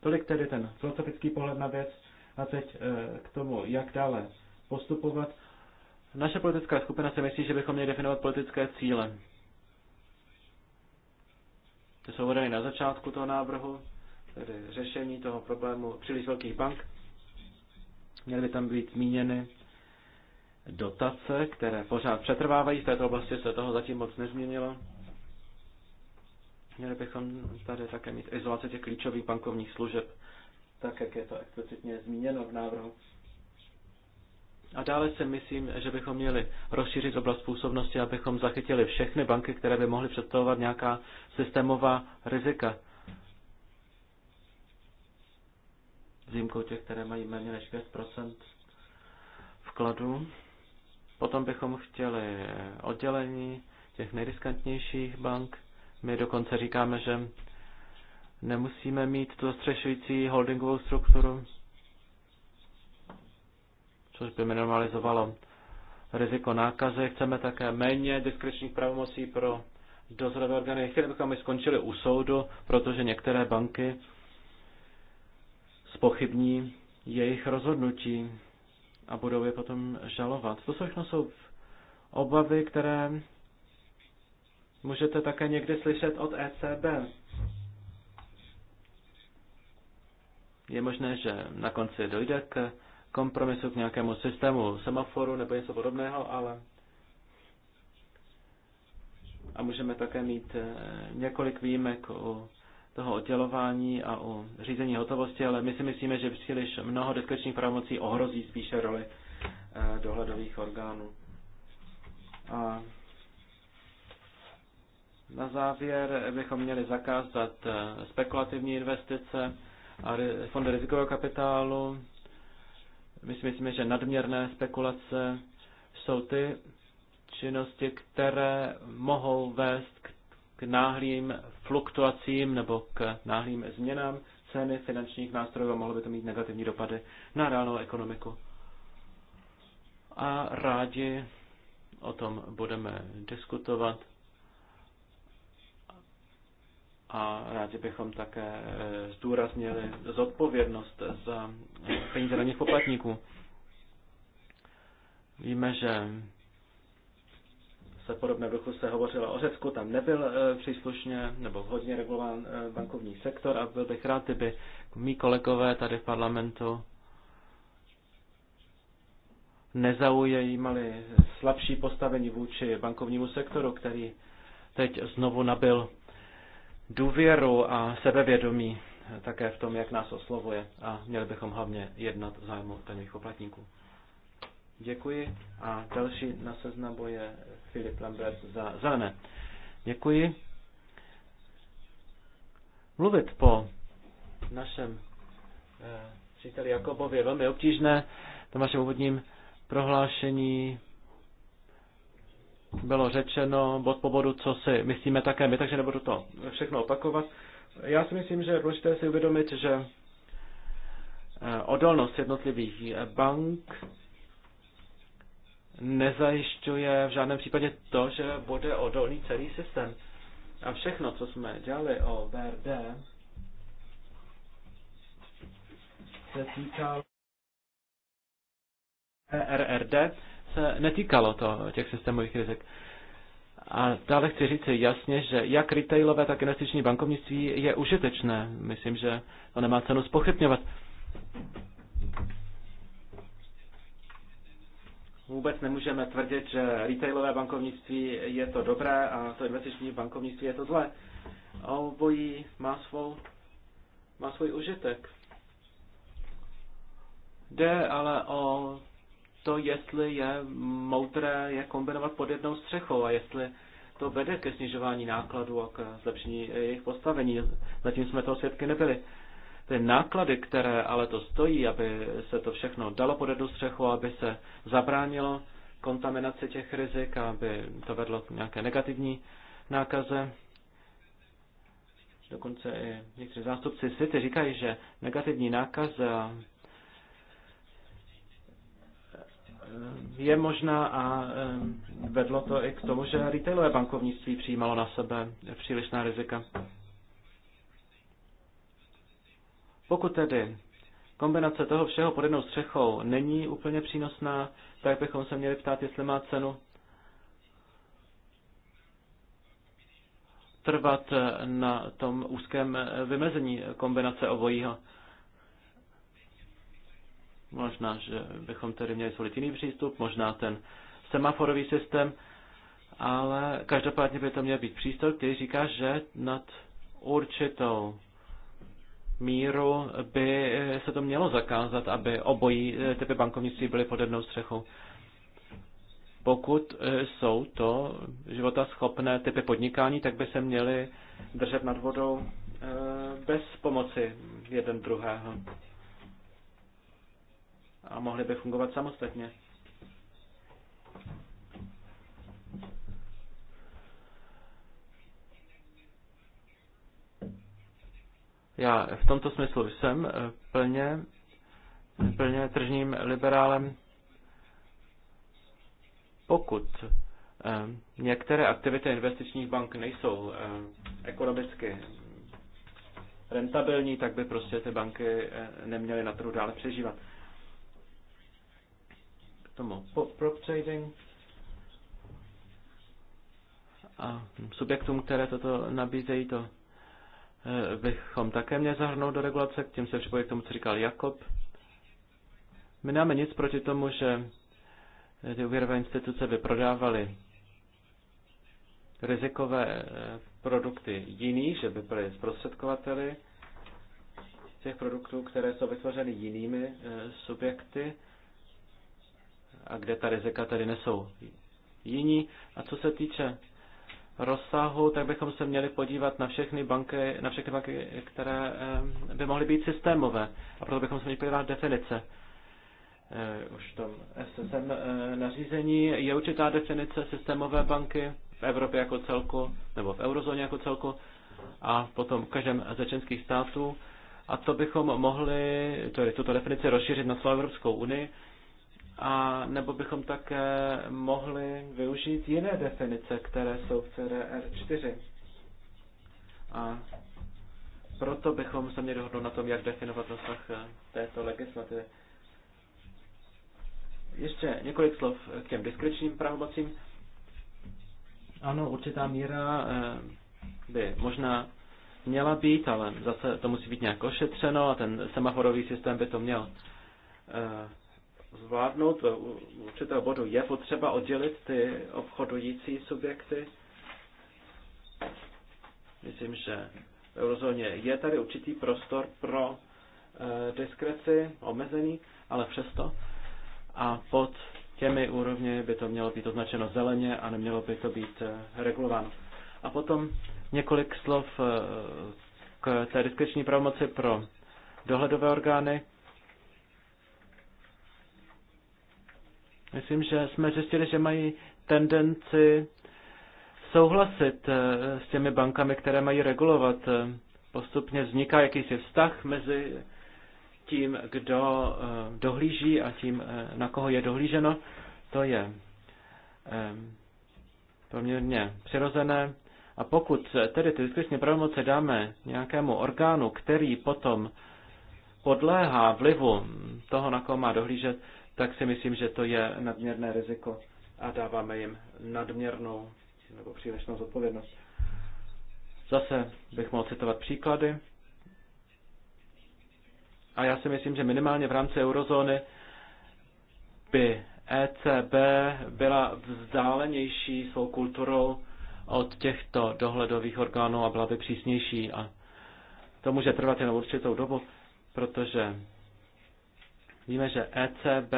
Tolik tedy ten filozofický pohled na věc. A teď eh, k tomu, jak dále postupovat. Naše politická skupina si myslí, že bychom měli definovat politické cíle. Ty jsou uvedeny na začátku toho návrhu, tedy řešení toho problému příliš velkých bank. Měly by tam být zmíněny dotace, které pořád přetrvávají, v této oblasti se toho zatím moc nezměnilo. Měli bychom tady také mít izolace těch klíčových bankovních služeb, tak jak je to explicitně zmíněno v návrhu. A dále si myslím, že bychom měli rozšířit oblast působnosti, abychom zachytili všechny banky, které by mohly představovat nějaká systémová rizika. Zímkou těch, které mají méně než 5 vkladu. Potom bychom chtěli oddělení těch nejriskantnějších bank. My dokonce říkáme, že nemusíme mít tu zastřešující holdingovou strukturu, což by minimalizovalo riziko nákazy. Chceme také méně diskrečních pravomocí pro dozorové orgány. Chtěli bychom skončili u soudu, protože některé banky spochybní jejich rozhodnutí a budou je potom žalovat. To všechno jsou obavy, které můžete také někdy slyšet od ECB. Je možné, že na konci dojde k kompromisu k nějakému systému semaforu nebo něco podobného, ale a můžeme také mít eh, několik výjimek u toho oddělování a u řízení hotovosti, ale my si myslíme, že příliš mnoho diskrečních pravomocí ohrozí spíše roli eh, dohledových orgánů. A na závěr bychom měli zakázat eh, spekulativní investice a fondy rizikového kapitálu, my si myslíme, že nadměrné spekulace jsou ty činnosti, které mohou vést k, náhlým fluktuacím nebo k náhlým změnám ceny finančních nástrojů a mohlo by to mít negativní dopady na reálnou ekonomiku. A rádi o tom budeme diskutovat a rádi bychom také eh, zdůraznili zodpovědnost za peníze nich poplatníků. Víme, že se podobné duchu se hovořilo o Řecku, tam nebyl eh, příslušně nebo vhodně regulován eh, bankovní sektor a byl bych rád, kdyby mý kolegové tady v parlamentu mali slabší postavení vůči bankovnímu sektoru, který teď znovu nabil důvěru a sebevědomí také v tom, jak nás oslovuje a měli bychom hlavně jednat v zájmu daných poplatníků. Děkuji a další na seznamu je Filip Lambert za zelené. Děkuji. Mluvit po našem eh, příteli Jakobovi je velmi obtížné. To vašem úvodním prohlášení bylo řečeno bod po bodu, co si myslíme také my, takže nebudu to všechno opakovat. Já si myslím, že je důležité si uvědomit, že eh, odolnost jednotlivých eh, bank nezajišťuje v žádném případě to, že bude odolný celý systém. A všechno, co jsme dělali o VRD, se týkalo ERRD, se netýkalo to, těch systémových rizik. A dále chci říct jasně, že jak retailové, tak investiční bankovnictví je užitečné. Myslím, že to nemá cenu spochybňovat. Vůbec nemůžeme tvrdit, že retailové bankovnictví je to dobré a to investiční bankovnictví je to zlé. obojí má, svou, má svůj užitek. Jde ale o to, jestli je moudré je kombinovat pod jednou střechou a jestli to vede ke snižování nákladů a k zlepšení jejich postavení. Zatím jsme toho svědky nebyli. Ty náklady, které ale to stojí, aby se to všechno dalo pod jednu střechu, aby se zabránilo kontaminaci těch rizik, aby to vedlo k nějaké negativní nákaze. Dokonce i někteří zástupci City říkají, že negativní a Eh, je možná a eh, vedlo to i k tomu, že retailové bankovnictví přijímalo na sebe přílišná rizika. Pokud tedy kombinace toho všeho pod jednou střechou není úplně přínosná, tak bychom se měli ptát, jestli má cenu trvat eh, na tom úzkém vymezení kombinace obojího. Možná, že bychom tedy měli zvolit jiný přístup, možná ten semaforový systém, ale každopádně by to měl být přístup, který říká, že nad určitou míru by se to mělo zakázat, aby obojí typy bankovnictví byly pod jednou střechou. Pokud jsou to života schopné typy podnikání, tak by se měly držet nad vodou eh, bez pomoci jeden druhého a mohly by fungovat samostatně. Já v tomto smyslu jsem eh, plně, plně tržním liberálem. Pokud eh, některé aktivity investičních bank nejsou eh, ekonomicky rentabilní, tak by prostě ty banky neměly na trhu dále přežívat tomu prop trading a subjektům, které toto nabízejí, to eh, bychom také měli zahrnout do regulace, k tím se připojí k tomu, co říkal Jakob. My nemáme nic proti tomu, že eh, ty úvěrové instituce prodávaly rizikové eh, produkty jiný, že by byly zprostředkovateli těch produktů, které jsou vytvořeny jinými subjekty, a kde ta rizika tedy nesou jiní. A co se týče rozsahu, tak bychom se měli podívat na všechny banky, na všechny banky, které eh, by mohly být systémové. A proto bychom se měli podívat definice. Eh, už v tom SSM eh, nařízení je určitá definice systémové banky v Evropě jako celku, nebo v eurozóně jako celku, a potom v každém ze členských států. A to bychom mohli, to je tuto definici rozšířit na celou Evropskou unii a nebo bychom také mohli využít jiné definice, které jsou v CDR4. A proto bychom se měli dohodnout na tom, jak definovat rozsah eh, této legislativy. Ještě několik slov k těm diskrečním pravomocím. Ano, určitá míra eh, by možná měla být, ale zase to musí být nějak ošetřeno a ten semaforový systém by to měl eh, zvládnout. E, u určitého bodu je potřeba oddělit ty obchodující subjekty. Myslím, že v eurozóně je tady určitý prostor pro e, diskreci omezený, ale přesto. A pod těmi úrovně by to mělo být označeno zeleně a nemělo by to být e, regulováno. A potom několik slov k té diskreční pravomoci pro dohledové orgány. Myslím, že jsme zjistili, že mají tendenci souhlasit eh, s těmi bankami, které mají regulovat. Eh, postupně vzniká jakýsi vztah mezi tím, kdo eh, dohlíží a tím, na koho je dohlíženo. To je poměrně přirozené. A pokud tedy ty diskusní pravomoce dáme nějakému orgánu, který potom podléhá vlivu toho, na koho má dohlížet, tak si myslím, že to je nadměrné riziko a dáváme jim nadměrnou nebo přílišnou zodpovědnost. Zase bych mohl citovat příklady. A já si myslím, že minimálně v rámci eurozóny by ECB byla vzdálenější svou kulturou od těchto dohledových orgánů a byla by přísnější. A to může trvat jen určitou dobu, protože Víme, že ECB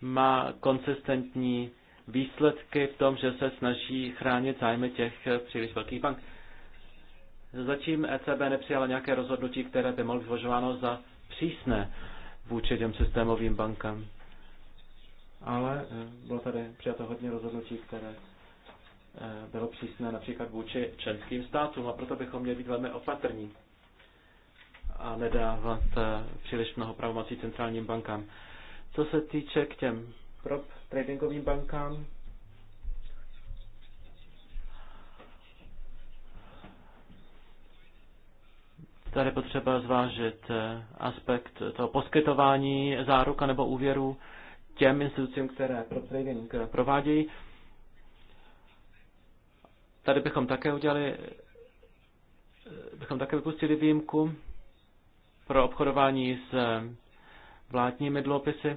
má konsistentní výsledky v tom, že se snaží chránit zájmy těch příliš velkých bank. Zatím ECB nepřijala nějaké rozhodnutí, které by mohlo vyvožováno za přísné vůči těm systémovým bankám. Ale eh, bylo tady přijato hodně rozhodnutí, které eh, bylo přísné například vůči členským státům a proto bychom měli být velmi opatrní a nedávat eh, příliš mnoho pravomocí centrálním bankám. Co se týče k těm prop tradingovým bankám, tady potřeba zvážit eh, aspekt toho poskytování záruka nebo úvěru těm institucím, které pro trading eh, provádějí. Tady bychom také udělali, bychom také vypustili výjimku pro obchodování s eh, vládními dluhopisy.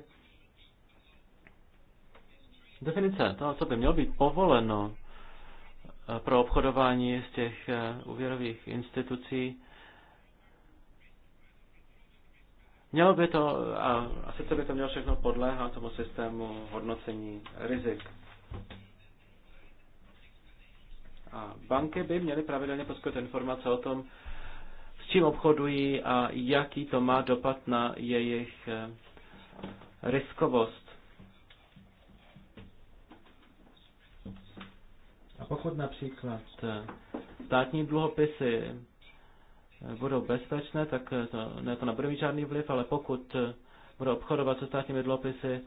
Definice toho, co by mělo být povoleno eh, pro obchodování z těch eh, úvěrových institucí, Mělo by to, a, a sice by to mělo všechno podléhat tomu systému hodnocení rizik. A banky by měly pravidelně poskytovat informace o tom, čím obchodují a jaký to má dopad na jejich eh, riskovost. A pokud například eh, státní dluhopisy eh, budou bezpečné, tak to, ne, to nebude mít žádný vliv, ale pokud budou obchodovat se státními dluhopisy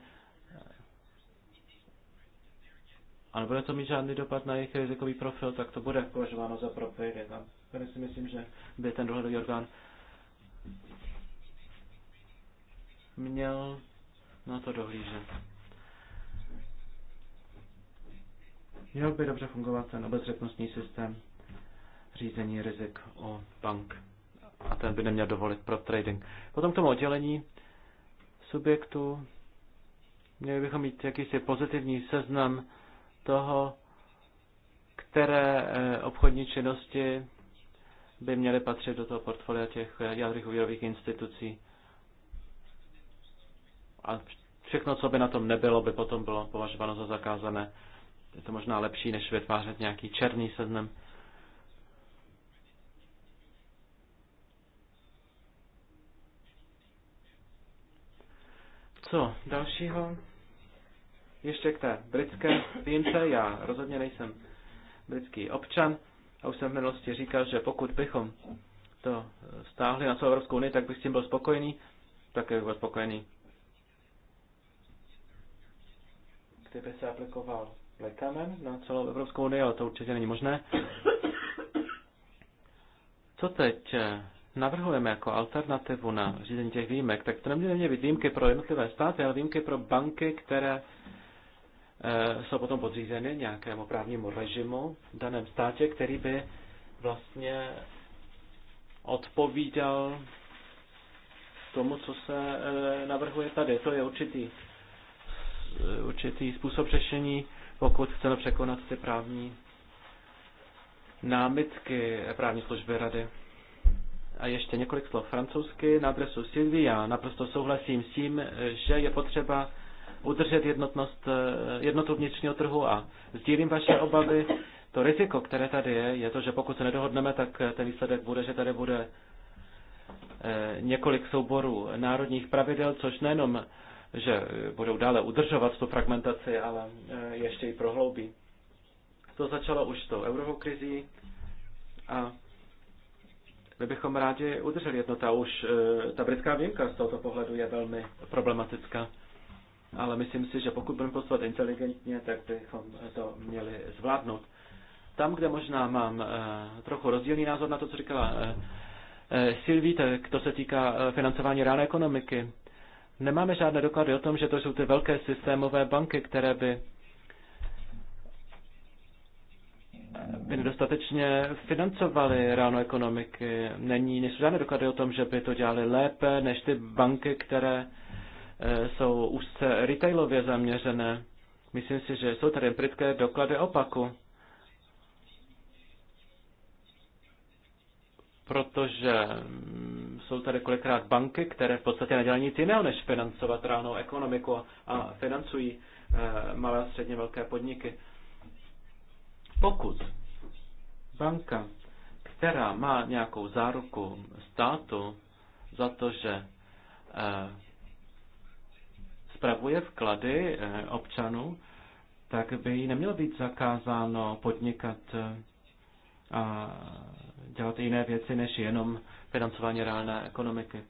a nebude to mít žádný dopad na jejich rizikový profil, tak to bude považováno za profil. Tady si myslím, že by ten dohledový orgán měl na to dohlížet. Měl by dobře fungovat ten obezřetnostní systém řízení rizik o bank a ten by neměl dovolit pro trading. Potom k tomu oddělení subjektu měli bychom mít jakýsi pozitivní seznam toho, které eh, obchodní činnosti by měly patřit do toho portfolia těch eh, jadrých úvěrových institucí. A všechno, co by na tom nebylo, by potom bylo považováno za zakázané. Je to možná lepší, než vytvářet nějaký černý seznam. Co dalšího? Ještě k té britské výjimce, já rozhodně nejsem britský občan a už jsem v minulosti říkal, že pokud bychom to stáhli na celou Evropskou unii, tak bych s tím byl spokojený, Tak bych byl spokojený. Kdyby se aplikoval lekamen na celou Evropskou unii, ale to určitě není možné. Co teď eh, navrhujeme jako alternativu na řízení těch výjimek, tak to neměly být výjimky pro jednotlivé státy, ale výjimky pro banky, které Eh, jsou potom podřízeny nějakému právnímu režimu v daném státě, který by vlastně odpovídal tomu, co se eh, navrhuje tady. To je určitý, eh, určitý způsob řešení, pokud chceme překonat ty právní námitky právní služby rady. A ještě několik slov francouzsky na adresu Sylvie. Já naprosto souhlasím s tím, že je potřeba udržet jednotnost, eh, jednotu vnitřního trhu a sdílím vaše obavy. To riziko, které tady je, je to, že pokud se nedohodneme, tak eh, ten výsledek bude, že tady bude eh, několik souborů národních pravidel, což nejenom, že budou dále udržovat tu fragmentaci, ale ještě i prohloubí. To začalo už tou eurovou krizí a my bychom rádi udrželi jednota. Už ta britská výjimka z tohoto pohledu je velmi problematická ale myslím si, že pokud budeme postupovat inteligentně, tak bychom to měli zvládnout. Tam, kde možná mám eh, trochu rozdílný názor na to, co říkala eh, eh, Sylvie, tak to se týká financování reálné ekonomiky. Nemáme žádné doklady o tom, že to jsou ty velké systémové banky, které by by nedostatečně financovaly reálnou ekonomiky. Není, nejsou žádné doklady o tom, že by to dělali lépe než ty banky, které Eh, jsou úzce retailově zaměřené. Myslím si, že jsou tady britské doklady opaku. Protože mm, jsou tady kolikrát banky, které v podstatě nedělají nic jiného, než financovat reálnou ekonomiku a financují eh, malé a středně velké podniky. Pokud banka, která má nějakou záruku státu za to, že eh, spravuje vklady eh, občanů, tak by jí nemělo být zakázáno podnikat eh, a dělat jiné věci, než jenom financování reálné ekonomiky.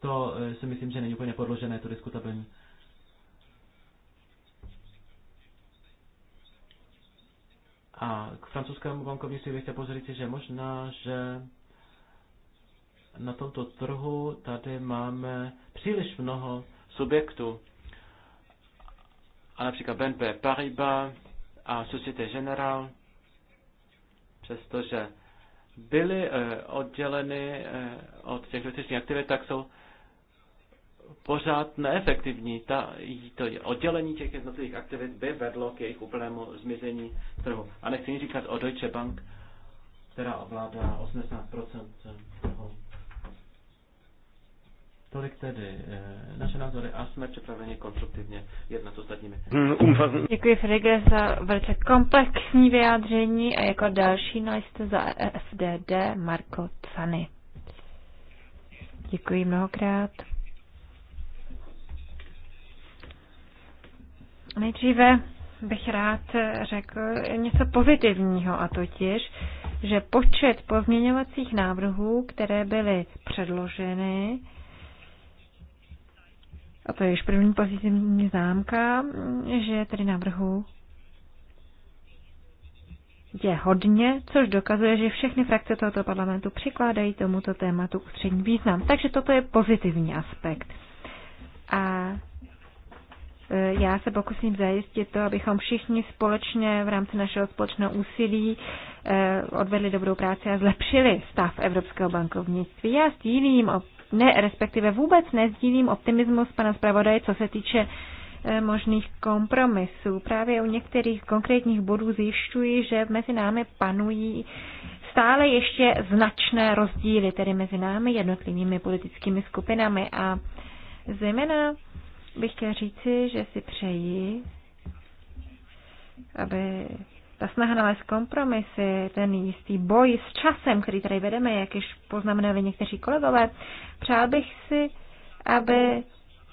To eh, si myslím, že není úplně podložené, to diskutabilní. A k francouzskému bankovnictví bych chtěl pozorit, že možná, že na tomto trhu tady máme příliš mnoho subjektů. A například BNP Paribas a Société Générale, přestože byly eh, odděleny eh, od těch investičních aktivit, tak jsou pořád neefektivní. Ta, to oddělení těch jednotlivých aktivit by vedlo k jejich úplnému zmizení trhu. A nechci říkat o Deutsche Bank, která ovládá 80% trhu. Tolik tedy eh, naše názory a jsme připraveni konstruktivně jednat s ostatními. Hmm, Děkuji Frege za velice komplexní vyjádření a jako další najste za FDD Marko Cany. Děkuji mnohokrát. Nejdříve bych rád řekl něco pozitivního a totiž, že počet pozměňovacích návrhů, které byly předloženy, a to je již první pozitivní známka, že tedy návrhu je hodně, což dokazuje, že všechny frakce tohoto parlamentu přikládají tomuto tématu ústřední význam. Takže toto je pozitivní aspekt. A e, já se pokusím zajistit to, abychom všichni společně v rámci našeho společného úsilí e, odvedli dobrou práci a zlepšili stav evropského bankovnictví. Já sdílím ne, respektive vůbec nezdílím optimismus pana zpravodaje, co se týče e, možných kompromisů. Právě u některých konkrétních bodů zjišťuji, že mezi námi panují stále ještě značné rozdíly, tedy mezi námi jednotlivými politickými skupinami. A zejména bych chtěla říci, že si přeji, aby ta snaha nalézt kompromisy, ten jistý boj s časem, který tady vedeme, jak již poznamenali někteří kolegové, přál bych si, aby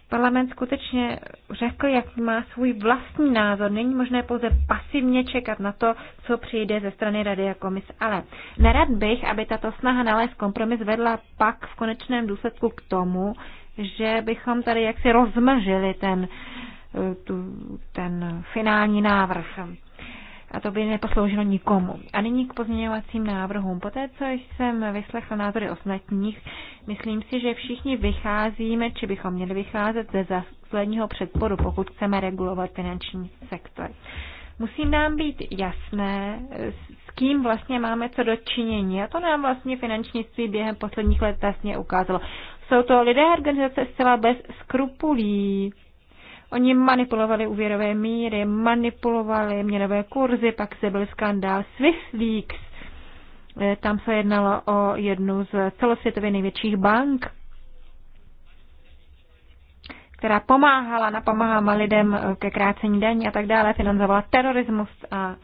parlament skutečně řekl, jak má svůj vlastní názor. Není možné pouze pasivně čekat na to, co přijde ze strany Rady a komis. Ale nerad bych, aby tato snaha nalézt kompromis vedla pak v konečném důsledku k tomu, že bychom tady jaksi rozmlžili ten, eh, tu, ten finální návrh a to by neposloužilo nikomu. A nyní k pozměňovacím návrhům. Poté, co jsem vyslechl názory ostatních, myslím si, že všichni vycházíme, či bychom měli vycházet ze zásadního předporu, pokud chceme regulovat finanční sektor. Musí nám být jasné, s kým vlastně máme co dočinění. A to nám vlastně finančnictví během posledních let vlastně ukázalo. Jsou to lidé organizace zcela bez skrupulí, Oni manipulovali úvěrové míry, manipulovali měnové kurzy, pak se byl skandál Leaks. Eh, tam se jednalo o jednu z celosvětově největších bank, která pomáhala, napomáhala lidem eh, ke krácení daní a tak dále, financovala terorismus a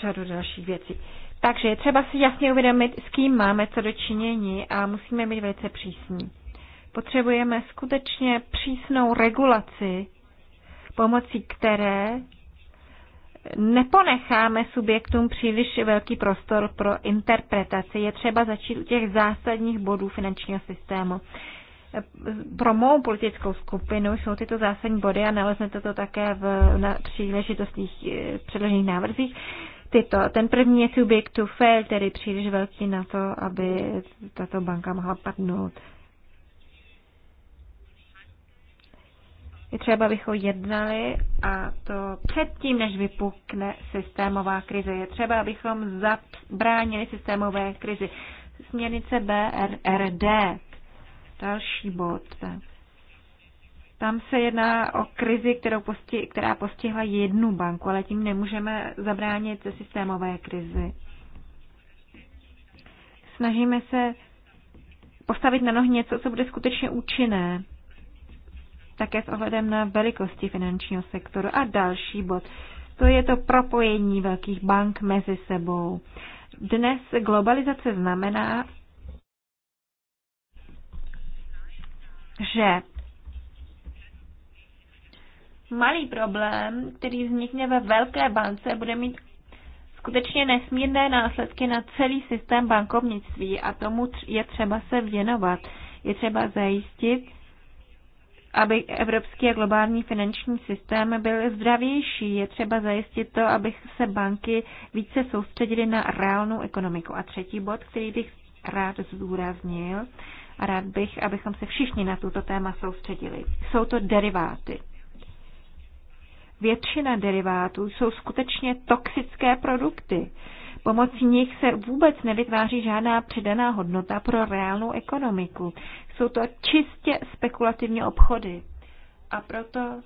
řadu dalších věcí. Takže je třeba si jasně uvědomit, s kým máme co dočinění a musíme být velice přísní. Potřebujeme skutečně přísnou regulaci, pomocí které neponecháme subjektům příliš velký prostor pro interpretaci. Je třeba začít u těch zásadních bodů finančního systému. Pro mou politickou skupinu jsou tyto zásadní body a naleznete to také v na příležitostných eh, předložených návrzích. Tyto. Ten první je subjekt fail, tedy příliš velký na to, aby tato banka mohla padnout. Je třeba, abychom jednali a to předtím, než vypukne systémová krize. Je třeba, abychom zabránili systémové krizi. Směrnice BRRD, další bod. Tam se jedná o krizi, kterou posti, která postihla jednu banku, ale tím nemůžeme zabránit systémové krizi. Snažíme se postavit na nohy něco, co bude skutečně účinné také s ohledem na velikosti finančního sektoru. A další bod, to je to propojení velkých bank mezi sebou. Dnes globalizace znamená, že malý problém, který vznikne ve velké bance, bude mít skutečně nesmírné následky na celý systém bankovnictví a tomu je třeba se věnovat. Je třeba zajistit, aby evropský a globální finanční systém byl zdravější. Je třeba zajistit to, aby se banky více soustředily na reálnou ekonomiku. A třetí bod, který bych rád zdůraznil, a rád bych, abychom se všichni na tuto téma soustředili. Jsou to deriváty. Většina derivátů jsou skutečně toxické produkty. Pomocí nich se vůbec nevytváří žádná přidaná hodnota pro reálnou ekonomiku. Jsou to čistě spekulativní obchody. A proto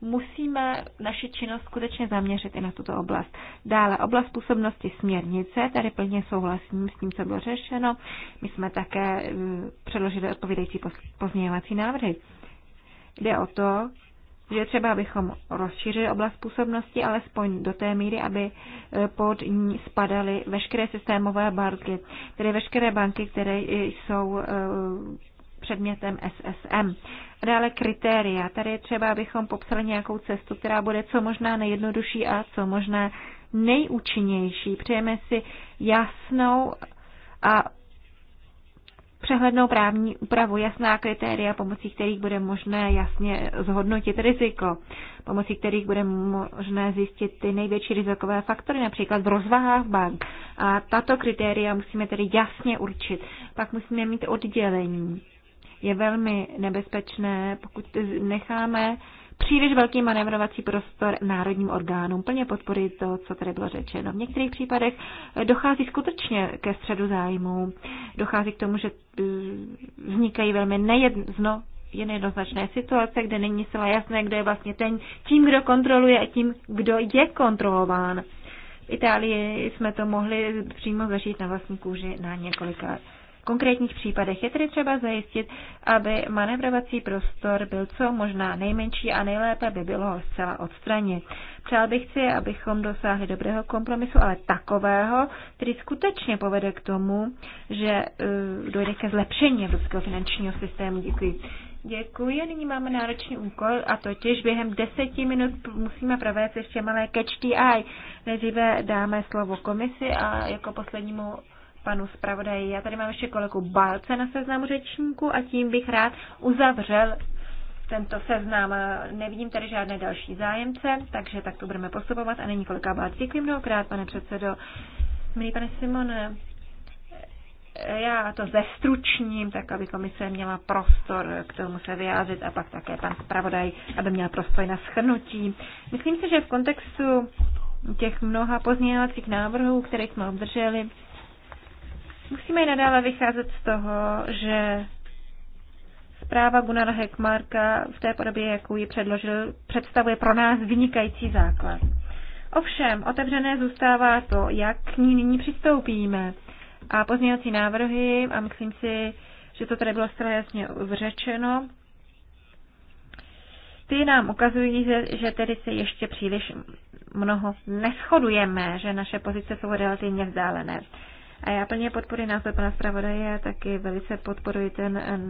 musíme naši činnost skutečně zaměřit i na tuto oblast. Dále oblast působnosti směrnice, tady plně souhlasím s tím, co bylo řešeno. My jsme také eh, předložili odpovídající pozměňovací návrhy. Jde o to, je třeba, abychom rozšířili oblast působnosti alespoň do té míry, aby e, pod ní spadaly veškeré systémové banky, tedy veškeré banky, které jsou e, předmětem SSM. A dále kritéria. Tady je třeba, abychom popsali nějakou cestu, která bude co možná nejjednodušší a co možná nejúčinnější. Přejeme si jasnou a přehlednou právní úpravu, jasná kritéria, pomocí kterých bude možné jasně zhodnotit riziko, pomocí kterých bude možné zjistit ty největší rizikové faktory, například v rozvahách bank. A tato kritéria musíme tedy jasně určit. Pak musíme mít oddělení. Je velmi nebezpečné, pokud necháme příliš velký manévrovací prostor národním orgánům. Plně podpory to, co tady bylo řečeno. V některých případech dochází skutečně ke středu zájmu. Dochází k tomu, že eh, vznikají velmi nejedno, jen jednoznačné situace, kde není zcela jasné, kdo je vlastně ten, tím, kdo kontroluje a tím, kdo je kontrolován. V Itálii jsme to mohli přímo zažít na vlastní kůži na několika konkrétních případech je tedy třeba zajistit, aby manevrovací prostor byl co možná nejmenší a nejlépe by bylo ho zcela odstranit. Přál bych si, abychom dosáhli dobrého kompromisu, ale takového, který skutečně povede k tomu, že uh, dojde ke zlepšení evropského finančního systému. Děkuji. Děkuji a nyní máme náročný úkol a totiž během deseti minut musíme provést ještě malé catch the eye. Nejdříve dáme slovo komisi a jako poslednímu panu zpravodaji. Já tady mám ještě kolegu Balce na seznamu řečníku a tím bych rád uzavřel tento seznam. Nevidím tady žádné další zájemce, takže tak to budeme postupovat. A není kolega Balce. Děkuji mnohokrát, pane předsedo. Milý pane Simon, já to zestručním, tak aby komise měla prostor k tomu se vyjádřit a pak také pan zpravodaj, aby měl prostor na schrnutí. Myslím si, že v kontextu těch mnoha pozměňovacích návrhů, které jsme obdrželi, Musíme i nadále vycházet z toho, že zpráva Gunnar Heckmarka v té podobě, jakou ji předložil, představuje pro nás vynikající základ. Ovšem, otevřené zůstává to, jak k ní nyní přistoupíme. A pozměňovací návrhy, a myslím si, že to tady bylo zcela jasně vřečeno, ty nám ukazují, že, že tedy se ještě příliš mnoho neschodujeme, že naše pozice jsou relativně vzdálené. A já plně podporuji názor pana zpravodaje a taky velice podporuji ten eh,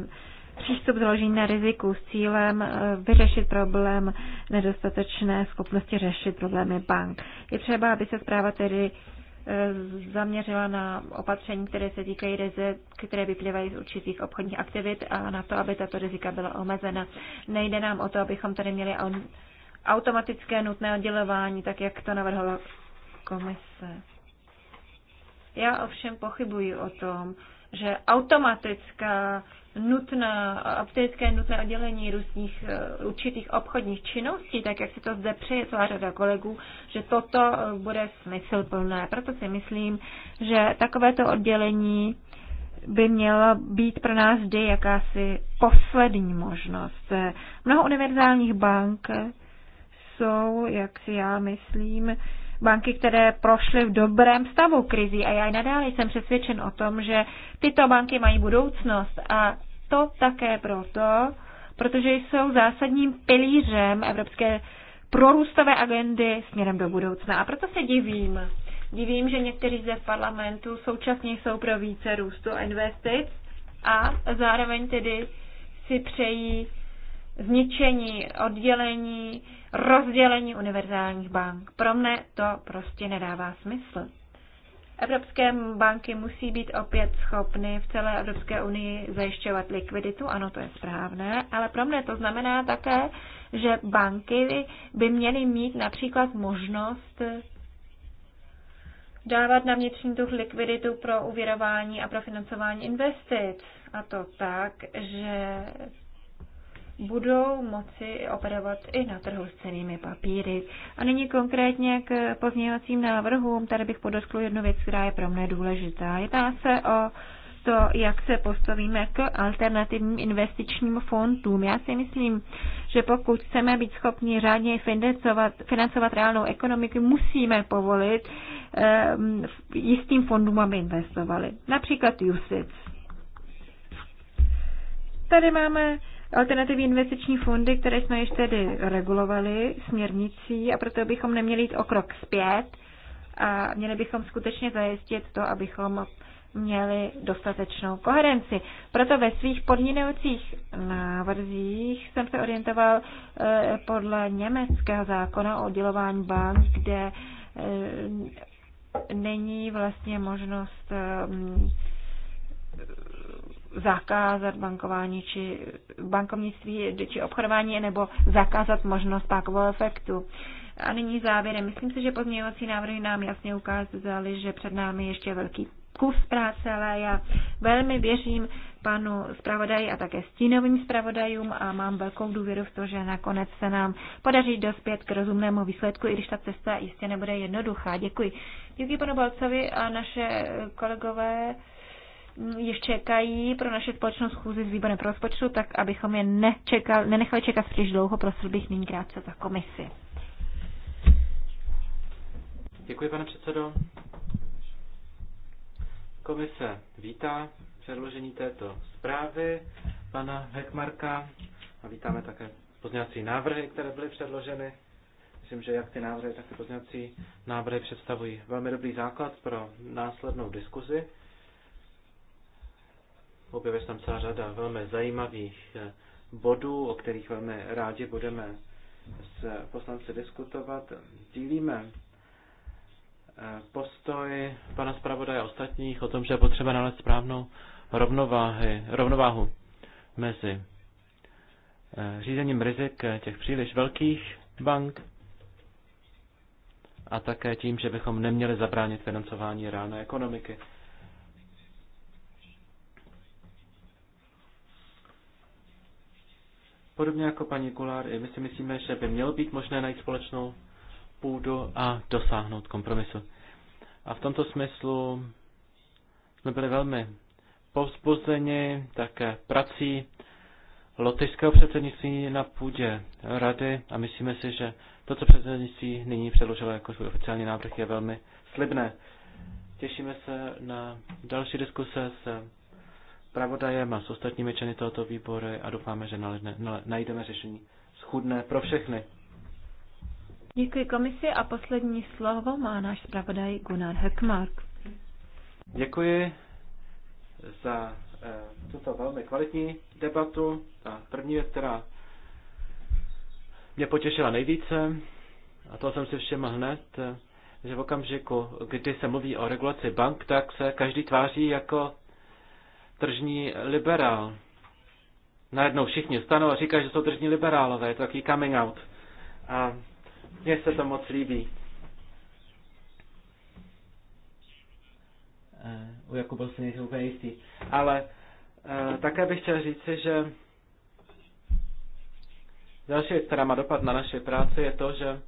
přístup založený na riziku s cílem eh, vyřešit problém nedostatečné schopnosti řešit problémy bank. Je třeba, aby se zpráva tedy eh, zaměřila na opatření, které se týkají rizik, které vyplývají z určitých obchodních aktivit a na to, aby tato rizika byla omezena. Nejde nám o to, abychom tady měli automatické nutné oddělování, tak jak to navrhla komise. Já ovšem pochybuji o tom, že automatická nutná, optické nutné oddělení různých eh, určitých obchodních činností, tak jak si to zde přeje celá řada kolegů, že toto eh, bude smysluplné. Proto si myslím, že takovéto oddělení by měla být pro nás vždy jakási poslední možnost. Mnoho univerzálních bank jsou, jak si já myslím, banky, které prošly v dobrém stavu krizí. A já i nadále jsem přesvědčen o tom, že tyto banky mají budoucnost a to také proto, protože jsou zásadním pilířem evropské prorůstové agendy směrem do budoucna. A proto se divím. Divím, že někteří zde v parlamentu současně jsou pro více růstu a investic a zároveň tedy si přejí zničení, oddělení, rozdělení univerzálních bank. Pro mne to prostě nedává smysl. Evropské banky musí být opět schopny v celé Evropské unii zajišťovat likviditu, ano, to je správné, ale pro mě to znamená také, že banky by měly mít například možnost dávat na vnitřní tuh likviditu pro uvěrování a pro financování investic. A to tak, že budou moci operovat i na trhu s cenými papíry. A nyní konkrétně k pozměňovacím návrhům. Tady bych podotkl jednu věc, která je pro mě důležitá. Jedná se o to, jak se postavíme k alternativním investičním fondům. Já si myslím, že pokud chceme být schopni řádně financovat, financovat reálnou ekonomiku, musíme povolit eh, jistým fondům, aby investovali. Například USIC. Tady máme Alternativní investiční fondy, které jsme již tedy regulovali směrnicí a proto bychom neměli jít o krok zpět a měli bychom skutečně zajistit to, abychom měli dostatečnou koherenci. Proto ve svých podmínujících návrzích jsem se orientoval eh, podle německého zákona o oddělování bank, kde eh, není vlastně možnost eh, zakázat bankování či bankovnictví či obchodování nebo zakázat možnost pákového efektu. A nyní závěrem. Myslím si, že pozměňovací návrhy nám jasně ukázaly, že před námi ještě velký kus práce, ale já velmi věřím panu zpravodaji a také stínovým zpravodajům a mám velkou důvěru v to, že nakonec se nám podaří dospět k rozumnému výsledku, i když ta cesta jistě nebude jednoduchá. Děkuji. Děkuji panu Balcovi a naše kolegové již čekají pro naše společnost schůzi s výborem pro rozpočtu, tak abychom je nečekal, nenechali čekat příliš dlouho, prosil bych nyní krátce za komisi. Děkuji, pane předsedo. Komise vítá předložení této zprávy pana Hekmarka a vítáme také pozněvací návrhy, které byly předloženy. Myslím, že jak ty návrhy, tak ty pozněvací návrhy představují velmi dobrý základ pro následnou diskuzi. Objevuje se tam celá řada velmi zajímavých eh, bodů, o kterých velmi rádi budeme s poslanci diskutovat. Dílíme eh, postoj pana zpravodaje a ostatních o tom, že je potřeba nalézt správnou rovnováhy, rovnováhu mezi eh, řízením rizik těch příliš velkých bank a také tím, že bychom neměli zabránit financování reálné ekonomiky. Podobně jako paní Kulár, my si myslíme, že by mělo být možné najít společnou půdu a dosáhnout kompromisu. A v tomto smyslu jsme byli velmi povzbuzeni také prací lotyšského předsednictví na půdě rady a myslíme si, že to, co předsednictví nyní předložilo jako svůj oficiální návrh, je velmi slibné. Těšíme se na další diskuse s zpravodajem a s ostatními členy tohoto výboru a doufáme, že nalezne, najdeme řešení schudné pro všechny. Děkuji komisi a poslední slovo má náš zpravodaj Gunnar Heckmark. Děkuji za eh, tuto velmi kvalitní debatu. Ta první věc, která mě potěšila nejvíce, a to jsem si všiml hned, eh, že v okamžiku, kdy se mluví o regulaci bank, tak se každý tváří jako tržní liberál. Najednou všichni stanou a říkají, že jsou tržní liberálové. Je to takový coming out. A mně se to moc líbí. Eh, u Jakuba si nejsem úplně jistý. Ale eh, také bych chtěl říci, že další věc, která má dopad na naše práci, je to, že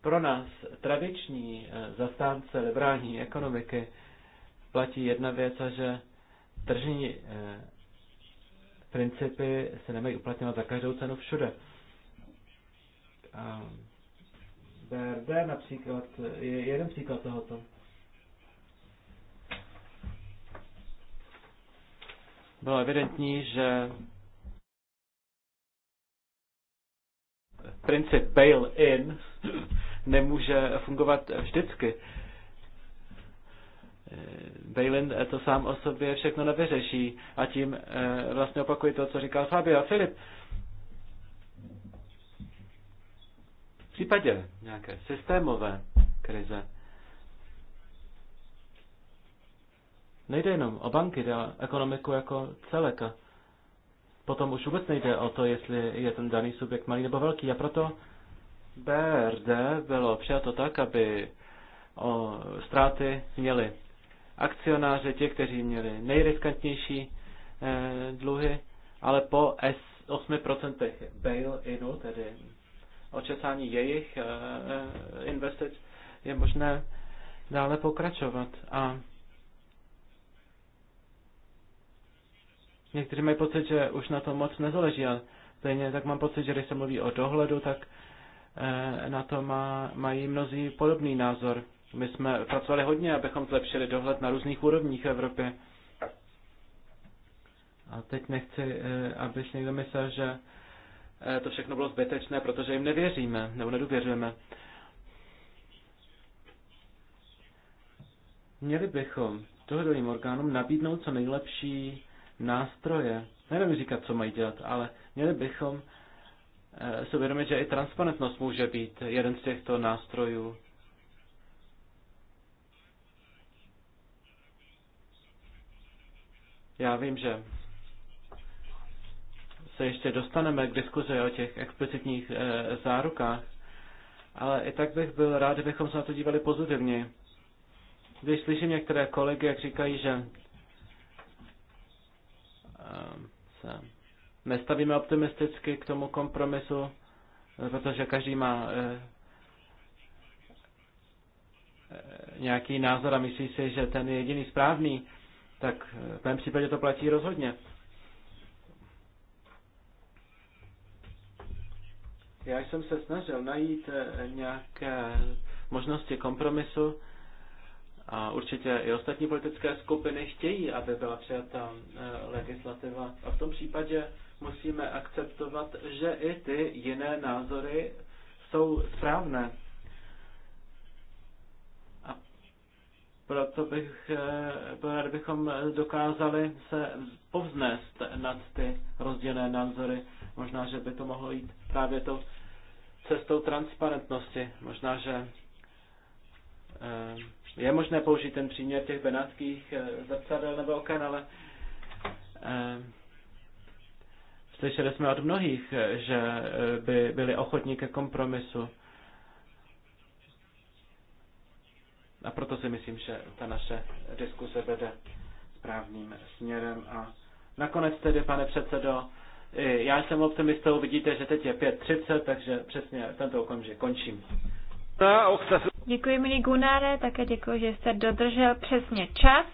pro nás tradiční eh, zastánce liberální ekonomiky platí jedna věc a že tržní eh, principy se nemají uplatňovat za každou cenu všude. BRD například je jeden příklad tohoto. Bylo evidentní, že princip bail-in nemůže fungovat vždycky. Bailin eh, eh, to sám o sobě všechno nevyřeší a tím eh, vlastně opakuji to, co říkal Fabio a Filip. V případě nějaké systémové krize nejde jenom o banky, jde o ekonomiku jako celek. Potom už vůbec nejde o to, jestli je ten daný subjekt malý nebo velký. A proto BRD bylo přijato tak, aby o ztráty měly akcionáře, těch, kteří měli nejriskantnější eh, dluhy, ale po S 8% bail-inu, tedy očesání jejich eh, eh, investic, je možné dále pokračovat. A někteří mají pocit, že už na to moc nezáleží, ale stejně tak mám pocit, že když se mluví o dohledu, tak na to má, mají mnozí podobný názor. My jsme pracovali hodně, abychom zlepšili dohled na různých úrovních v Evropě. A teď nechci, eh, aby si někdo myslel, že eh, to všechno bylo zbytečné, protože jim nevěříme nebo nedůvěřujeme. Měli bychom dohodovým orgánům nabídnout co nejlepší nástroje. Nejenom říkat, co mají dělat, ale měli bychom eh, se uvědomit, že i transparentnost může být jeden z těchto nástrojů. Já vím, že se ještě dostaneme k diskuzi o těch explicitních e, zárukách, ale i tak bych byl rád, kdybychom se na to dívali pozitivně. Když slyším některé kolegy, jak říkají, že e, se nestavíme optimisticky k tomu kompromisu, protože každý má e, nějaký názor a myslí si, že ten je jediný správný, tak v mém případě to platí rozhodně. Já jsem se snažil najít eh, nějaké možnosti kompromisu a určitě i ostatní politické skupiny chtějí, aby byla přijata eh, legislativa. A v tom případě musíme akceptovat, že i ty jiné názory jsou správné. Proto bych byl eh, rád, bychom dokázali se povznést nad ty rozdělené názory. Možná, že by to mohlo jít právě tou cestou transparentnosti. Možná, že eh, je možné použít ten příměr těch benátských eh, zrcadel nebo oken, ale slyšeli jsme od mnohých, že by byli ochotní ke kompromisu. A proto si myslím, že ta naše diskuse vede správným směrem. A nakonec tedy, pane předsedo, já jsem optimistou, vidíte, že teď je 5.30, takže přesně v tento okamžik končím. Děkuji, milý Gunáre, také děkuji, že jste dodržel přesně čas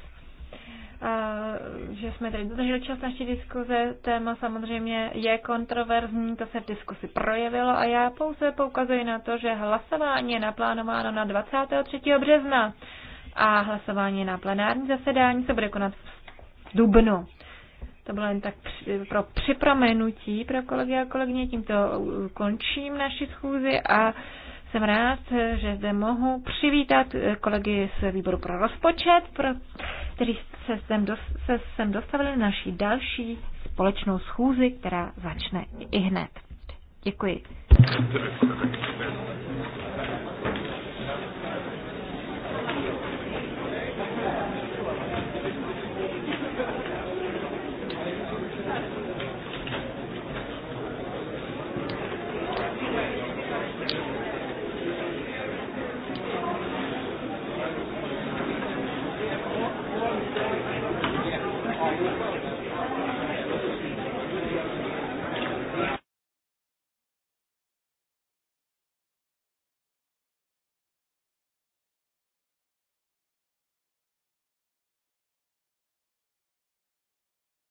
že jsme tady dodrželi čas naší diskuze. Téma samozřejmě je kontroverzní, to se v diskusi projevilo a já pouze poukazuji na to, že hlasování je naplánováno na 23. března a hlasování na plenární zasedání se bude konat v dubnu. To bylo jen tak pro připomenutí pro kolegy a kolegyně. Tímto končím naši schůzi a jsem rád, že zde mohu přivítat kolegy z výboru pro rozpočet, pro, kteří se sem, dos, se sem dostavili na naší další společnou schůzi, která začne i hned. Děkuji.